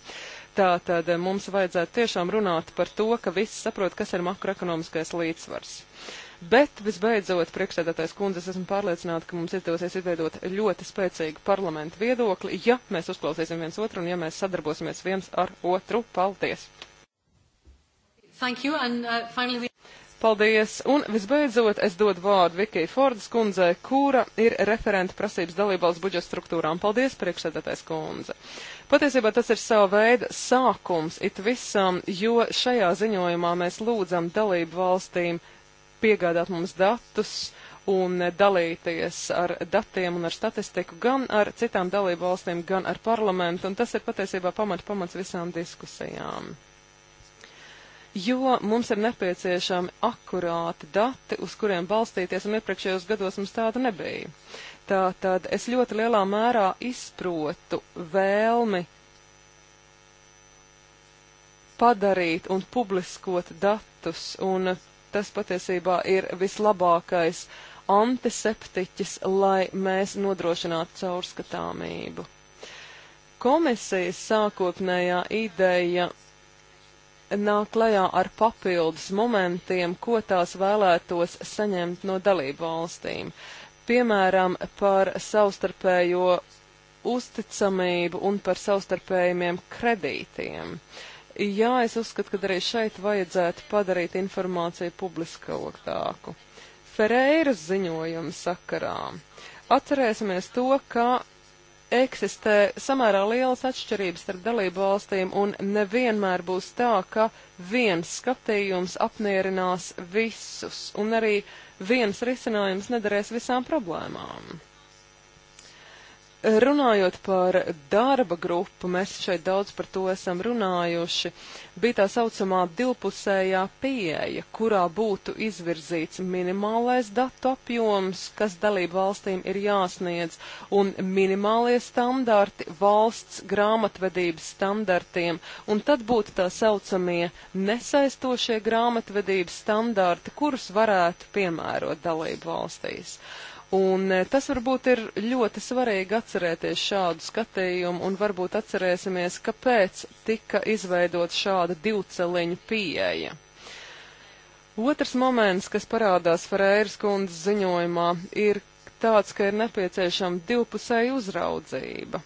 Tātad eh, mums vajadzētu tiešām runāt par to, ka viss saprot, kas ir makroekonomiskais līdzsvars. Uh, Bet, visbeidzot, priekšsēdētājs kundze, es esmu pārliecināta, ka mums izdosies izveidot ļoti spēcīgu parlamentu viedokli, ja mēs uzklausīsim viens otru un ja mēs sadarbosimies viens ar otru. Paldies! Thank you, and, uh, finally we... Paldies! Un visbeidzot, es dodu vārdu Vikija Fordas kundzei, kura ir referenta prasības dalībvalsts budžeta struktūrām. Paldies, priekšsēdētais kundze! Patiesībā tas ir sava veida sākums it visam, jo šajā ziņojumā mēs lūdzam dalību valstīm piegādāt mums datus un dalīties ar datiem un ar statistiku gan ar citām dalību valstīm, gan ar parlamentu, un tas ir patiesībā pamat pamats visām diskusijām. Jo mums ir nepieciešami akurāti dati, uz kuriem balstīties, un iepriekšējos gados mums tāda nebija. Tātad es ļoti lielā mērā izprotu vēlmi padarīt un publiskot datus, un tas patiesībā ir vislabākais antiseptiķis, lai mēs nodrošinātu caurskatāmību. Komisijas sākotnējā ideja nāk klajā ar papildus momentiem, ko tās vēlētos saņemt no dalību valstīm. Piemēram, par savstarpējo uzticamību un par savstarpējumiem kredītiem. Uh, Jā, es uzskatu, ka arī šeit vajadzētu padarīt informāciju publiskāku. Ferreiras ziņojuma sakarā atcerēsimies to, ka eksistē samērā lielas atšķirības starp dalību valstīm, un nevienmēr būs tā, ka viens skatījums apmierinās visus, un arī viens risinājums nedarēs visām problēmām. Runājot par darba grupu, mēs šeit daudz par to esam runājuši, bija tā saucamā divpusējā pieeja, kurā būtu izvirzīts minimālais datu apjoms, kas dalību valstīm ir jāsniedz, un minimālie standarti valsts grāmatvedības standartiem, un tad būtu tā saucamie nesaistošie grāmatvedības standarti, kurus varētu piemērot dalību valstīs. Uh, Un e, tas varbūt ir ļoti svarīgi atcerēties šādu skatījumu un varbūt atcerēsimies, kāpēc tika izveidot šāda divceliņu pieeja. Otrs moments, kas parādās Ferēras kundzes ziņojumā, ir tāds, ka ir nepieciešama divpusēja uzraudzība.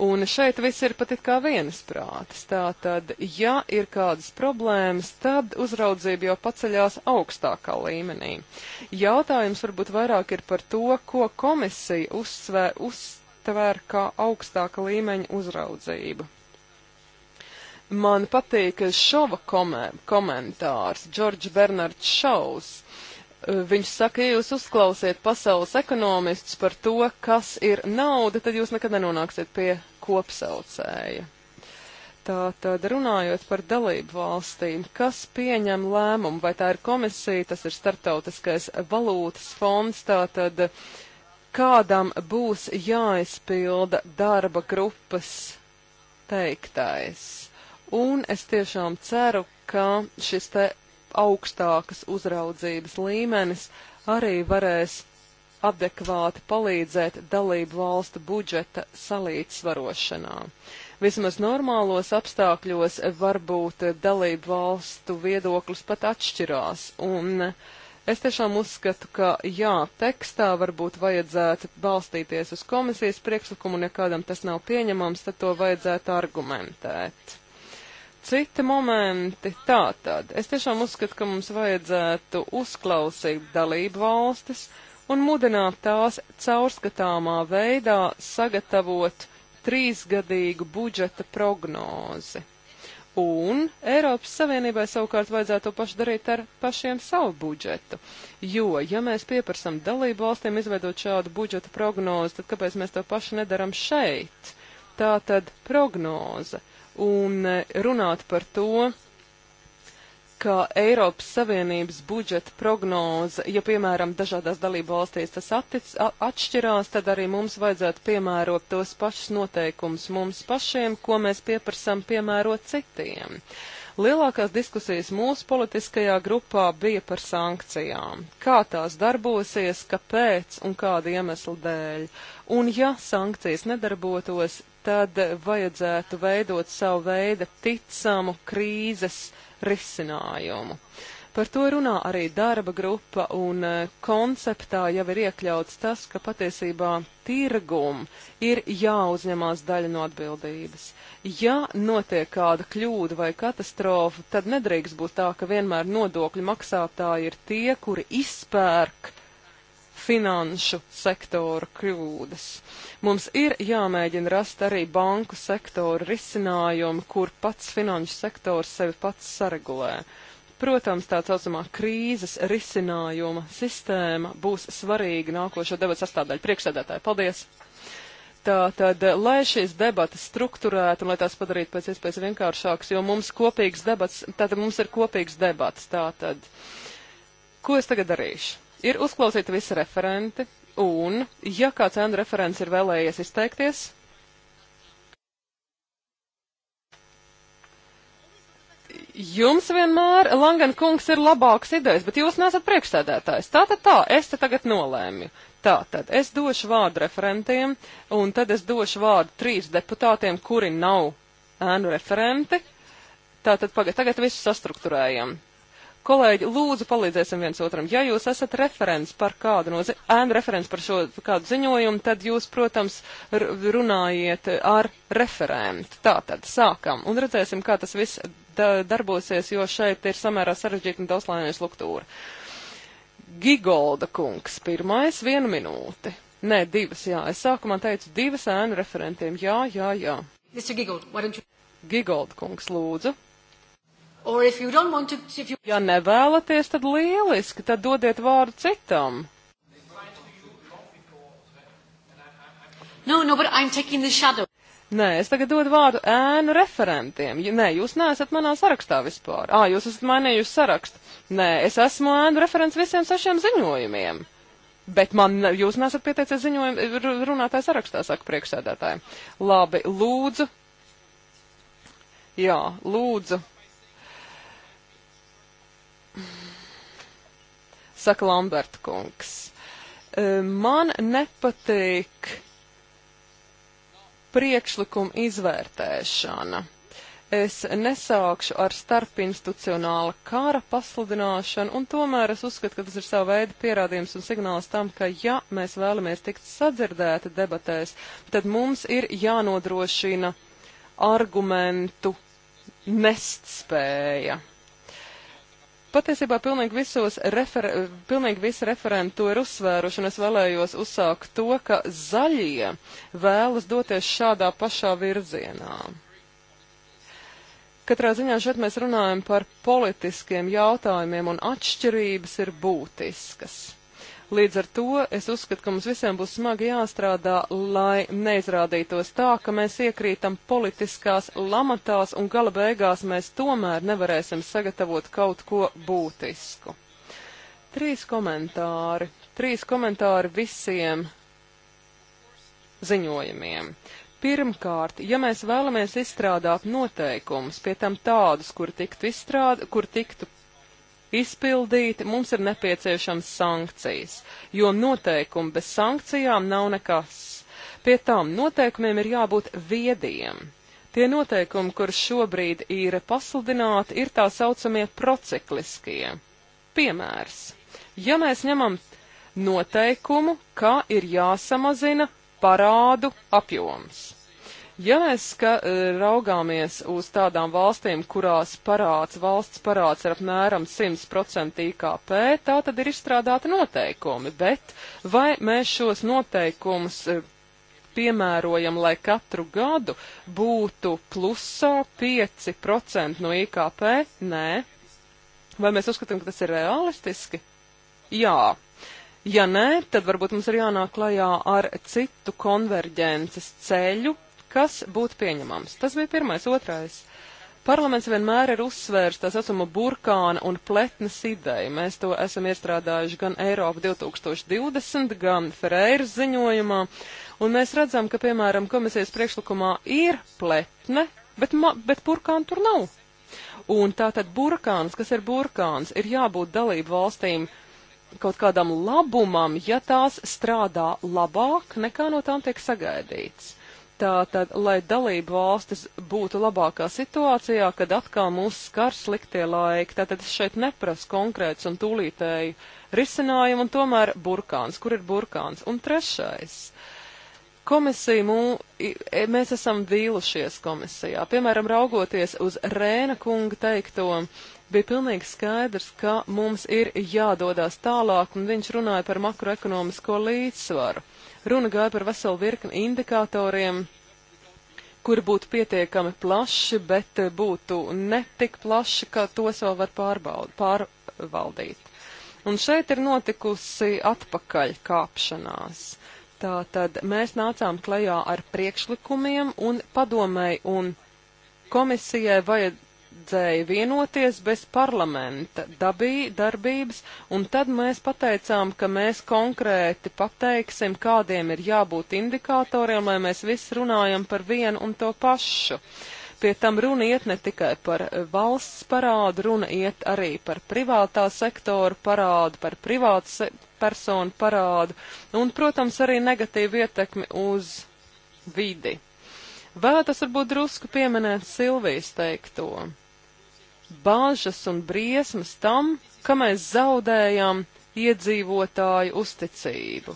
Un šeit viss ir pat it kā viensprātis. Tātad, ja ir kādas problēmas, tad uzraudzība jau paceļās augstākā līmenī. Jautājums varbūt vairāk ir par to, ko komisija uzsvē, uztver kā augstāka līmeņa uzraudzību. Man patīk šova komē, komentārs, Džordžs Bernards Šaus. Viņš saka, ja jūs uzklausiet pasaules ekonomistus par to, kas ir nauda, tad jūs nekad nenonāksiet pie kopsaucēja. Tātad runājot par dalību valstīm, kas pieņem lēmumu, vai tā ir komisija, tas ir starptautiskais valūtas fonds, tātad kādam būs jāizpilda darba grupas teiktais. Un es tiešām ceru, ka šis te augstākas uzraudzības līmenis arī varēs adekvāti palīdzēt dalību valstu budžeta salīdzvarošanā. Vismaz normālos apstākļos varbūt dalību valstu viedoklis pat atšķirās, un es tiešām uzskatu, ka jā, tekstā varbūt vajadzētu balstīties uz komisijas priekšlikumu, un ja kādam tas nav pieņemams, tad to vajadzētu argumentēt. Citi momenti tātad. Es tiešām uzskatu, ka mums vajadzētu uzklausīt dalību valstis un mudināt tās caurskatāmā veidā sagatavot trīsgadīgu budžeta prognozi. Un Eiropas Savienībai savukārt vajadzētu to pašu darīt ar pašiem savu budžetu. Jo, ja mēs pieprasam dalību valstīm izveidot šādu budžeta prognozi, tad kāpēc mēs to pašu nedaram šeit? Tā tad prognoze un e, runāt par to, ka Eiropas Savienības budžeta prognoze, ja piemēram dažādās dalību valstīs tas attic, atšķirās, tad arī mums vajadzētu piemērot tos pašus noteikumus mums pašiem, ko mēs pieprasām piemērot citiem. Lielākās diskusijas mūsu politiskajā grupā bija par sankcijām. Kā tās darbosies, kāpēc un kāda iemesla dēļ. Un ja sankcijas nedarbotos, tad vajadzētu veidot savu veidu ticamu krīzes risinājumu. Par to runā arī darba grupa, un eh, konceptā jau ir iekļauts tas, ka patiesībā tirgum ir jāuzņemās daļa no atbildības. Ja notiek kāda kļūda vai katastrofa, tad nedrīkst būt tā, ka vienmēr nodokļu maksātāji ir tie, kuri izpērk finanšu sektora kļūdas. Mums ir jāmēģina rast arī banku sektoru risinājumu, kur pats finanšu sektors sevi pats saregulē. Protams, tā saucamā krīzes risinājuma sistēma būs svarīga nākošo debatu sastāvdaļu. Priekšsēdētāji, paldies! Tātad, lai šīs debatas strukturētu un lai tās padarītu pēc iespējas vienkāršākas, jo mums kopīgs debats, tātad mums ir kopīgs debats, tātad, ko es tagad darīšu? Ir uzklausīti visi referenti, un, ja kāds ēnu referents ir vēlējies izteikties, Jums vienmēr, Langan kungs, ir labāks idejas, bet jūs nesat priekšsēdētājs. Tātad tā, es te tagad nolēmu. Tātad es došu vārdu referentiem, un tad es došu vārdu trīs deputātiem, kuri nav ēnu referenti. Tātad pagad, tagad visu sastruktūrējam. Kolēģi, lūdzu, palīdzēsim viens otram. Ja jūs esat referents par kādu no, ēnu referents par šo kādu ziņojumu, tad jūs, protams, runājiet ar referentu. Tā tad sākam un redzēsim, kā tas viss da darbosies, jo šeit ir samērā sarežģīta un daudzlainīga struktūra. Gigolda kungs, pirmais, viena minūte. Nē, divas, jā. Es sākumā teicu divas ēnu referentiem. Jā, jā, jā. Gigold, you... Gigold kungs, lūdzu. To, you... Ja nevēlaties, tad lieliski, tad dodiet vārdu citam. No, no, Nē, es tagad dodu vārdu ēnu referentiem. J nē, jūs neesat manā sarakstā vispār. Ā, jūs esat mainījusi sarakstu. Nē, es esmu ēnu referents visiem sešiem ziņojumiem. Bet man, jūs nesat pieteicies ziņojumu runātāju sarakstā, saka priekšsēdētāji. Labi, lūdzu. Jā, lūdzu. Mm. Saka Lamberta kungs. E, man nepatīk priekšlikuma izvērtēšana. Es nesākšu ar starpinstitucionāla kara pasludināšanu, un tomēr es uzskatu, ka tas ir sava veida pierādījums un signāls tam, ka ja mēs vēlamies tikt sadzirdēti debatēs, tad mums ir jānodrošina argumentu nestspēja. Patiesībā pilnīgi, visos refer, pilnīgi visi referenti to ir uzsvēruši, un es vēlējos uzsākt to, ka zaļie vēlas doties šādā pašā virzienā. Katrā ziņā šeit mēs runājam par politiskiem jautājumiem, un atšķirības ir būtiskas. Līdz ar to es uzskatu, ka mums visiem būs smagi jāstrādā, lai neizrādītos tā, ka mēs iekrītam politiskās lamatās un gala beigās mēs tomēr nevarēsim sagatavot kaut ko būtisku. Trīs komentāri. Trīs komentāri visiem ziņojumiem. Pirmkārt, ja mēs vēlamies izstrādāt noteikumus, pie tam tādus, kur tiktu, izstrād, kur tiktu izpildīti, mums ir nepieciešams sankcijas, jo noteikumi bez sankcijām nav nekas. Pie tām noteikumiem ir jābūt viediem. Tie noteikumi, kur šobrīd ir pasludināti, ir tā saucamie procikliskie. Piemērs. Ja mēs ņemam noteikumu, ka ir jāsamazina parādu apjoms. Ja mēs ka, e, raugāmies uz tādām valstīm, kurās parāds, valsts parāds ir apmēram 100% IKP, tā tad ir izstrādāti noteikumi, bet vai mēs šos noteikumus e, piemērojam, lai katru gadu būtu plusā 5% no IKP? Nē. Vai mēs uzskatām, ka tas ir realistiski? Jā. Ja nē, tad varbūt mums ir jānāk klajā ar citu konverģences ceļu, kas būtu pieņemams. Tas bija pirmais. Otrais. Parlaments vienmēr ir uzsvērs tā saucamo burkāna un pletnes ideju. Mēs to esam iestrādājuši gan Eiropa 2020, gan Ferreiras ziņojumā, un mēs redzam, ka, piemēram, komisijas priekšlikumā ir pletne, bet, ma, bet burkāna tur nav. Un tātad burkāns, kas ir burkāns, ir jābūt dalību valstīm kaut kādam labumam, ja tās strādā labāk, nekā no tām tiek sagaidīts. Tātad, lai dalību valstis būtu labākā situācijā, kad atkal mūs skar sliktie laiki, tātad es šeit neprasu konkrēts un tūlītēju risinājumu, un tomēr burkāns, kur ir burkāns. Un trešais. Komisija mū, e, mēs esam vīlušies komisijā. Piemēram, raugoties uz Rēna kunga teikto, bija pilnīgi skaidrs, ka mums ir jādodas tālāk, un viņš runāja par makroekonomisko līdzsvaru. Runa gāja par veselu virkni indikatoriem, kuri būtu pietiekami plaši, bet eh, būtu netik plaši, ka tos vēl var pārbaud, pārvaldīt. Un šeit ir notikusi atpakaļ kāpšanās. Tātad mēs nācām klajā ar priekšlikumiem un padomēji un komisijai vajad, vajadzēja vienoties bez parlamenta dabī, darbības, un tad mēs pateicām, ka mēs konkrēti pateiksim, kādiem ir jābūt indikatoriem, lai mēs visi runājam par vienu un to pašu. Pie tam runa iet ne tikai par valsts parādu, runa iet arī par privātā sektora parādu, par privātas personu parādu un, protams, arī negatīvu ietekmi uz vidi. Vēl tas varbūt drusku pieminēt Silvijas teikto bāžas un briesmas tam, ka mēs zaudējam iedzīvotāju uzticību.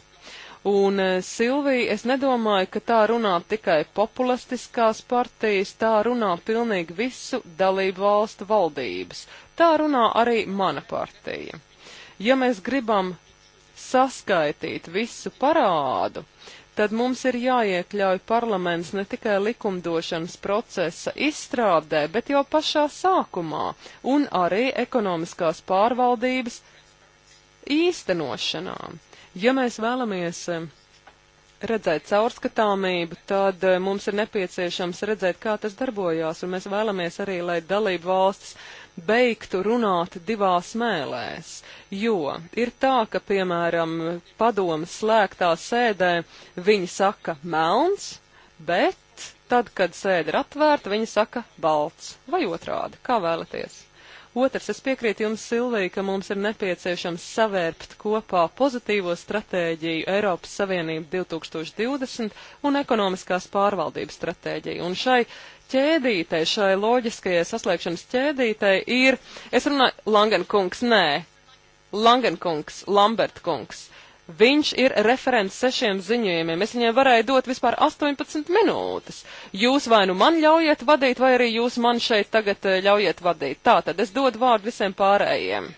Un, eh, Silvija, es nedomāju, ka tā runā tikai populistiskās partijas, tā runā pilnīgi visu dalību valstu valdības. Tā runā arī mana partija. Ja mēs gribam saskaitīt visu parādu, tad mums ir jāiekļauj parlaments ne tikai likumdošanas procesa izstrādē, bet jau pašā sākumā un arī ekonomiskās pārvaldības īstenošanā. Ja mēs vēlamies eh, redzēt caurskatāmību, tad eh, mums ir nepieciešams redzēt, kā tas darbojās, un mēs vēlamies arī, lai dalību valstis beigtu runāt divās mēlēs, jo ir tā, ka, piemēram, padomas slēgtā sēdē viņi saka melns, bet tad, kad sēde ir atvērta, viņi saka balts vai otrādi, kā vēlaties. Otrs, es piekrītu jums, Silvija, ka mums ir nepieciešams savērpt kopā pozitīvo stratēģiju Eiropas Savienību 2020 un ekonomiskās pārvaldības stratēģiju. Un šai ķēdītei, šai loģiskajai saslēgšanas ķēdītei ir, es runāju, Langenkungs, nē, Langenkungs, Lambertkungs. Viņš ir referents sešiem ziņojumiem. Es viņiem varēju dot vispār 18 minūtes. Jūs vai nu man ļaujiet vadīt, vai arī jūs man šeit tagad eh, ļaujiet vadīt. Tā tad es dodu vārdu visiem pārējiem.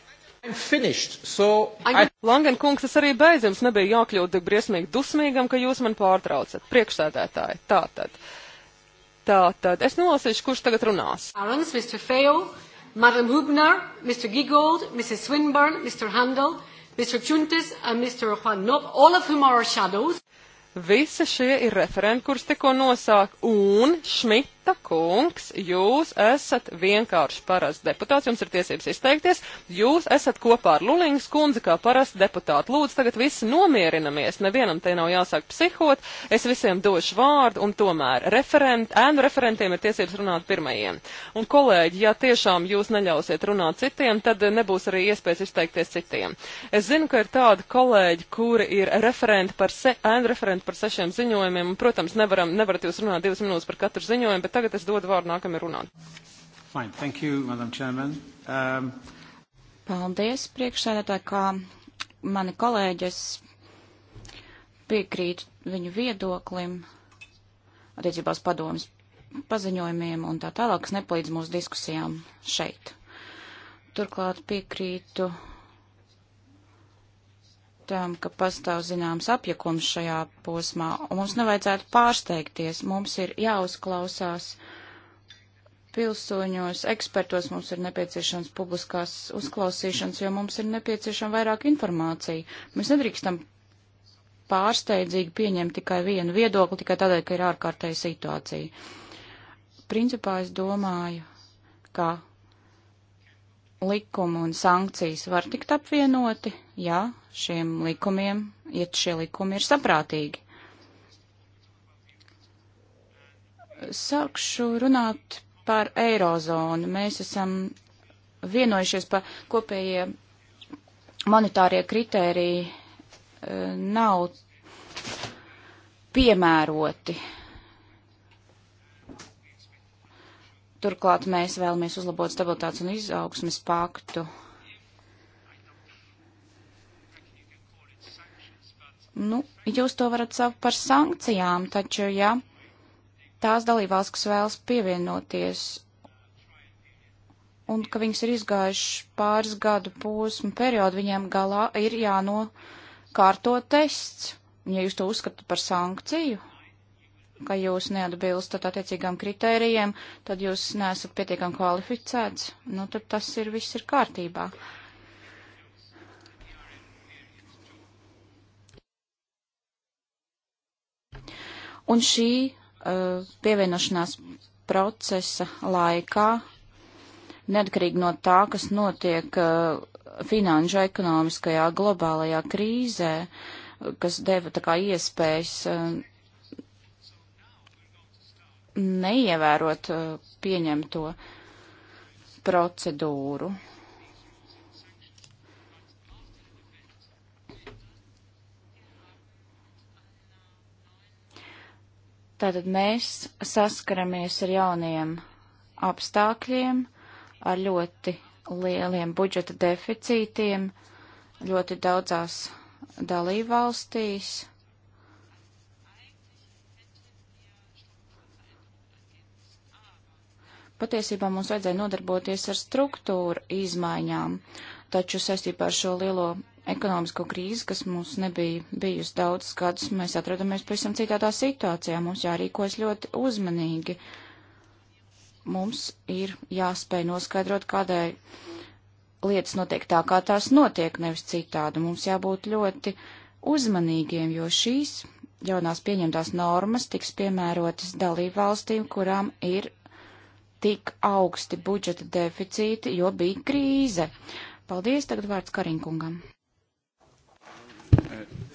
Finished, so I... Langen kungs, es arī beidz jums nebija jākļūt tik briesmīgi dusmīgam, ka jūs man pārtraucat. Priekšsēdētāji, tā tad. Tā tad es nolasīšu, kurš tagad runās. Arons, Mr. Feo, Madam Hubner, Mr. Giggold, Mrs. Swinburne, Mr. Handel, Mr. Chuntis and Mr. Juan Nob, all of whom are shadows. Visi šie ir referenti, kurus tikko nosāk, un Šmit Šemeta kungs, jūs esat vienkārši parasts deputāts, jums ir tiesības izteikties, jūs esat kopā ar Lulīngas kundzi kā parasts deputāts. Lūdzu, tagad visi nomierinamies, nevienam te nav jāsāk psihot, es visiem došu vārdu un tomēr referent, ēnu referentiem ir tiesības runāt pirmajiem. Un kolēģi, ja tiešām jūs neļausiet runāt citiem, tad nebūs arī iespējas izteikties citiem. Es zinu, ka ir tādi kolēģi, kuri ir referenti par, se, referenti par sešiem ziņojumiem, un, protams, nevaram, nevarat jūs runāt divas minūtes par katru ziņojumu, bet tagad es dodu vārdu nākamajai runāt. Fine, thank you, Madam Chairman. Um... Paldies, priekšsēdētāji, kā mani kolēģis piekrīt viņu viedoklim attiecībā uz padomus paziņojumiem un tā tālāk, kas nepalīdz mūsu diskusijām šeit. Turklāt piekrītu tam, ka pastāv zināms apjakums šajā posmā, un mums nevajadzētu pārsteigties. Mums ir jāuzklausās pilsoņos, ekspertos, mums ir nepieciešams publiskās uzklausīšanas, jo mums ir nepieciešama vairāk informācija. Mēs nedrīkstam pārsteidzīgi pieņemt tikai vienu viedokli, tikai tādēļ, ka ir ārkārtēja situācija. Principā es domāju, ka likumi un sankcijas var tikt apvienoti ja šiem likumiem, ja šie likumi ir saprātīgi. Sākšu runāt par eirozonu. Mēs esam vienojušies par kopējie monetārie kritēriji e, nav piemēroti. Turklāt mēs vēlamies uzlabot stabilitātes un izaugsmes paktu Nu, jūs to varat saukt par sankcijām, taču, ja tās dalībvalsts, kas vēlas pievienoties un ka viņas ir izgājuši pāris gadu posmu periodu, viņiem galā ir jānokārto tests. Un ja jūs to uzskatāt par sankciju, ka jūs neatbilstat attiecīgām kritērijiem, tad jūs neesat pietiekami kvalificēts, nu tad tas ir viss ir kārtībā. Uh, Un šī uh, pievienošanās procesa laikā, neatkarīgi no tā, kas notiek uh, finanšu ekonomiskajā globālajā krīzē, kas deva tā kā iespējas uh, neievērot uh, pieņemto procedūru. Tātad mēs saskaramies ar jauniem apstākļiem, ar ļoti lieliem budžeta deficītiem ļoti daudzās dalībvalstīs. Patiesībā mums vajadzēja nodarboties ar struktūru izmaiņām, taču saistībā ar šo lielo ekonomisko krīzi, kas mums nebija bijusi daudzus gadus, mēs atrodamies pavisam citādā situācijā. Mums jārīkojas ļoti uzmanīgi. Mums ir jāspēj noskaidrot, kādēļ lietas notiek tā, kā tās notiek, nevis citādi. Mums jābūt ļoti uzmanīgiem, jo šīs jaunās pieņemtās normas tiks piemērotas dalību valstīm, kurām ir tik augsti budžeta deficīti, jo bija krīze. Paldies, tagad vārds Karinkungam.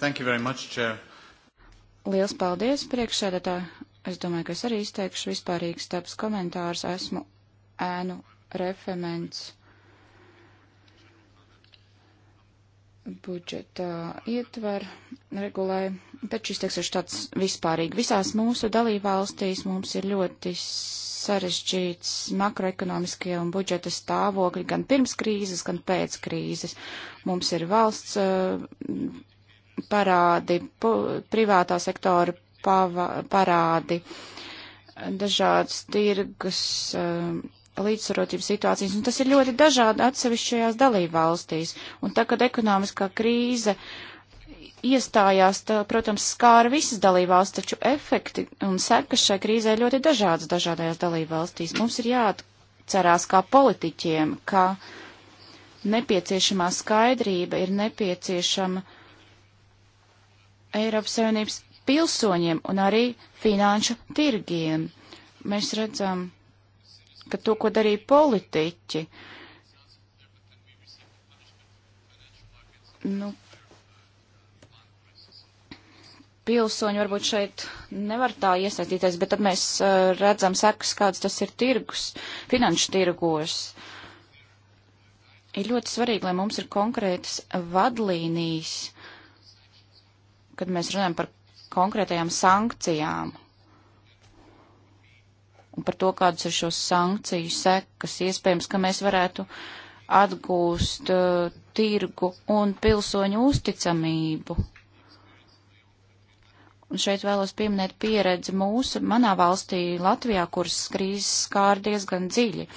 Thank you very much, Chair. Liels paldies, priekšsēdētāji. Es domāju, ka es arī izteikšu vispārīgs taps komentārs. Esmu ēnu referents budžeta ietver regulē, taču izteikšu tāds vispārīgi. Visās mūsu dalībvalstīs mums ir ļoti sarežģīts makroekonomiskie un budžeta stāvokļi gan pirms krīzes, gan pēc krīzes. Mums ir valsts uh, parādi, privātā sektora pava, parādi, dažādas tirgus, um, līdzsvarotības situācijas, un tas ir ļoti dažādi atsevišķajās dalībvalstīs. Un tā, kad ekonomiskā krīze iestājās, tā, protams, skāra visas dalībvalstis, taču efekti un sekas šai krīzē ļoti dažādas dažādajās dalībvalstīs. Mums ir jāatcerās kā politiķiem, ka nepieciešamā skaidrība ir nepieciešama uh, Eiropas Savienības pilsoņiem un arī finanšu tirgiem. Mēs redzam, ka to, ko darīja politiķi, nu, pilsoņi varbūt šeit nevar tā iesaistīties, bet tad mēs uh, redzam sekas, kāds tas ir tirgus, finanšu tirgos. Ir ļoti svarīgi, lai mums ir konkrētas vadlīnijas kad mēs runājam par konkrētajām sankcijām un par to, kādas ir šo sankciju sekas, iespējams, ka mēs varētu atgūst uh, tirgu un pilsoņu uzticamību. Un šeit vēlos pieminēt pieredzi mūsu, manā valstī, Latvijā, kuras krīzes skār diezgan dziļi.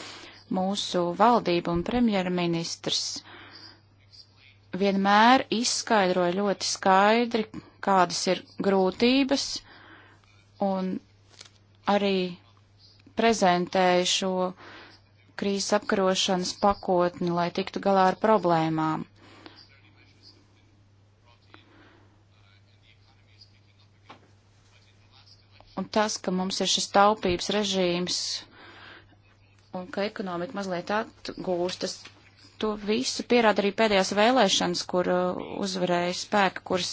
Mūsu valdība un premjerministrs vienmēr izskaidroja ļoti skaidri, kādas ir grūtības, un arī prezentēja šo krīzes apkarošanas pakotni, lai tiktu galā ar problēmām. Un tas, ka mums ir šis taupības režīms un ka ekonomika mazliet atgūstas, to visu pierāda arī pēdējās vēlēšanas, kur uh, uzvarēja spēki, kuras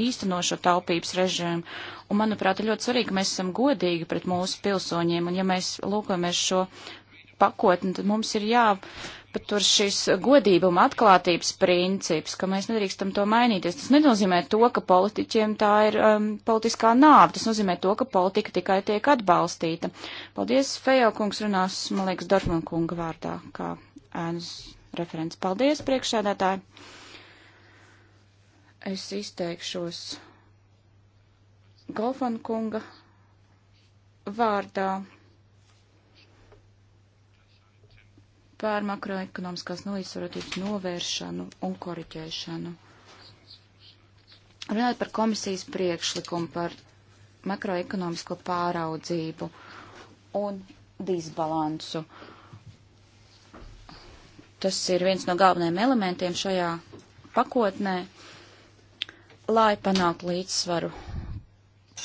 īsteno šo taupības režīmu. Un, manuprāt, ir ļoti svarīgi, ka mēs esam godīgi pret mūsu pilsoņiem. Un, ja mēs lūkojamies šo pakotni, tad mums ir jāpatur šis godība un atklātības princips, ka mēs nedrīkstam to mainīties. Tas nenozīmē to, ka politiķiem tā ir um, politiskā nāve. Tas nozīmē to, ka politika tikai tiek atbalstīta. Paldies, Fejo kungs runās, man liekas, Dortmund kunga vārdā, kā ēnas referents. Paldies, priekšsēdētāji. Es izteikšos Golfan kunga vārdā par makroekonomiskās nelīdzsvarotības novēršanu un koriģēšanu. Runājot par komisijas priekšlikumu par makroekonomisko pāraudzību un disbalansu. Uh, Tas ir viens no galvenajiem elementiem šajā pakotnē, lai panāktu līdzsvaru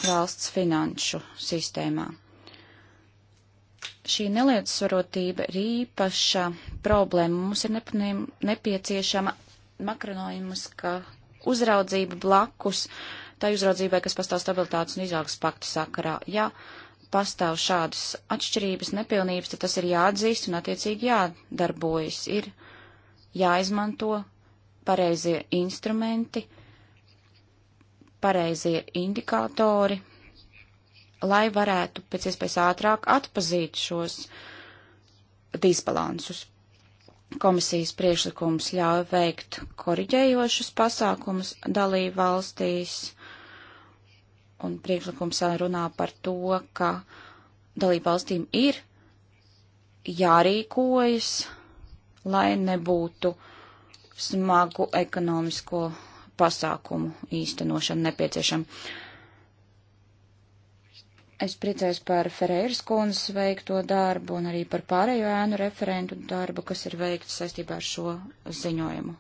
valsts finanšu sistēmā. Šī nelietasvarotība ir īpaša problēma. Mums ir nepieciešama makronomiska uzraudzība blakus tai uzraudzībai, kas pastāv stabilitātes un izaugs paktu sakarā. Ja pastāv šādas atšķirības, nepilnības, tad tas ir jāatzīst un attiecīgi jādarbojas. Ir jāizmanto pareizie instrumenti, pareizie indikātori, lai varētu pēc iespējas ātrāk atpazīt šos disbalansus. Komisijas priekšlikums ļauj veikt koriģējošus pasākumus dalību valstīs un priekšlikums runā par to, ka dalību valstīm ir jārīkojas, lai nebūtu smagu ekonomisko pasākumu īstenošana nepieciešama. Es priecājos par Ferreiras kundzes veikto darbu un arī par pārējo ēnu referentu darbu, kas ir veikts saistībā ar šo ziņojumu.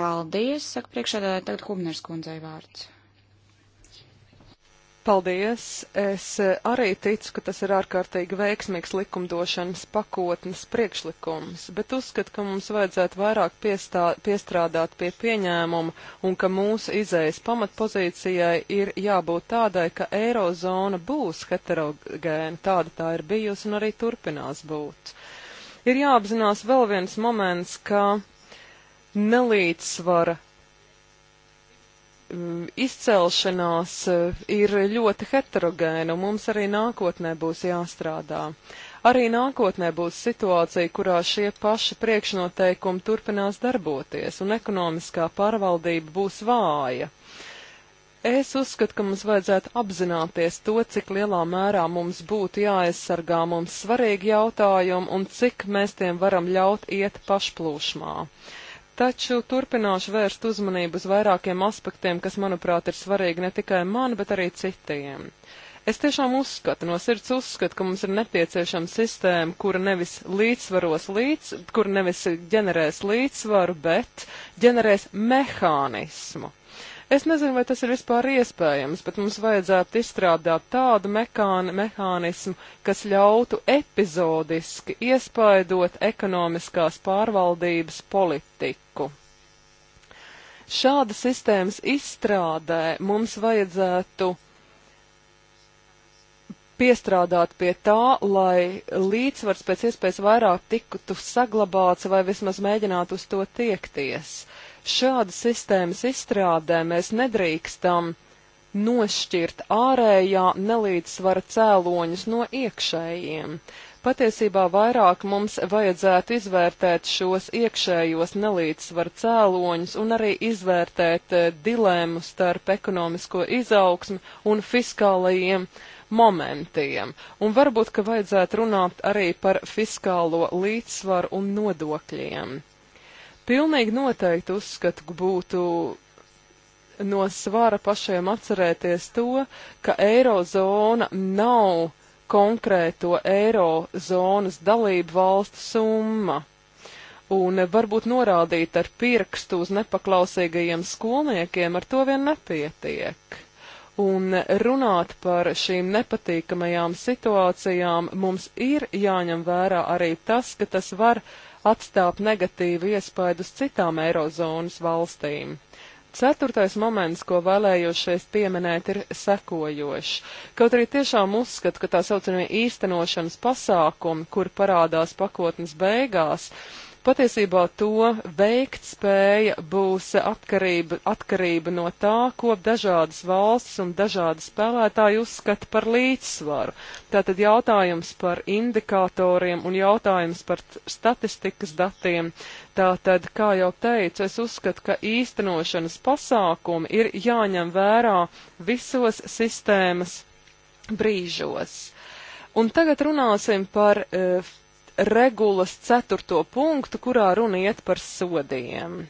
Paldies, saka priekšādāja, tagad Hubners kundzei vārds. Paldies! Es eh, arī ticu, ka tas ir ārkārtīgi veiksmīgs likumdošanas pakotnes priekšlikums, bet uzskatu, ka mums vajadzētu vairāk piestā, piestrādāt pie pieņēmuma un ka mūsu izējas pamatpozīcijai ir jābūt tādai, ka eirozona būs heterogēna, tāda tā ir bijusi un arī turpinās būt. Ir jāapzinās vēl viens moments, ka nelīdzsvara Mm, izcelšanās eh, ir ļoti heterogēna, un mums arī nākotnē būs jāstrādā. Arī nākotnē būs situācija, kurā šie paši priekšnoteikumi turpinās darboties, un ekonomiskā pārvaldība būs vāja. Es uzskatu, ka mums vajadzētu apzināties to, cik lielā mērā mums būtu jāaizsargā mums svarīgi jautājumi un cik mēs tiem varam ļaut iet pašplūšmā. Taču turpināšu vērst uzmanību uz vairākiem aspektiem, kas, manuprāt, ir svarīgi ne tikai man, bet arī citiem. Es tiešām uzskatu, no sirds uzskatu, ka mums ir nepieciešama sistēma, kura nevis līdzsvaros līdz, kura nevis ģenerēs līdzsvaru, bet ģenerēs mehānismu. Es nezinu, vai tas ir vispār iespējams, bet mums vajadzētu izstrādāt tādu mekāni, mehānismu, kas ļautu epizodiski iespaidot ekonomiskās pārvaldības politiku. Šāda sistēmas izstrādē mums vajadzētu piestrādāt pie tā, lai līdzsvars pēc iespējas vairāk tiktu saglabāts vai vismaz mēģinātu uz to tiekties. Šāda sistēmas izstrādē mēs nedrīkstam nošķirt ārējā nelīdzsvara cēloņus no iekšējiem. Patiesībā vairāk mums vajadzētu izvērtēt šos iekšējos nelīdzsvaru cēloņus un arī izvērtēt eh, dilēmu starp ekonomisko izaugsmu un fiskālajiem momentiem. Un varbūt, ka vajadzētu runāt arī par fiskālo līdzsvaru un nodokļiem. Pilnīgi noteikti uzskatu būtu no svara pašiem atcerēties to, ka eirozona nav konkrēto eirozonas dalību valstu summa. Un varbūt norādīt ar pirkstu uz nepaklausīgajiem skolniekiem ar to vien nepietiek. Un runāt par šīm nepatīkamajām situācijām mums ir jāņem vērā arī tas, ka tas var uh, atstāt negatīvu iespaidu uz citām eirozonas valstīm. Ceturtais moments, ko vēlējos šeit pieminēt, ir sekojošs. Kaut arī tiešām uzskatu, ka tā saucamie īstenošanas pasākumi, kur parādās pakotnes beigās, uh, Patiesībā to veiktspēja būs atkarība, atkarība no tā, ko dažādas valstis un dažādi spēlētāji uzskata par līdzsvaru. Tātad jautājums par indikatoriem un jautājums par statistikas datiem. Tātad, kā jau teicu, es uzskatu, ka īstenošanas pasākumi ir jāņem vērā visos sistēmas brīžos. Un tagad runāsim par uh, e, regulas ceturto punktu, kurā runa iet par sodiem.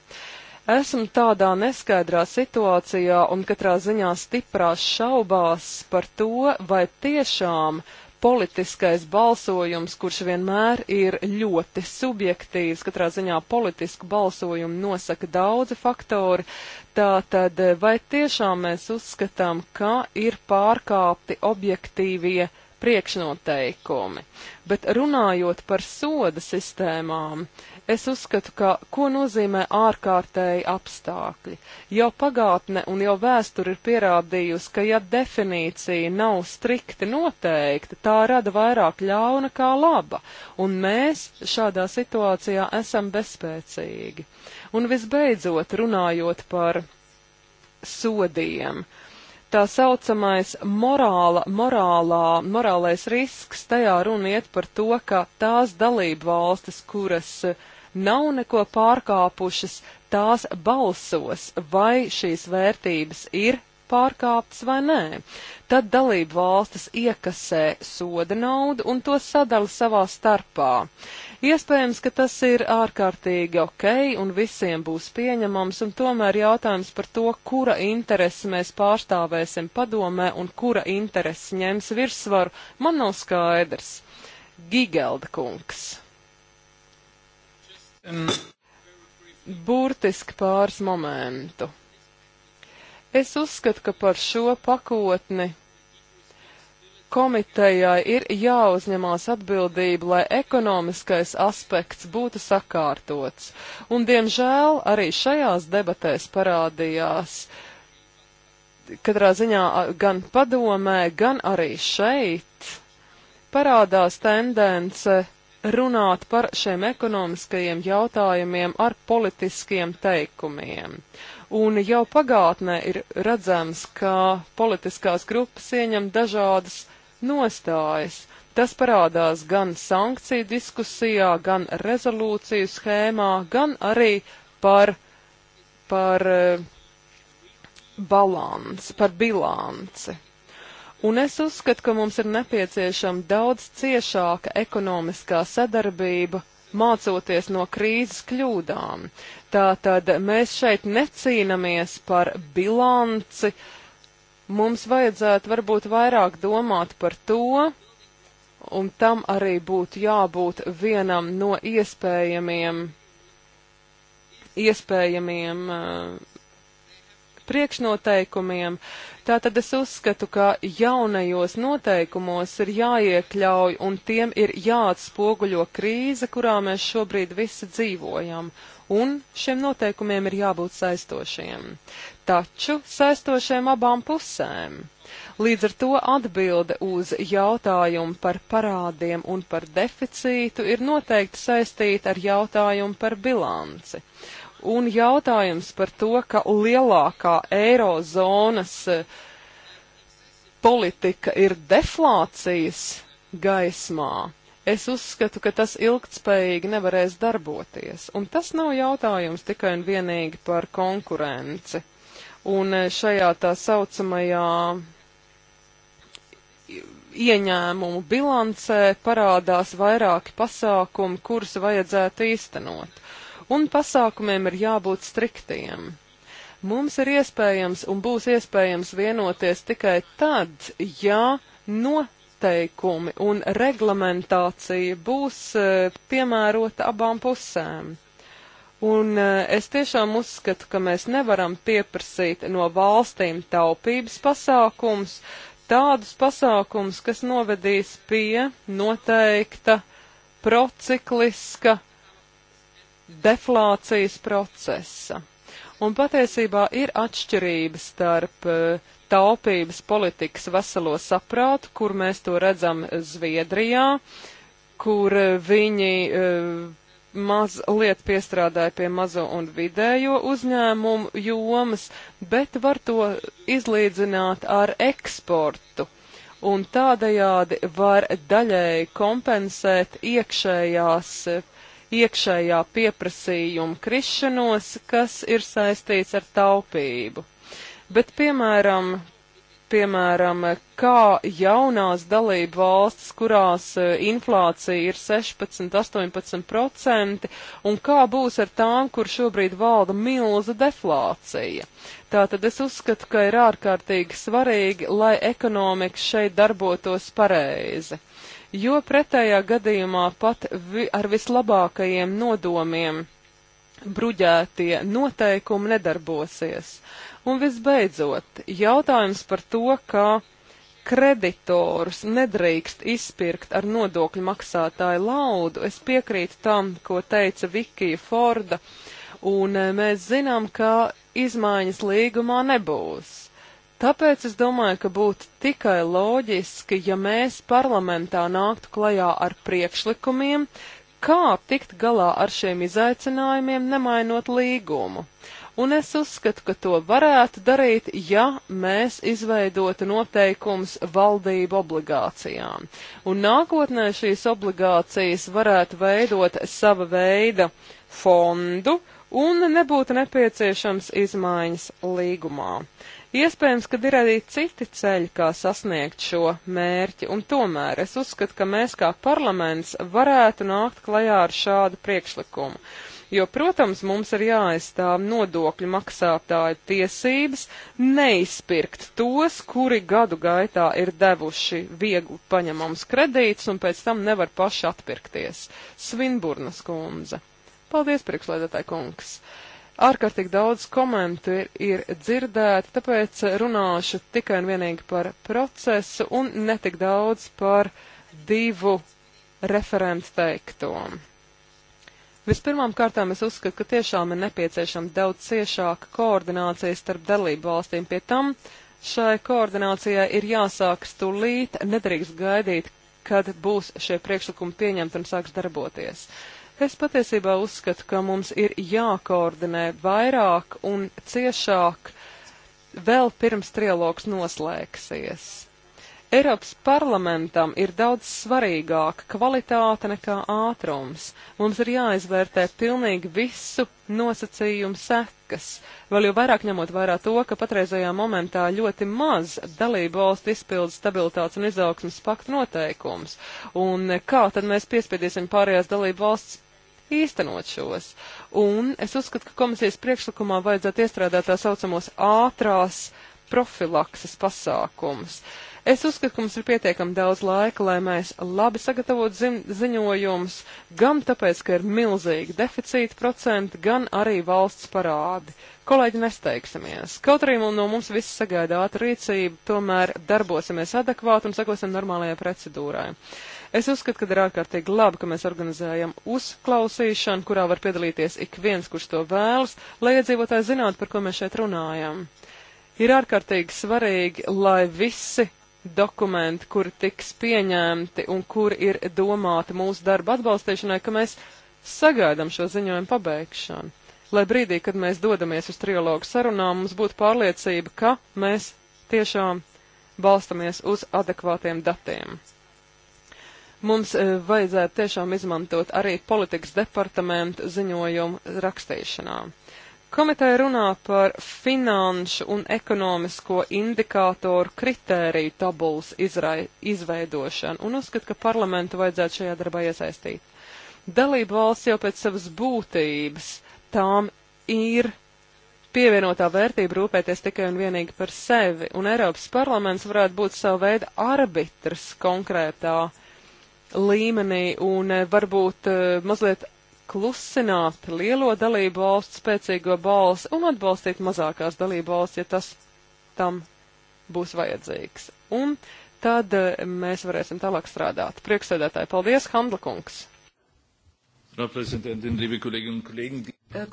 Esmu tādā neskaidrā situācijā un katrā ziņā stiprās šaubās par to, vai tiešām politiskais balsojums, kurš vienmēr ir ļoti subjektīvs, katrā ziņā politisku balsojumu nosaka daudzi faktori, tā tad vai tiešām mēs uzskatām, ka ir pārkāpti objektīvie priekšnoteikumi. Bet runājot par soda sistēmām, es uzskatu, ka ko nozīmē ārkārtēji apstākļi. Jau pagātne un jau vēsture ir pierādījusi, ka ja definīcija nav strikti noteikta, tā rada vairāk ļauna kā laba, un mēs šādā situācijā esam bezspēcīgi. Un visbeidzot, runājot par sodiem. Uh, tā saucamais morāla, morālā, morālais risks, tajā runa iet par to, ka tās dalību valstis, kuras eh, nav neko pārkāpušas, tās balsos, vai šīs vērtības ir pārkāptas vai nē. Tad dalību valstis iekasē soda naudu un to sadala savā starpā. Uh, Iespējams, ka tas ir ārkārtīgi ok un visiem būs pieņemams, un tomēr jautājums par to, kura interesi mēs pārstāvēsim padomē un kura interesi ņems virsvaru, man nav skaidrs. Gigelda kungs. Um, Burtiski pāris momentu. Es uzskatu, ka par šo pakotni komitejai ir jāuzņemās atbildība, lai ekonomiskais aspekts būtu sakārtots. Un, diemžēl, arī šajās debatēs parādījās, katrā ziņā gan padomē, gan arī šeit parādās tendence runāt par šiem ekonomiskajiem jautājumiem ar politiskiem teikumiem. Un jau pagātnē ir redzams, ka politiskās grupas ieņem dažādas nostājas. Tas parādās gan sankciju diskusijā, gan rezolūciju schēmā, gan arī par, par eh, balanci, par bilanci. Un es uzskatu, ka mums ir nepieciešama daudz ciešāka ekonomiskā sadarbība mācoties no krīzes kļūdām. Tātad mēs šeit necīnamies par bilanci, uh, Mums vajadzētu varbūt vairāk domāt par to, un tam arī būtu jābūt vienam no iespējamiem, iespējamiem uh, priekšnoteikumiem. Tātad es uzskatu, ka jaunajos noteikumos ir jāiekļauj un tiem ir jāatspoguļo krīze, kurā mēs šobrīd visi dzīvojam un šiem noteikumiem ir jābūt saistošiem. Taču saistošiem abām pusēm. Līdz ar to atbilde uz jautājumu par parādiem un par deficītu ir noteikti saistīta ar jautājumu par bilanci. Un jautājums par to, ka lielākā eirozonas eh, politika ir deflācijas gaismā, Es uzskatu, ka tas ilgtspējīgi nevarēs darboties, un tas nav jautājums tikai un vienīgi par konkurenci. Un e, šajā tā saucamajā ieņēmumu bilancē parādās vairāki pasākumi, kurus vajadzētu īstenot. Un pasākumiem ir jābūt striktiem. Mums ir iespējams un būs iespējams vienoties tikai tad, ja no noteikumi un reglamentācija būs e, piemērota abām pusēm. Un e, es tiešām uzskatu, ka mēs nevaram pieprasīt no valstīm taupības pasākums, tādus pasākums, kas novedīs pie noteikta procikliska deflācijas procesa. Un patiesībā ir atšķirība starp uh, taupības politikas veselo saprātu, kur mēs to redzam Zviedrijā, kur viņi eh, maz liet piestrādāja pie mazo un vidējo uzņēmumu jomas, bet var to izlīdzināt ar eksportu. Un tādējādi var daļēji kompensēt iekšējās iekšējā pieprasījuma krišanos, kas ir saistīts ar taupību. Bet, piemēram, piemēram, kā jaunās dalību valstis, kurās e, inflācija ir 16-18%, un kā būs ar tām, kur šobrīd valda milza deflācija. Tātad es uzskatu, ka ir ārkārtīgi svarīgi, lai ekonomika šeit darbotos pareizi. Jo pretējā gadījumā pat vi ar vislabākajiem nodomiem bruģētie noteikumi nedarbosies. Un visbeidzot, jautājums par to, ka kreditorus nedrīkst izpirkt ar nodokļu maksātāju laudu. Es piekrītu tam, ko teica Vikija Forda, un e, mēs zinām, ka izmaiņas līgumā nebūs. Tāpēc es domāju, ka būtu tikai loģiski, ja mēs parlamentā nāktu klajā ar priekšlikumiem, kā tikt galā ar šiem izaicinājumiem, nemainot līgumu. Un es uzskatu, ka to varētu darīt, ja mēs izveidotu noteikums valdību obligācijām. Un nākotnē šīs obligācijas varētu veidot sava veida fondu un nebūtu nepieciešams izmaiņas līgumā. Iespējams, ka ir arī citi ceļi, kā sasniegt šo mērķi, un tomēr es uzskatu, ka mēs kā parlaments varētu nākt klajā ar šādu priekšlikumu. Jo, protams, mums ir jāaizstāv nodokļu maksātāju tiesības neizpirkt tos, kuri gadu gaitā ir devuši viegli paņemams kredīts un pēc tam nevar paši atpirkties. Svinburnas kundze. Paldies, priekšlēdētāji kungs! ārkārtīgi daudz komentu ir, ir dzirdēti, tāpēc runāšu tikai un vienīgi par procesu un netik daudz par divu referentu teiktumu. Vispirmām kārtām es uzskatu, ka tiešām ir nepieciešama daudz ciešāka koordinācija starp dalību valstīm. Pie tam šai koordinācijai ir jāsāk stulīt, nedrīkst gaidīt, kad būs šie priekšlikumi pieņemti un sāks darboties. Es patiesībā uzskatu, ka mums ir jākoordinē vairāk un ciešāk vēl pirms trialogs noslēgsies. Eiropas parlamentam ir daudz svarīgāka kvalitāte nekā ātrums. Mums ir jāizvērtē pilnīgi visu nosacījumu sekas, vēl jau vairāk ņemot vairāk to, ka patreizajā momentā ļoti maz dalību valstu izpilda stabilitātes un izaugsmas paktu noteikums. Un kā tad mēs piespiedīsim pārējās dalību valsts īstenot šos. Un es uzskatu, ka komisijas priekšlikumā vajadzētu iestrādāt tā saucamos ātrās profilakses pasākums. Uh, Es uzskatu, ka mums ir pietiekami daudz laika, lai mēs labi sagatavotu ziņojumus, gan tāpēc, ka ir milzīgi deficīta procenti, gan arī valsts parādi. Kolēģi, nesteigsimies. Kaut arī no mums viss sagaida ātru rīcību, tomēr darbosimies adekvāti un sekosim normālajai procedūrai. Es uzskatu, ka ir ārkārtīgi labi, ka mēs organizējam uzklausīšanu, kurā var piedalīties ik viens, kurš to vēlas, lai iedzīvotāji zinātu, par ko mēs šeit runājam. Ir ārkārtīgi svarīgi, lai visi dokumenti, kuri tiks pieņemti un kuri ir domāti mūsu darba atbalstīšanai, ka mēs sagaidām šo ziņojumu pabeigšanu. Lai brīdī, kad mēs dodamies uz trilogu sarunām, mums būtu pārliecība, ka mēs tiešām balstamies uz adekvātiem datiem. Mums e, vajadzētu tiešām izmantot arī politikas departamentu ziņojumu rakstīšanā. Komiteja runā par finanšu un ekonomisko indikātoru kritēriju tabulas izrai, izveidošanu un uzskata, ka parlamentu vajadzētu šajā darbā iesaistīt. Dalība valsts jau pēc savas būtības tām ir pievienotā vērtība rūpēties tikai un vienīgi par sevi, un Eiropas parlaments varētu būt savu veidu arbitrs konkrētā līmenī un eh, varbūt eh, mazliet klusināt lielo dalību valstu spēcīgo balsi un atbalstīt mazākās dalību valsts, ja tas tam būs vajadzīgs. Un tad eh, mēs varēsim tālāk strādāt. Prieksēdētāji, paldies, Hamla kungs! Eh,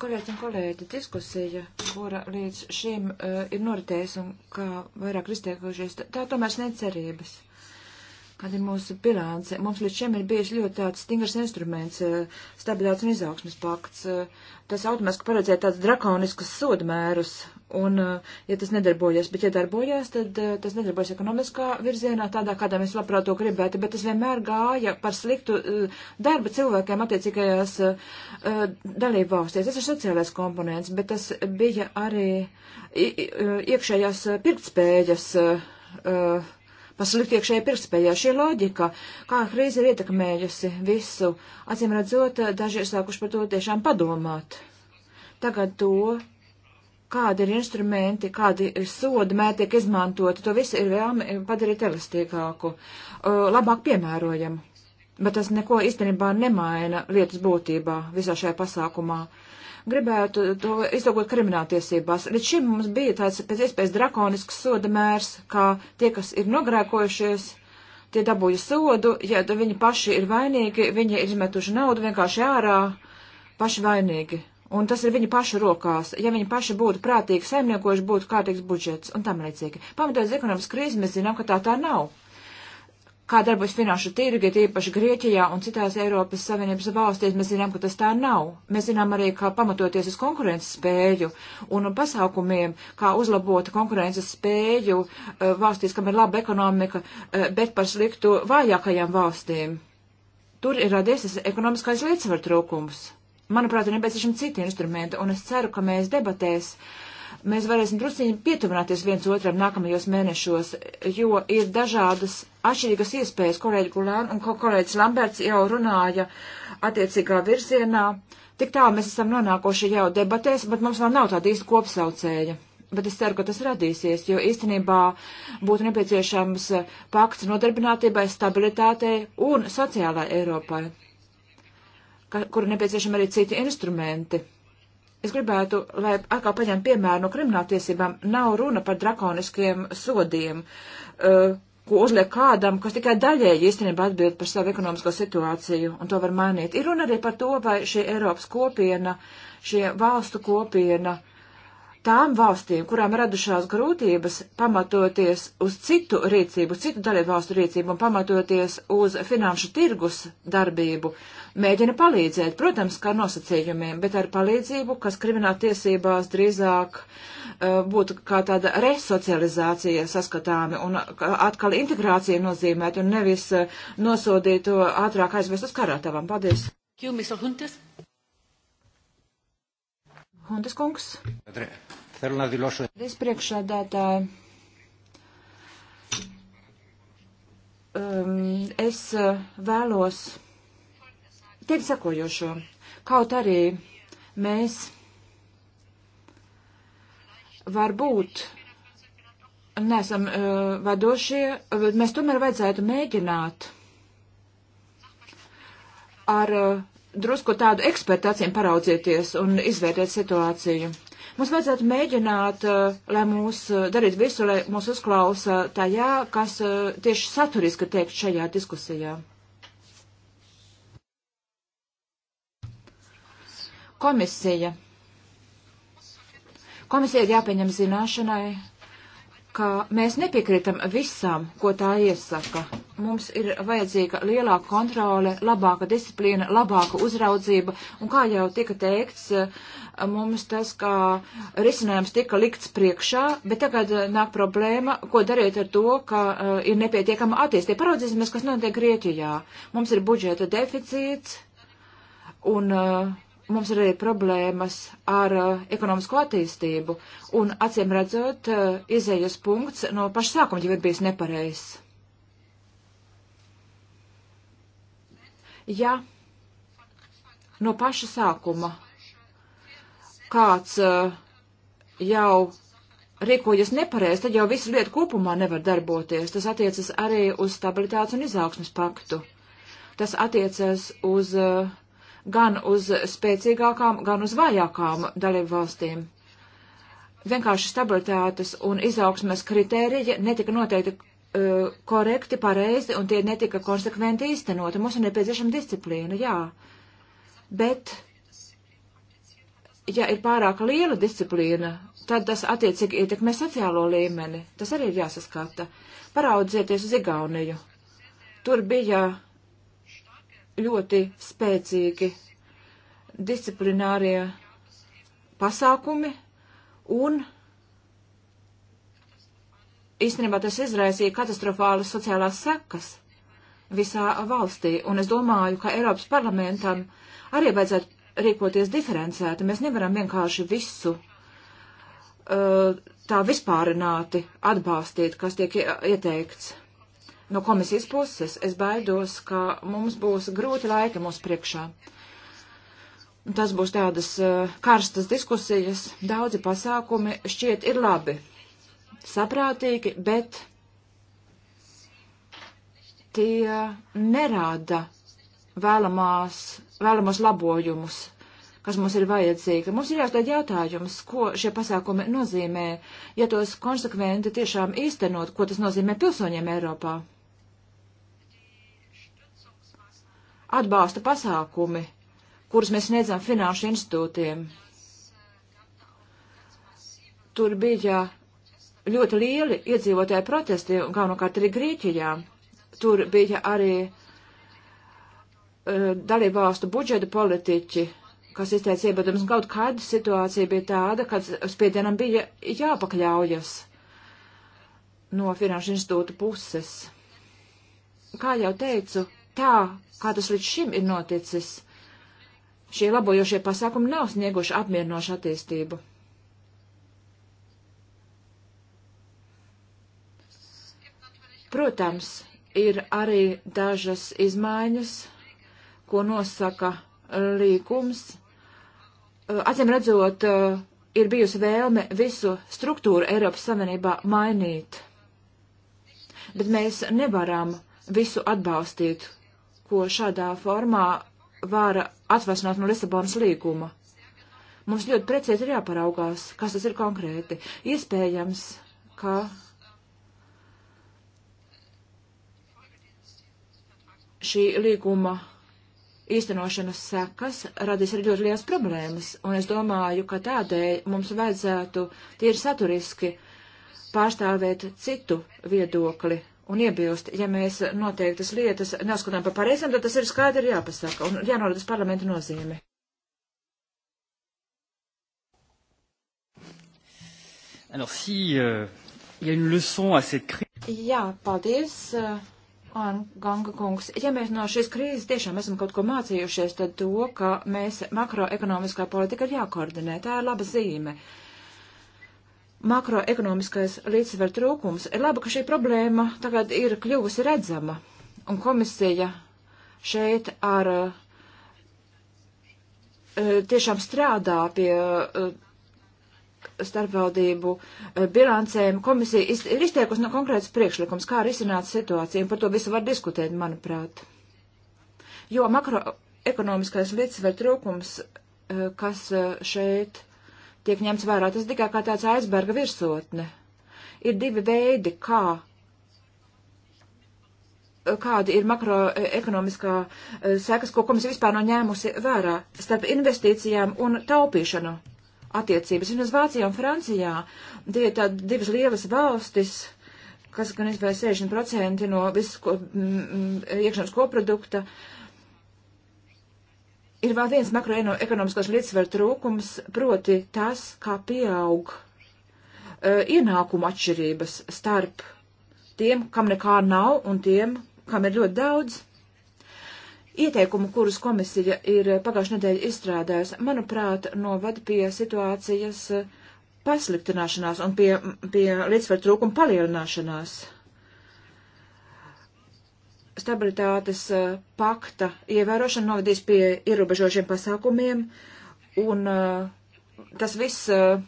kolēģi un kolēģi, diskusija, kura līdz šim uh, ir noritējusi un kā vairāk izteikušies, tā tomēr sniedz cerības. Uh, kāda ir mūsu bilance. Mums līdz šim ir bijis ļoti tāds stingrs instruments, eh, stabilitātes un izaugsmes pakts. Eh, tas automātiski paredzēja tāds drakoniskas sodmērus, un, eh, ja tas nedarbojas, bet ja darbojas, tad tas nedarbojas ekonomiskā virzienā, tādā, kādā mēs labprāt to gribētu, bet tas vienmēr gāja par sliktu darba cilvēkiem attiecīgajās dalību valstīs. Tas ir sociālais komponents, bet tas bija arī iekšējās pirktspējas. Uh, par sliktu iekšēju pirktspējā. Šī loģika, kā krīze ir ietekmējusi visu, acīm redzot, daži ir sākuši par to tiešām padomāt. Tagad to, kādi ir instrumenti, kādi sodi mēr tiek izmantoti, to visu ir vēlme padarīt elastīgāku, labāk piemērojamu. Bet tas neko īstenībā nemaina lietas būtībā visā šajā pasākumā. Uh, gribētu to izlūkot krimināltiesībās. Līdz šim mums bija tāds pēc iespējas drakonisks soda mērs, kā tie, kas ir nogrēkojušies, tie dabūja sodu, ja viņi paši ir vainīgi, viņi ir izmetuši naudu vienkārši ārā, paši vainīgi. Un tas ir viņa paša rokās. Ja viņi paši būtu prātīgi saimniekojuši, būtu kārtīgs budžets un tam līdzīgi. Pamatoties ekonomikas krīzi, mēs zinām, ka tā tā nav kā darbojas finanšu tirgi, tīpaši Grieķijā un citās Eiropas Savienības valstīs, mēs zinām, ka tas tā nav. Mēs zinām arī, kā pamatoties uz konkurences spēju un pasākumiem, kā uzlabot konkurences spēju eh, valstīs, kam ir laba ekonomika, eh, bet par sliktu vājākajām valstīm. Tur ir radies ekonomiskais līdzsvar trūkums. Manuprāt, ir nepieciešami citi instrumenti, un es ceru, ka mēs debatēs uh, mēs varēsim druskuļi pietuvināties viens otram nākamajos mēnešos, jo ir dažādas atšķirīgas iespējas. Kolēģi Gulēn un kolēģis Lamberts jau runāja attiecīgā virzienā. Tik tā mēs esam nonākuši jau debatēs, bet mums vēl nav tāda īsta kopsaucēja. Bet es ceru, ka tas radīsies, jo īstenībā būtu nepieciešams pakts nodarbinātībai, stabilitātei un sociālai Eiropai, kur nepieciešami arī citi instrumenti. Es gribētu, lai atkal paņem piemēru no krimināltiesībām, nav runa par drakoniskiem sodiem. Uh, ko uzliek kādam, kas tikai daļēji īstenībā atbild par savu ekonomisko situāciju, un to var mainīt. Ir runa arī par to, vai šī Eiropas kopiena, šie valstu kopiena, uh, tām valstīm, kurām radušās grūtības pamatoties uz citu rīcību, citu dalībvalstu rīcību un pamatoties uz finanšu tirgus darbību, mēģina palīdzēt, protams, kā nosacījumiem, bet ar palīdzību, kas krimināla tiesībās drīzāk uh, būtu kā tāda resocializācija saskatāmi un atkal integrācija nozīmēt un nevis uh, nosodīt to ātrāk aizvest uz karātavam. Paldies! Jū, Mr. Huntes. Huntis kungs. Ehm, es priekšādātāju. Eh, um, es vēlos teikt sakojošo. Kaut arī mēs varbūt nesam uh, vadošie, bet mēs tomēr vajadzētu mēģināt ar uh, drusku tādu ekspertu acīm paraudzieties un izvērtēt situāciju. Mums vajadzētu mēģināt, eh, lai mūs eh, darīt visu, lai mūs uzklausa tajā, kas eh, tieši saturiski teikt šajā diskusijā. Komisija. Komisija ir jāpieņem zināšanai ka mēs nepiekrītam visam, ko tā iesaka. Mums ir vajadzīga lielāka kontrole, labāka disciplīna, labāka uzraudzība, un kā jau tika teikts, eh, mums tas kā risinājums tika likts priekšā, bet tagad eh, nāk problēma, ko darīt ar to, ka uh, ir nepietiekama attīstība. Paraudzīsimies, kas notiek Grieķijā. Mums ir budžeta deficīts, un uh, mums ir arī problēmas ar uh, ekonomisko attīstību, un acīm redzot, uh, izējas punkts no paša sākuma jau ir bijis nepareizs. Ja no paša sākuma kāds uh, jau rīkojas nepareizi, tad jau visu lietu kopumā nevar darboties. Tas attiecas arī uz stabilitātes un izaugsmas paktu. Tas attiecas uz uh, gan uz spēcīgākām, gan uz vājākām dalību valstīm. Vienkārši stabilitātes un izaugsmes kritērija netika noteikti uh, korekti, pareizi, un tie netika konsekventi īstenoti. Mums ir nepieciešama disciplīna, jā. Bet, ja ir pārāk liela disciplīna, tad tas attiecīgi ietekmē sociālo līmeni. Tas arī ir jāsaskata. Paraudzieties uz Igauniju. Tur bija ļoti spēcīgi disciplinārie pasākumi un īstenībā tas izraisīja katastrofālas sociālās sekas visā valstī, un es domāju, ka Eiropas parlamentam arī vajadzētu rīkoties diferencēti. Mēs nevaram vienkārši visu uh, tā vispārināti atbalstīt, kas tiek ieteikts no komisijas puses. Es baidos, ka mums būs grūti laiki mūsu priekšā. Tas būs tādas eh, karstas diskusijas, daudzi pasākumi šķiet ir labi, saprātīgi, bet tie nerāda vēlamās, vēlamos labojumus, kas mums ir vajadzīgi. Mums ir jāuzdod jautājums, ko šie pasākumi nozīmē, ja tos konsekventi tiešām īstenot, ko tas nozīmē pilsoņiem Eiropā. atbalsta pasākumi, kurus mēs sniedzām finanšu institūtiem. Tur bija ļoti lieli iedzīvotāji protesti, galvenokārt arī Grieķijā. Tur bija arī uh, dalībvalstu budžeta politiķi, kas izteica iebildumus. Kaut kad situācija bija tāda, kad spiedienam bija jāpakļaujas no finanšu institūta puses. Kā jau teicu, tā, kā tas līdz šim ir noticis. Šie labojošie pasākumi nav snieguši apmierinošu attīstību. Protams, ir arī dažas izmaiņas, ko nosaka līkums. Acīm redzot, ir bijusi vēlme visu struktūru Eiropas Savienībā mainīt. Bet mēs nevaram visu atbalstīt, ko šādā formā var atvasināt no Lisabonas līguma. Mums ļoti precīzi ir jāparaugās, kas tas ir konkrēti. Iespējams, ka šī līguma īstenošanas sekas radīs arī ļoti liels problēmas, un es domāju, ka tādēļ mums vajadzētu tīri saturiski pārstāvēt citu viedokli un iebilst, ja mēs noteiktas lietas neuzskatām par pareizām, tad tas ir skaidri jāpasaka un jānorada uz parlamenta nozīmi. Alors, si, euh, y a une leçon à cette crise... Jā, paldies, uh, Ganga kungs. Ja mēs no šīs krīzes tiešām esam kaut ko mācījušies, tad to, ka mēs makroekonomiskā politika ir jākoordinē, tā ir laba zīme. Uh, makroekonomiskais līdzsver trūkums. Ir labi, ka šī problēma tagad ir kļuvusi redzama, un komisija šeit ar eh, tiešām strādā pie eh, starpvaldību eh, bilancēm. Komisija ir izteikusi no konkrētas priekšlikums, kā risināt situāciju, un par to visu var diskutēt, manuprāt. Jo makroekonomiskais līdzsver trūkums, kas šeit tiek ņemts vērā. Tas tikai kā tāds aizberga virsotne. Ir divi veidi, kā kādi ir makroekonomiskā e, sekas, ko komisija vispār nav no ņēmusi vērā starp investīcijām un taupīšanu attiecības. Un uz Vācijā un Francijā tie ir tādi divas lielas valstis, kas gan izvēl 60% no visas ko, m, iekšanas koprodukta. Uh, Ir vēl viens makroekonomiskos līdzsver trūkums, proti tas, kā pieaug uh, ienākumu atšķirības starp tiem, kam nekā nav un tiem, kam ir ļoti daudz. Ieteikumu, kurus komisija ir pagājušajā nedēļā izstrādājusi, manuprāt, novada pie situācijas pasliktināšanās un pie, pie līdzsver trūkuma palielināšanās stabilitātes eh, pakta ievērošana novadīs pie ierobežošiem pasākumiem, un eh, tas viss, eh,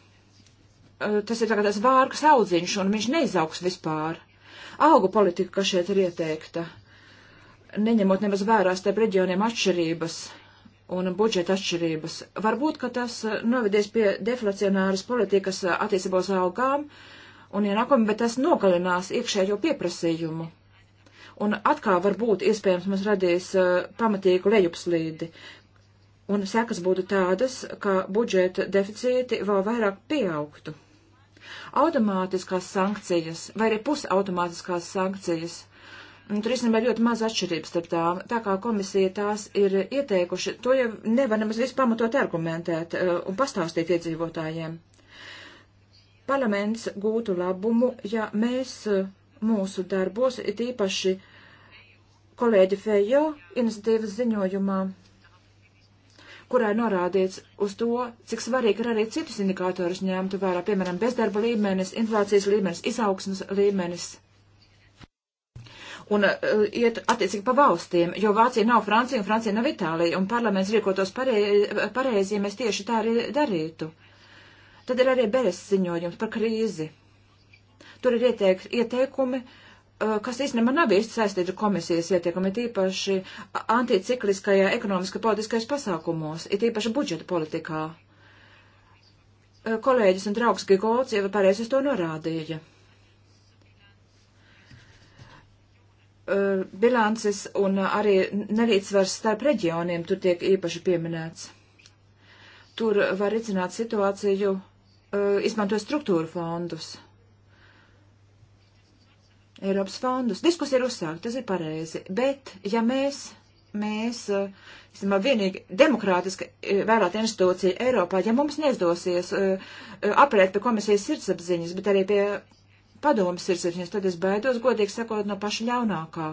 tas ir tagad tas vārgs audziņš, un viņš neizaugs vispār. Augu politika, kas šeit ir ieteikta, neņemot nemaz vērā starp reģioniem atšķirības un budžeta atšķirības. Varbūt, ka tas novedies pie deflacionāras politikas attiecībā uz algām un ienākumiem, bet tas nogalinās iekšējo pieprasījumu un atkal varbūt iespējams mums radīs uh, pamatīgu lejupslīdi. Un sekas būtu tādas, ka budžeta deficīti vēl vairāk pieaugtu. Automātiskās sankcijas vai arī pusautomātiskās sankcijas. Un tur īstenībā ļoti maz atšķirības starp tām. Tā kā komisija tās ir ieteikuši, to jau nevar nemaz visu pamatot argumentēt uh, un pastāstīt iedzīvotājiem. Parlaments gūtu labumu, ja mēs uh, mūsu darbos, it īpaši kolēģi Fejo iniciatīvas ziņojumā, kurā ir norādīts uz to, cik svarīgi ir arī citus indikātorus ņemt vērā, piemēram, bezdarba līmenis, inflācijas līmenis, izaugsmas līmenis. Un uh, iet attiecīgi pa valstīm, jo Vācija nav Francija un Francija nav Itālija, un parlaments rīkotos pareizi, pareiz, ja mēs tieši tā arī darītu. Tad ir arī Beres ziņojums par krīzi Tur ir ieteikt, ieteikumi, uh, kas īstenībā nav īsti saistīti ar komisijas ieteikumiem, ir īpaši anticikliskajā ekonomiskajā politiskajos pasākumos, ir īpaši budžeta politikā. Uh, kolēģis un draugs Gigots jau pareizi uz to norādīja. Uh, bilances un arī nelīdzsvars starp reģioniem tur tiek īpaši pieminēts. Tur var ricināt situāciju, izmantojot struktūru fondus. Eiropas fondus. Diskusija ir uzsākta, tas ir pareizi, bet ja mēs mēs, īstenībā, eh, vienīgi demokrātiski eh, vērot institūciju Eiropā, ja mums neizdosies uh, eh, aprēt pie komisijas sirdsapziņas, bet arī pie padomas sirdsapziņas, tad es baidos, godīgi sakot, no paša ļaunākā.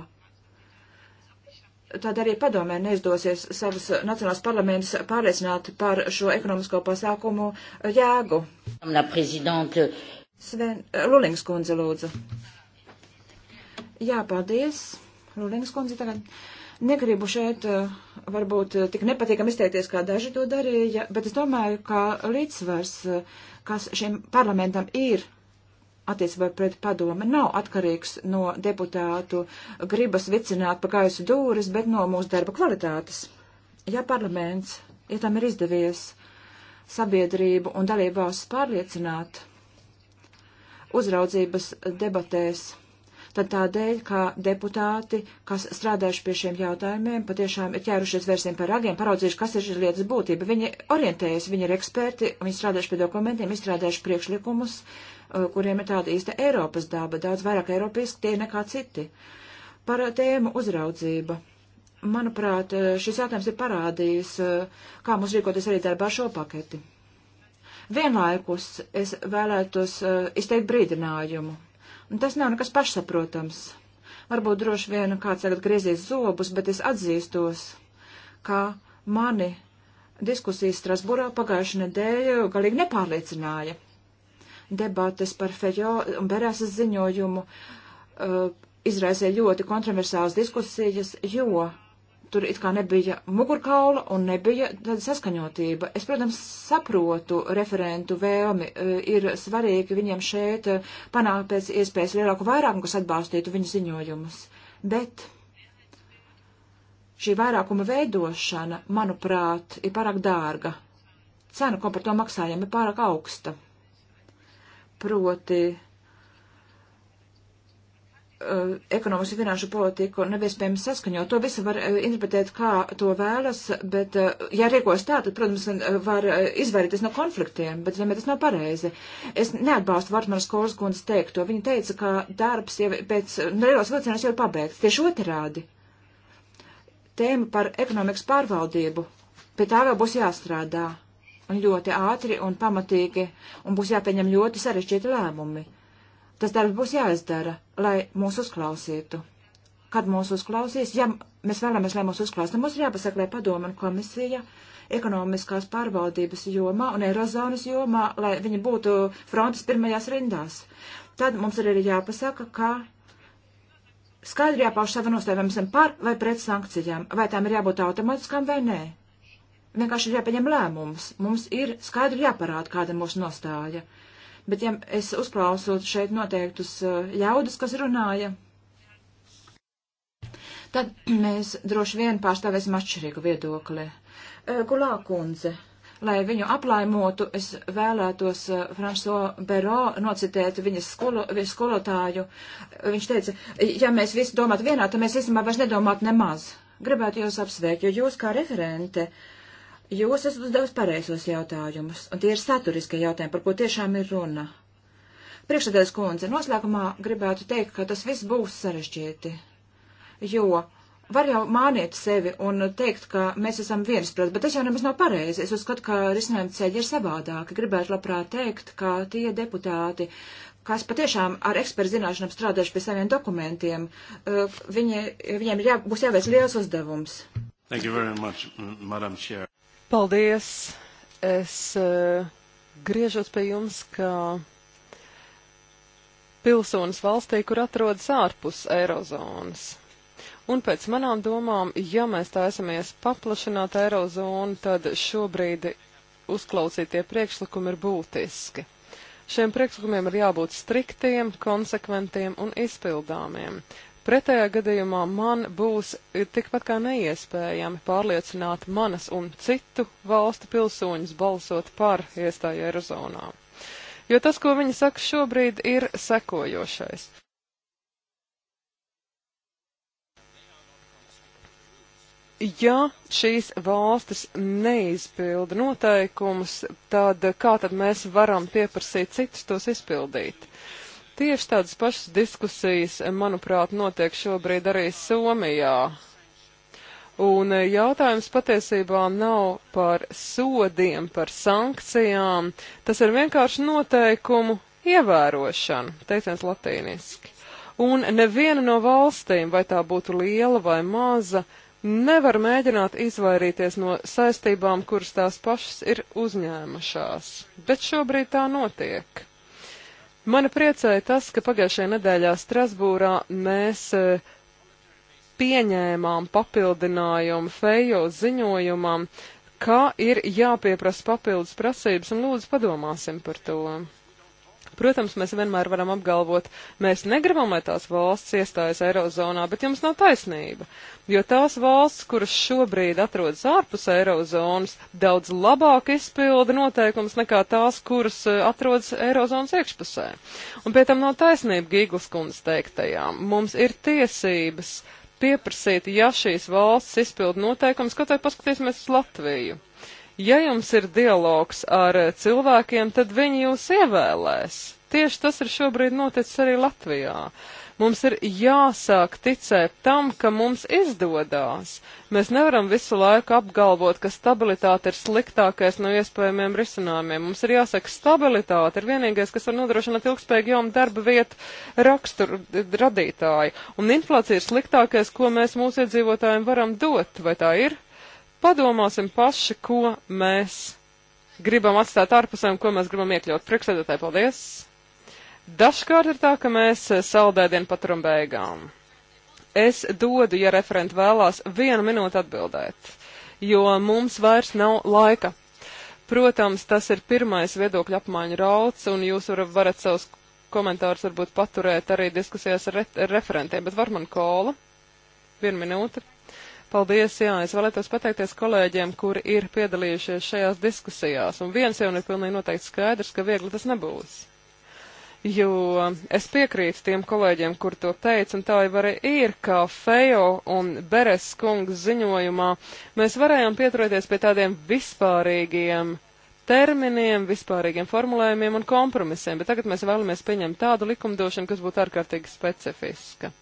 Tad arī padomē neizdosies savus nacionālos parlamentus pārliecināt par šo ekonomisko pasākumu jēgu. Sven Lulings kundze lūdzu. Jā, paldies. Rūlīnas kundze tagad. Negribu šeit eh, varbūt eh, tik nepatīkam izteikties, kā daži to darīja, bet es domāju, ka līdzsvars, eh, kas šim parlamentam ir attiecībā pret padome, nav atkarīgs no deputātu gribas vicināt pa gaisu dūris, bet no mūsu darba kvalitātes. Ja parlaments, ja tam ir izdevies sabiedrību un dalībās pārliecināt uzraudzības debatēs, tad tādēļ, ka deputāti, kas strādājuši pie šiem jautājumiem, patiešām ir ķērušies vērsiem par agiem, paraudzījuši, kas ir šī lietas būtība. Viņi orientējas, viņi ir eksperti, viņi strādājuši pie dokumentiem, izstrādājuši priekšlikumus, uh, kuriem ir tāda īsta Eiropas daba, daudz vairāk eiropeiski tie nekā citi. Par tēmu uzraudzība manuprāt, uh, šis jautājums ir parādījis, uh, kā mums rīkoties arī darbā šo paketi. Vienlaikus es vēlētos izteikt brīdinājumu Un tas nav nekas pašsaprotams. Varbūt droši vien kāds tagad griezīs zobus, bet es atzīstos, ka mani diskusijas Strasburā pagājušajā nedēļā galīgi nepārliecināja. Debates par Fejo un Berēsas ziņojumu uh, izraisīja ļoti kontroversālas diskusijas, jo tur it kā nebija mugurkaula un nebija tāda saskaņotība. Es, protams, saprotu referentu vēlmi, e, ir svarīgi viņiem šeit e, panākt pēc iespējas lielāku vairākumu, kas atbalstītu viņu ziņojumus. Bet šī vairākuma veidošana, manuprāt, ir pārāk dārga. Cena, ko par to maksājam, ir pārāk augsta. Proti, uh, eh, ekonomisku finanšu politiku nav iespējams saskaņot. To visu var uh, interpretēt, kā to vēlas, bet, uh, ja rīkos tā, tad, protams, var izvairīties no konfliktiem, bet, ziniet, tas nav pareizi. Es neatbalstu Vartmanas Kolas kundas teikto. Viņa teica, ka darbs jau pēc nelielos vilcienos jau ir pabeigts. Tieši otrādi. Tēma par ekonomikas pārvaldību. Pie tā vēl būs jāstrādā. Un ļoti ātri un pamatīgi. Un būs jāpieņem ļoti sarežģīti lēmumi Tas darbs būs jāizdara, lai mūs uzklausītu. Kad mūs uzklausīs, ja mēs vēlamies, lai mūs uzklausītu, mums ir jāpasaka, lai padoma un komisija ekonomiskās pārvaldības jomā un eirozonas jomā, lai viņi būtu frontes pirmajās rindās. Tad mums arī ir jāpasaka, ka skaidri jāpauž sava nostājuma, mēs esam par vai pret sankcijām, vai tām ir jābūt automātiskām vai nē. Vienkārši ir jāpieņem lēmums, mums ir skaidri jāparāda, kāda ir mūsu nostāja. Uh, bet ja es uzklausot šeit noteiktus eh, ļaudis, kas runāja, tad mēs droši vien pārstāvēsim atšķirīgu viedokli. Eh, Gulā kundze, lai viņu aplaimotu, es vēlētos eh, Franso Bero nocitēt viņas skolo, viņa skolotāju. Viņš teica, ja mēs visi domātu vienā, tad mēs īstenībā vairs nedomātu nemaz gribētu jūs apsveikt, jo jūs kā referente Jūs esat uzdevis pareizos jautājumus, un tie ir saturiskie jautājumi, par ko tiešām ir runa. Priekšsēdētājs kundze, noslēgumā gribētu teikt, ka tas viss būs sarežģīti, jo var jau mānīt sevi un teikt, ka mēs esam viensprāt, bet tas jau nemaz nav pareizi. Es uzskatu, ka risinājuma ceļi ir savādāki. Gribētu labprāt teikt, ka tie deputāti, kas patiešām ar ekspertu zināšanām strādājuši pie saviem dokumentiem, eh, viņi, viņiem jā, būs jāveic liels uzdevums. Thank you very much, Madam Chair. Paldies! Es uh, griežos pie jums, ka pilsonis valstī, kur atrodas ārpus eirozonas. Un pēc manām domām, ja mēs taisamies paplašināt eirozonu, tad šobrīd uzklausītie priekšlikumi ir būtiski. Šiem priekšlikumiem ir jābūt striktiem, konsekventiem un izpildāmiem. Pretējā gadījumā man būs tikpat kā neiespējami pārliecināt manas un citu valstu pilsoņus balsot par iestāju Eirozonā. Jo tas, ko viņi saka šobrīd, ir sekojošais. ja šīs valstis neizpilda noteikumus, tad kā tad mēs varam pieprasīt citus tos izpildīt? Tieši tādas pašas diskusijas, eh, manuprāt, notiek šobrīd arī Somijā. Un eh, jautājums patiesībā nav par sodiem, par sankcijām. Tas ir vienkārši noteikumu ievērošana, teiciens latīniski. Un neviena no valstīm, vai tā būtu liela vai maza, nevar mēģināt izvairīties no saistībām, kuras tās pašas ir uzņēmušās. Bet šobrīd tā notiek. Mani priecēja tas, ka pagājušajā nedēļā Strasbūrā mēs e, pieņēmām papildinājumu Fejo ziņojumam, ka ir jāpieprasa papildus prasības, un lūdzu padomāsim par to. Protams, mēs vienmēr varam apgalvot, mēs negribam, lai tās valsts iestājas Eirozonā, bet jums nav taisnība, jo tās valsts, kuras šobrīd atrodas ārpus Eirozonas, daudz labāk izpilda noteikums nekā tās, kuras eh, atrodas Eirozonas iekšpusē. Un pie tam nav taisnība Gīglas kundas teiktajām. Mums ir tiesības pieprasīt, ja šīs valsts izpilda noteikums, kaut vai paskatīsimies uz Latviju. Ja jums ir dialogs ar cilvēkiem, tad viņi jūs ievēlēs. Tieši tas ir šobrīd noticis arī Latvijā. Mums ir jāsāk ticēt tam, ka mums izdodās. Mēs nevaram visu laiku apgalvot, ka stabilitāte ir sliktākais no iespējamiem risinājumiem. Mums ir jāsaka, stabilitāte ir vienīgais, kas var nodrošināt ilgspējīgu jaunu darba vietu raksturu radītāju. Un inflācija ir sliktākais, ko mēs mūsu iedzīvotājiem varam dot. Vai tā ir? padomāsim paši, ko mēs gribam atstāt ārpusē un ko mēs gribam iekļaut. Priekšsēdētāji, paldies! Dažkārt ir tā, ka mēs saldēdienu paturam beigām. Es dodu, ja referenti vēlās, vienu minūti atbildēt, jo mums vairs nav laika. Protams, tas ir pirmais viedokļa apmaiņa rauds, un jūs var, varat savus komentārus varbūt paturēt arī diskusijās ar, re ar referentiem, bet var man kola? Vienu minūti. Paldies, jā, es vēlētos pateikties kolēģiem, kuri ir piedalījušies šajās diskusijās, un viens jau ir pilnīgi noteikti skaidrs, ka viegli tas nebūs. Jo es piekrītu tiem kolēģiem, kur to teica, un tā jau arī ir, kā Fejo un Beres kungas ziņojumā mēs varējām pieturēties pie tādiem vispārīgiem terminiem, vispārīgiem formulējumiem un kompromisiem, bet tagad mēs vēlamies pieņemt tādu likumdošanu, kas būtu ārkārtīgi specifiska.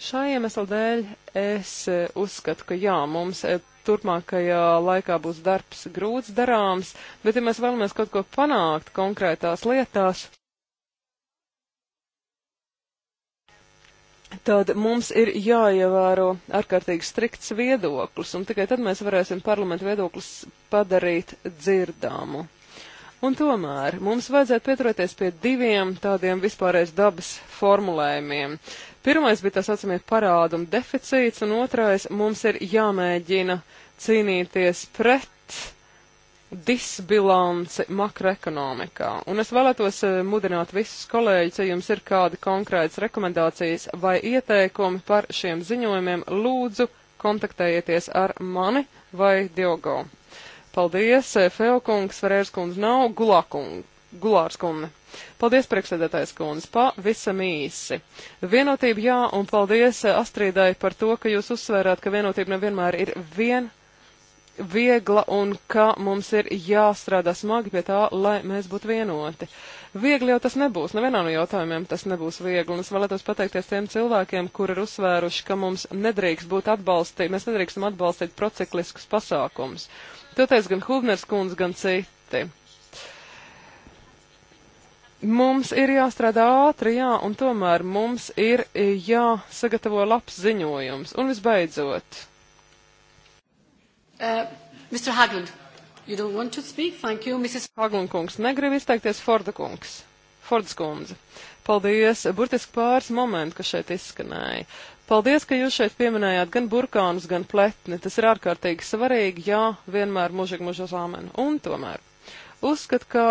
Šā iemesla dēļ es e, uzskatu, ka jā, mums e, turpmākajā laikā būs darbs grūts darāms, bet ja mēs vēlamies kaut ko panākt konkrētās lietās, tad mums ir jāievēro ārkārtīgi strikts viedoklis, un tikai tad mēs varēsim parlamentu viedoklis padarīt dzirdāmu. Un tomēr mums vajadzētu pieturēties pie diviem tādiem vispārreiz dabas formulējumiem. Pirmais bija tā saucamie parādu un deficīts, un otrais mums ir jāmēģina cīnīties pret disbilanci makroekonomikā. Un es vēlētos eh, mudināt visus kolēģus, ja jums ir kādi konkrētas rekomendācijas vai ieteikumi par šiem ziņojumiem, lūdzu kontaktējieties ar mani vai Diogo. Paldies, eh, Feokungs, Varērs kundz nav, Gulakung, Gulārs kundze. Paldies, priekšsēdētājs kundze. Pavisam īsi. Vienotība jā, un paldies eh, Astrīdai par to, ka jūs uzsvērāt, ka vienotība nevienmēr ir vien viegla un ka mums ir jāstrādā smagi pie tā, lai mēs būtu vienoti. Viegli jau tas nebūs, nevienā no jautājumiem tas nebūs viegli, un es vēlētos pateikties tiem cilvēkiem, kur ir uzsvēruši, ka mums nedrīkst būt atbalstīt, mēs nedrīkstam atbalstīt procikliskus pasākums. To teica gan Hubners kundze, gan citi. Mums ir jāstrādā ātri, jā, un tomēr mums ir jāsagatavo labs ziņojums. Un visbeidzot. Uh, Mr. Haglund, you don't want to speak? Thank you, Mrs. Haglund kungs. Negrib izteikties Forda kungs. Fordas kundze. Paldies. Burtiski pāris momenti, kas šeit izskanēja. Paldies, ka jūs šeit pieminējāt gan burkānus, gan pletni. Tas ir ārkārtīgi svarīgi, jā, vienmēr mužīgi mužos āmen. Un tomēr. Uzskat, ka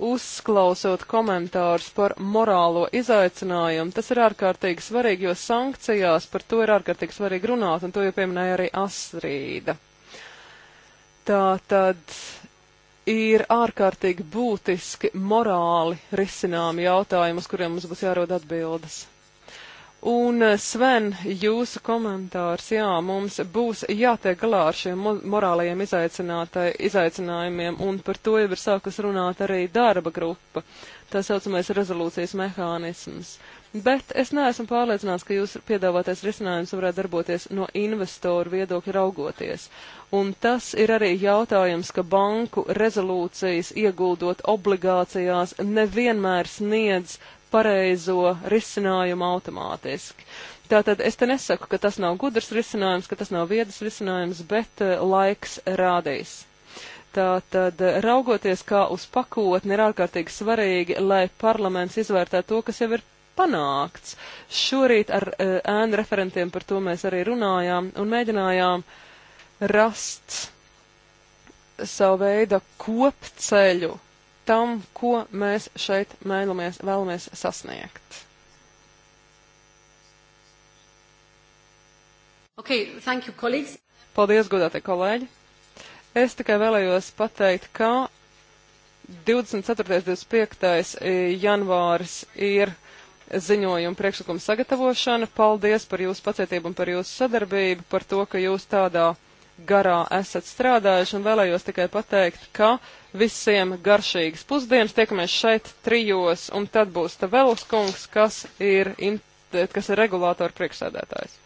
uzklausot komentārus par morālo izaicinājumu. Tas ir ārkārtīgi svarīgi, jo sankcijās par to ir ārkārtīgi svarīgi runāt, un to jau pieminēja arī Astrīda. Tā tad ir ārkārtīgi būtiski morāli risināmi jautājumi, uz kuriem mums būs jārod atbildes. Un, eh, Sven, jūsu komentārs, jā, mums būs jātiek galā ar šiem morālajiem izaicinājumiem, un par to jau ir sākus runāt arī darba grupa, tā saucamais rezolūcijas mehānisms. Bet es neesmu pārliecināts, ka jūs piedāvātais risinājums varētu darboties no investoru viedokļa raugoties. Un tas ir arī jautājums, ka banku rezolūcijas ieguldot obligācijās nevienmēr sniedz pareizo risinājumu automātiski. Tātad es te nesaku, ka tas nav gudrs risinājums, ka tas nav viedas risinājums, bet eh, laiks rādīs. Tātad eh, raugoties kā uz pakotni ir ārkārtīgi svarīgi, lai parlaments izvērtē to, kas jau ir panākts. Šorīt ar eh, ēnu e, referentiem par to mēs arī runājām un mēģinājām rast savu veidu kopceļu tam, ko mēs šeit mēlamies, vēlamies sasniegt. Okay, thank you, colleagues. Paldies, godātie kolēģi. Es tikai vēlējos pateikt, ka 24. 25. janvāris ir ziņojuma priekšlikuma sagatavošana. Paldies par jūsu pacietību un par jūsu sadarbību, par to, ka jūs tādā garā esat strādājuši un vēlējos tikai pateikt, ka visiem garšīgas pusdienas. Tiekamies šeit trijos un tad būs Tavelus kungs, kas ir, kas ir regulātora priekšsēdētājs.